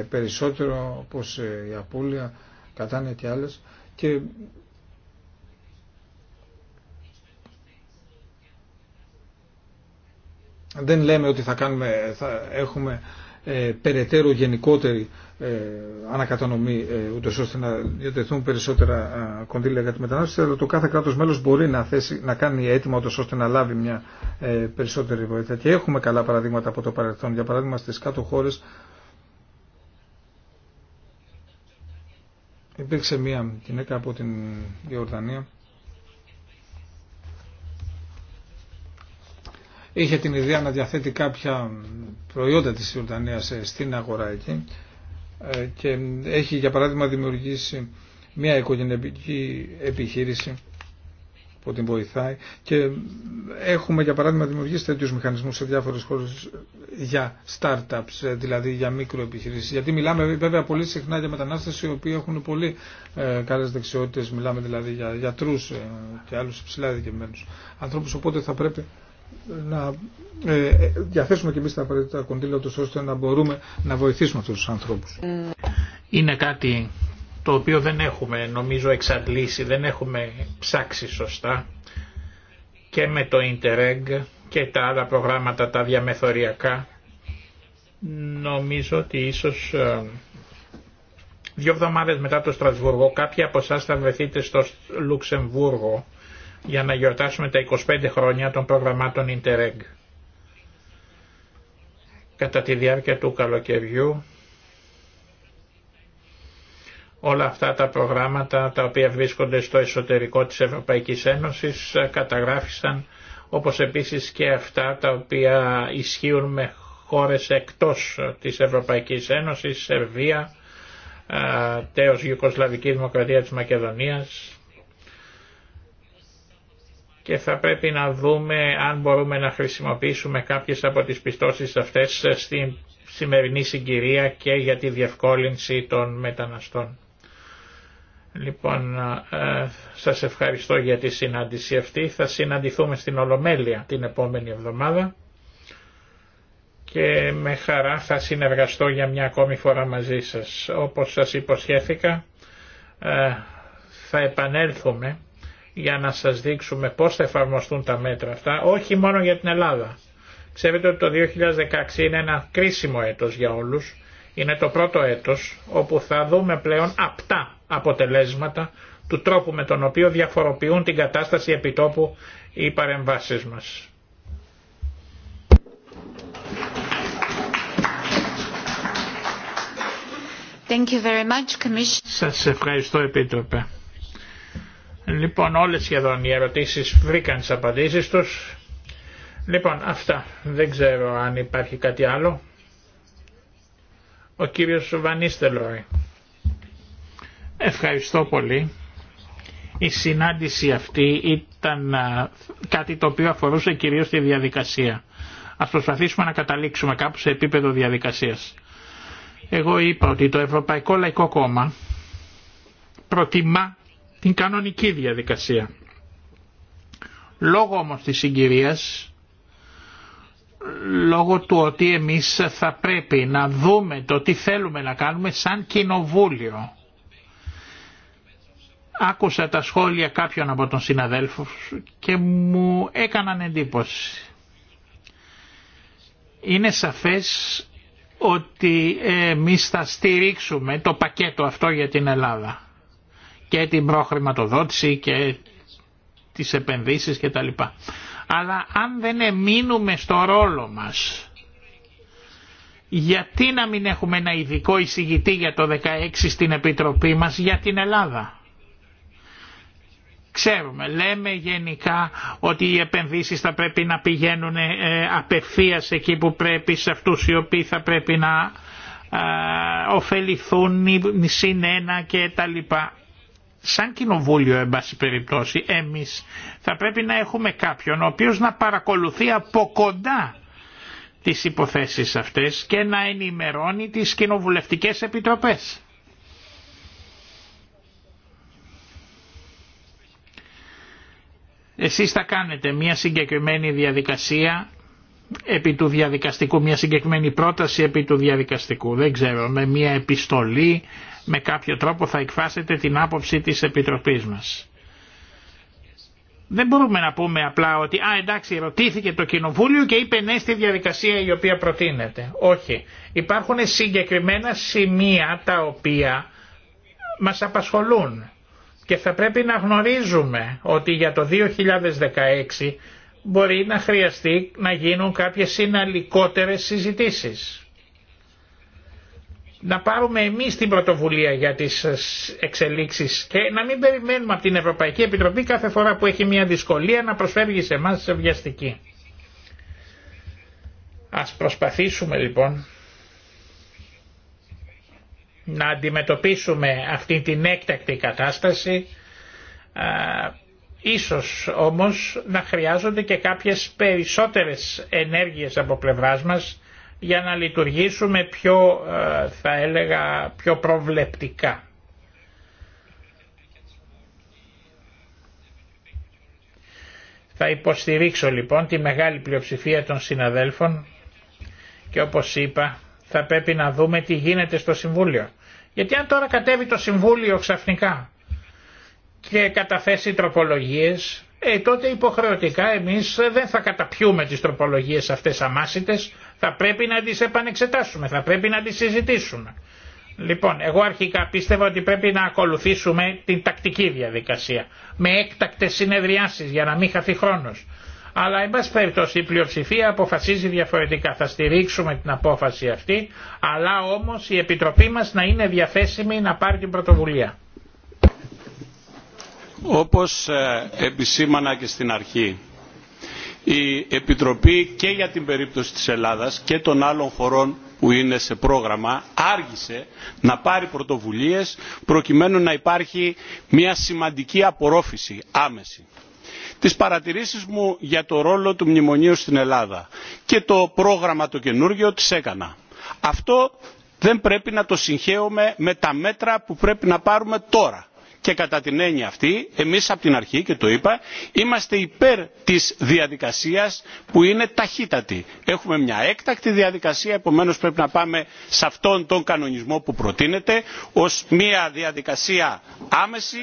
περισσότερο όπως η Απούλια, Κατάνια και άλλες και δεν λέμε ότι θα, κάνουμε, θα έχουμε περαιτέρω γενικότερη ε, ανακατανομή ε, ούτως ώστε να διατεθούν περισσότερα ε, κονδύλια για τη μετανάστευση αλλά το κάθε κράτος μέλος μπορεί να, θέσει, να κάνει έτοιμα ούτως ώστε να λάβει μια περισσότερη βοήθεια και έχουμε καλά παραδείγματα από το παρελθόν για παράδειγμα στις κάτω χώρες υπήρξε μια γυναίκα από την Ιορδανία είχε την ιδέα να διαθέτει κάποια προϊόντα της Ιορδανίας στην αγορά εκεί ε, και έχει για παράδειγμα δημιουργήσει μια οικογενειακή επιχείρηση που την βοηθάει και έχουμε για παράδειγμα δημιουργήσει τέτοιους μηχανισμούς σε διάφορες χώρες για startups, ε, δηλαδή για μικροεπιχειρήσεις. Γιατί μιλάμε βέβαια πολύ συχνά για μετανάστες οι οποίοι έχουν πολύ ε, καλές δεξιότητες, μιλάμε δηλαδή για γιατρούς ε, και άλλους υψηλά ανθρώπους, οπότε θα πρέπει να ε, διαθέσουμε και εμείς τα απαραίτητα κονδύλια τους ώστε να μπορούμε να βοηθήσουμε τους ανθρώπους. Είναι κάτι το οποίο δεν έχουμε νομίζω εξαντλήσει, δεν έχουμε ψάξει σωστά και με το Interreg και τα άλλα προγράμματα τα διαμεθοριακά νομίζω ότι ίσως ε, δύο εβδομάδες μετά το Στρασβούργο κάποιοι από εσά θα βρεθείτε στο Λουξεμβούργο για να γιορτάσουμε τα 25 χρόνια των προγραμμάτων Interreg. Κατά τη διάρκεια του καλοκαιριού όλα αυτά τα προγράμματα τα οποία βρίσκονται στο εσωτερικό της Ευρωπαϊκής Ένωσης καταγράφησαν όπως επίσης και αυτά τα οποία ισχύουν με χώρες εκτός της Ευρωπαϊκής Ένωσης, Σερβία, ε, τέος Γιουκοσλαβική Δημοκρατία της Μακεδονίας, και θα πρέπει να δούμε αν μπορούμε να χρησιμοποιήσουμε κάποιες από τις πιστώσεις αυτές στη σημερινή συγκυρία και για τη διευκόλυνση των μεταναστών. Λοιπόν, ε, σας ευχαριστώ για τη συνάντηση αυτή. Θα συναντηθούμε στην Ολομέλεια την επόμενη εβδομάδα και με χαρά θα συνεργαστώ για μια ακόμη φορά μαζί σας. Όπως σας υποσχέθηκα, ε, θα επανέλθουμε για να σας δείξουμε πώς θα εφαρμοστούν τα μέτρα αυτά, όχι μόνο για την Ελλάδα. Ξέρετε ότι το 2016 είναι ένα κρίσιμο έτος για όλους. Είναι το πρώτο έτος όπου θα δούμε πλέον απτά αποτελέσματα του τρόπου με τον οποίο διαφοροποιούν την κατάσταση επιτόπου οι παρεμβάσεις μας. Thank very much, Σας ευχαριστώ Επίτροπε. Λοιπόν, όλες σχεδόν οι ερωτήσεις βρήκαν τις απαντήσεις τους. Λοιπόν, αυτά. Δεν ξέρω αν υπάρχει κάτι άλλο. Ο κύριος Βανίστελόι. Ευχαριστώ πολύ. Η συνάντηση αυτή ήταν κάτι το οποίο αφορούσε κυρίως τη διαδικασία. Ας προσπαθήσουμε να καταλήξουμε κάπου σε επίπεδο διαδικασίας. Εγώ είπα ότι το Ευρωπαϊκό Λαϊκό Κόμμα προτιμά την κανονική διαδικασία. Λόγω όμως της συγκυρίας, λόγω του ότι εμείς θα πρέπει να δούμε το τι θέλουμε να κάνουμε σαν κοινοβούλιο. Άκουσα τα σχόλια κάποιων από τον συναδέλφο και μου έκαναν εντύπωση. Είναι σαφές ότι εμείς θα στηρίξουμε το πακέτο αυτό για την Ελλάδα και την προχρηματοδότηση και τις επενδύσεις λοιπά. Αλλά αν δεν εμείνουμε στο ρόλο μας, γιατί να μην έχουμε ένα ειδικό εισηγητή για το 16 στην Επιτροπή μας για την Ελλάδα. Ξέρουμε, λέμε γενικά ότι οι επενδύσεις θα πρέπει να πηγαίνουν ε, απευθείας εκεί που πρέπει, σε αυτούς οι οποίοι θα πρέπει να ε, ωφεληθούν συνένα και τα λοιπά σαν κοινοβούλιο εν πάση περιπτώσει εμείς θα πρέπει να έχουμε κάποιον ο οποίος να παρακολουθεί από κοντά τις υποθέσεις αυτές και να ενημερώνει τις κοινοβουλευτικές επιτροπές. Εσείς θα κάνετε μια συγκεκριμένη διαδικασία επί του διαδικαστικού, μια συγκεκριμένη πρόταση επί του διαδικαστικού, δεν ξέρω, με μια επιστολή, με κάποιο τρόπο θα εκφάσετε την άποψη της Επιτροπής μας. Δεν μπορούμε να πούμε απλά ότι «Α, εντάξει, ερωτήθηκε το Κοινοβούλιο και είπε ναι στη διαδικασία η οποία προτείνεται». Όχι. Υπάρχουν συγκεκριμένα σημεία τα οποία μας απασχολούν και θα πρέπει να γνωρίζουμε ότι για το 2016 μπορεί να χρειαστεί να γίνουν κάποιες συναλλικότερες συζητήσεις να πάρουμε εμείς την πρωτοβουλία για τις ε, εξελίξεις και να μην περιμένουμε από την Ευρωπαϊκή Επιτροπή κάθε φορά που έχει μια δυσκολία να προσφέρει σε εμάς σε βιαστική. Ας προσπαθήσουμε λοιπόν να αντιμετωπίσουμε αυτή την έκτακτη κατάσταση Ίσως όμως να χρειάζονται και κάποιες περισσότερες ενέργειες από πλευράς μας για να λειτουργήσουμε πιο, ε, θα έλεγα, πιο προβλεπτικά. Θα υποστηρίξω λοιπόν τη μεγάλη πλειοψηφία των συναδέλφων και όπως είπα θα πρέπει να δούμε τι γίνεται στο Συμβούλιο. Γιατί αν τώρα κατέβει το Συμβούλιο ξαφνικά και καταθέσει τροπολογίες, ε, τότε υποχρεωτικά εμείς δεν θα καταπιούμε τις τροπολογίες αυτές αμάσιτες, θα πρέπει να τις επανεξετάσουμε, θα πρέπει να τις συζητήσουμε. Λοιπόν, εγώ αρχικά πίστευα ότι πρέπει να ακολουθήσουμε την τακτική διαδικασία, με έκτακτες συνεδριάσεις για να μην χαθεί χρόνος. Αλλά, εν πάση περιπτώσει, η πλειοψηφία αποφασίζει διαφορετικά. Θα στηρίξουμε την απόφαση αυτή, αλλά όμως η Επιτροπή μας να είναι διαθέσιμη να πάρει την πρωτοβουλία. Όπως ε, επισήμανα και στην αρχή, η Επιτροπή και για την περίπτωση της Ελλάδας και των άλλων χωρών που είναι σε πρόγραμμα άργησε να πάρει πρωτοβουλίες προκειμένου να υπάρχει μια σημαντική απορρόφηση άμεση τις παρατηρήσεις μου για το ρόλο του μνημονίου στην Ελλάδα και το πρόγραμμα το καινούργιο τις έκανα. Αυτό δεν πρέπει να το συγχαίουμε με τα μέτρα που πρέπει να πάρουμε τώρα και κατά την έννοια αυτή εμείς από την αρχή και το είπα είμαστε υπέρ της διαδικασίας που είναι ταχύτατη. Έχουμε μια έκτακτη διαδικασία επομένως πρέπει να πάμε σε αυτόν τον κανονισμό που προτείνεται ως μια διαδικασία άμεση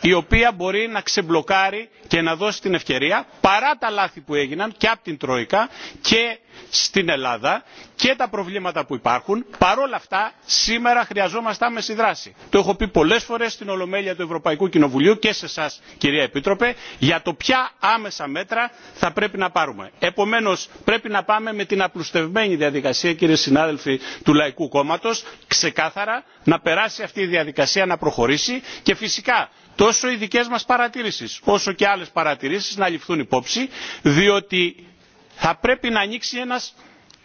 η οποία μπορεί να ξεμπλοκάρει και να δώσει την ευκαιρία παρά τα λάθη που έγιναν και από την Τρόικα και στην Ελλάδα και τα προβλήματα που υπάρχουν παρόλα αυτά σήμερα χρειαζόμαστε άμεση δράση. Το έχω πει πολλές φορές στην Ολομέλεια του Ευρωπαϊκού Κοινοβουλίου και σε εσά κυρία Επίτροπε για το ποια άμεσα μέτρα θα πρέπει να πάρουμε. Επομένως πρέπει να πάμε με την απλουστευμένη διαδικασία κύριε συνάδελφοι του Λαϊκού Κόμματος ξεκάθαρα να περάσει αυτή η διαδικασία να προχωρήσει και φυσικά τόσο οι δικές μας παρατηρήσεις όσο και άλλες παρατηρήσεις να ληφθούν υπόψη διότι θα πρέπει να ανοίξει ένας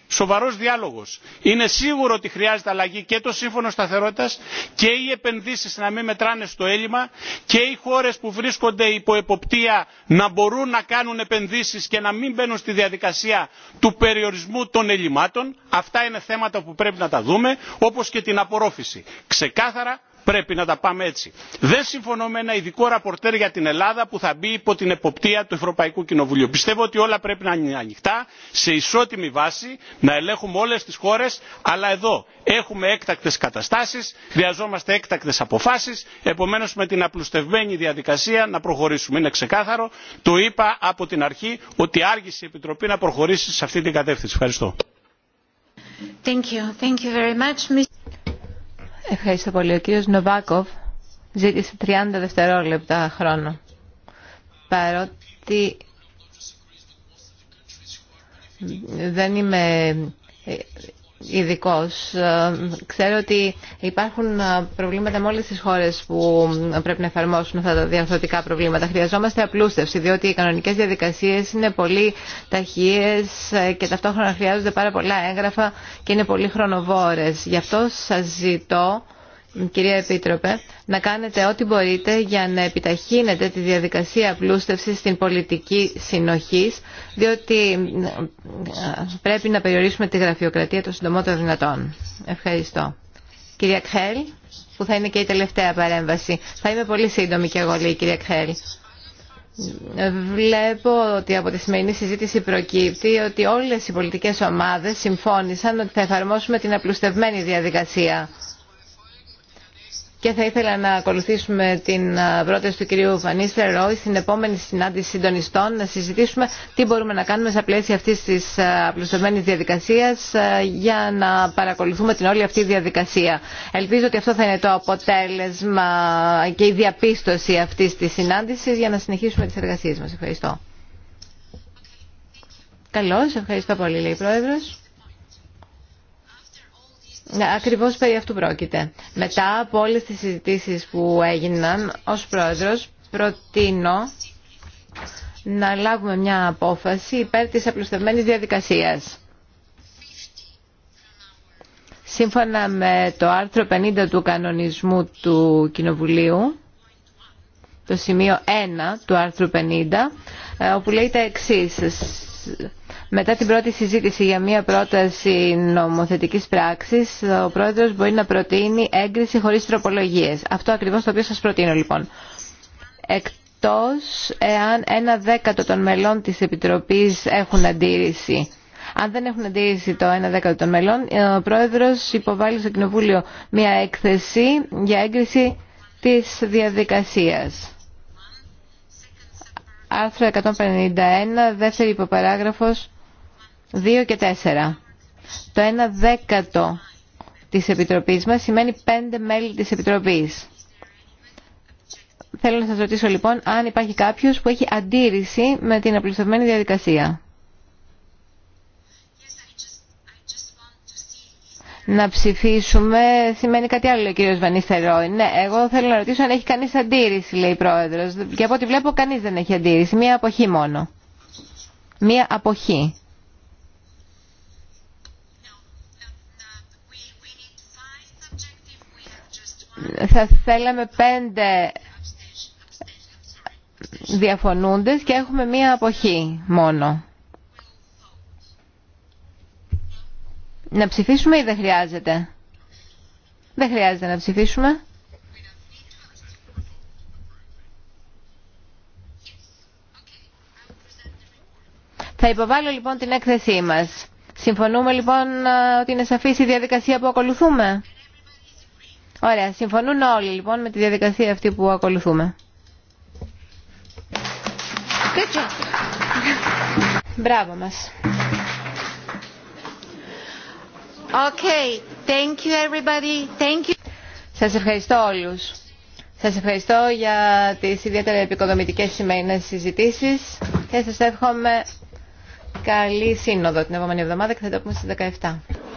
σοβαρός διάλογος. Είναι σίγουρο ότι χρειάζεται αλλαγή και το σύμφωνο σταθερότητας και οι επενδύσεις να μην μετράνε στο έλλειμμα και οι χώρες που βρίσκονται υπό εποπτεία να μπορούν να κάνουν επενδύσεις και να μην μπαίνουν στη διαδικασία του περιορισμού των ελλημάτων. Αυτά είναι θέματα που πρέπει να τα δούμε όπως και την απορρόφηση. Ξεκάθαρα πρέπει να τα πάμε έτσι. δεν συμφωνώ με ένα ειδικό ραπορτέρ για την ελλάδα που θα μπει υπό την εποπτεία του ευρωπαϊκού κοινοβουλίου. πιστεύω ότι όλα πρέπει να είναι ανοιχτά σε ισότιμη βάση να ελέγχουμε όλε τι χώρε, αλλά εδώ έχουμε έκτακτε καταστάσει, χρειαζόμαστε έκτακτε αποφάσει, επομένω με την απλουστευμένη διαδικασία να προχωρήσουμε. είναι ξεκάθαρο το είπα από την αρχή ότι άργησε η επιτροπή να προχωρήσει σε αυτή την κατεύθυνση. ευχαριστώ. Thank you. Thank you very much. Ευχαριστώ πολύ. Ο κύριος Νοβάκοφ ζήτησε 30 δευτερόλεπτα χρόνο. Παρότι δεν είμαι ειδικό. Ε, ξέρω ότι υπάρχουν ε, προβλήματα με όλε τι χώρε που ε, πρέπει να εφαρμόσουν αυτά τα διαρθρωτικά προβλήματα. Χρειαζόμαστε απλούστευση, διότι οι κανονικέ διαδικασίε είναι πολύ ταχείε και ταυτόχρονα χρειάζονται πάρα πολλά έγγραφα και είναι πολύ χρονοβόρε. Γι' αυτό σα ζητώ. Κυρία Επίτροπε, να κάνετε ό,τι μπορείτε για να επιταχύνετε τη διαδικασία απλούστευσης στην πολιτική συνοχής διότι ε, πρέπει να περιορίσουμε τη γραφειοκρατία το συντομότερο δυνατόν. Ευχαριστώ. Κυρία Κχέλ, που θα είναι και η τελευταία παρέμβαση. Θα είμαι πολύ σύντομη και εγώ, λέει η κυρία Κχέλ. Βλέπω ότι από τη σημερινή συζήτηση προκύπτει ότι όλες οι πολιτικές ομάδες συμφώνησαν ότι θα εφαρμόσουμε την απλουστευμένη διαδικασία. Και θα ήθελα να ακολουθήσουμε την πρόταση του κυρίου Βανίστερ Ρόι στην επόμενη συνάντηση συντονιστών να συζητήσουμε τι μπορούμε να κάνουμε σε πλαίσια αυτή τη απλουστευμένη διαδικασία για να παρακολουθούμε την όλη αυτή διαδικασία. Ελπίζω ότι αυτό θα είναι το αποτέλεσμα και η διαπίστωση αυτή τη συνάντηση για να συνεχίσουμε τις εργασίες μα. Ευχαριστώ. Καλώς, ευχαριστώ πολύ λέει η Πρόεδρος. Ναι, ακριβώς περί αυτού πρόκειται. Μετά από όλε τις συζητήσεις που έγιναν, ως πρόεδρος προτείνω να λάβουμε μια απόφαση υπέρ της απλουστευμένης διαδικασίας. Σύμφωνα με το άρθρο 50 του κανονισμού του Κοινοβουλίου, το σημείο 1 του άρθρου 50, ε, όπου λέει τα εξής μετά την πρώτη συζήτηση για μια πρόταση νομοθετικής πράξης, ο πρόεδρος μπορεί να προτείνει έγκριση χωρίς τροπολογίες. Αυτό ακριβώς το οποίο σας προτείνω λοιπόν. Εκτός εάν ένα δέκατο των μελών της Επιτροπής έχουν αντίρρηση. Αν δεν έχουν αντίρρηση το ένα δέκατο των μελών, ε, ο πρόεδρος υποβάλλει στο Κοινοβούλιο μια έκθεση για έγκριση της διαδικασίας άρθρο 151, δεύτερη υποπαράγραφος 2 και 4. Το 1 δέκατο της Επιτροπής μας σημαίνει 5 μέλη της Επιτροπής. Θέλω να σας ρωτήσω λοιπόν αν υπάρχει κάποιος που έχει αντίρρηση με την απλουστευμένη διαδικασία. να ψηφίσουμε σημαίνει κάτι άλλο, λέει ο κύριο Βανίστερόι. Ναι, εγώ θέλω να ρωτήσω αν έχει κάνει αντίρρηση, λέει η πρόεδρος. Και από ό,τι βλέπω κανείς δεν έχει αντίρρηση. Μία αποχή μόνο. Μία αποχή. Θα θέλαμε πέντε διαφωνούντες και έχουμε μία αποχή μόνο. Να ψηφίσουμε ή δεν χρειάζεται. Δεν χρειάζεται να ψηφίσουμε. Θα υποβάλω λοιπόν την έκθεσή μας. Συμφωνούμε λοιπόν ότι είναι σαφής η διαδικασία που ακολουθούμε. Ωραία, συμφωνούν όλοι λοιπόν με τη διαδικασία αυτή που ακολουθούμε. Μπράβο μας. Okay. Thank you everybody. Thank you. Σας ευχαριστώ όλους. Σας ευχαριστώ για τις ιδιαίτερα επικοδομητικές σημερινές συζητήσεις και σας εύχομαι καλή σύνοδο την επόμενη εβδομάδα και θα το πούμε στις 17.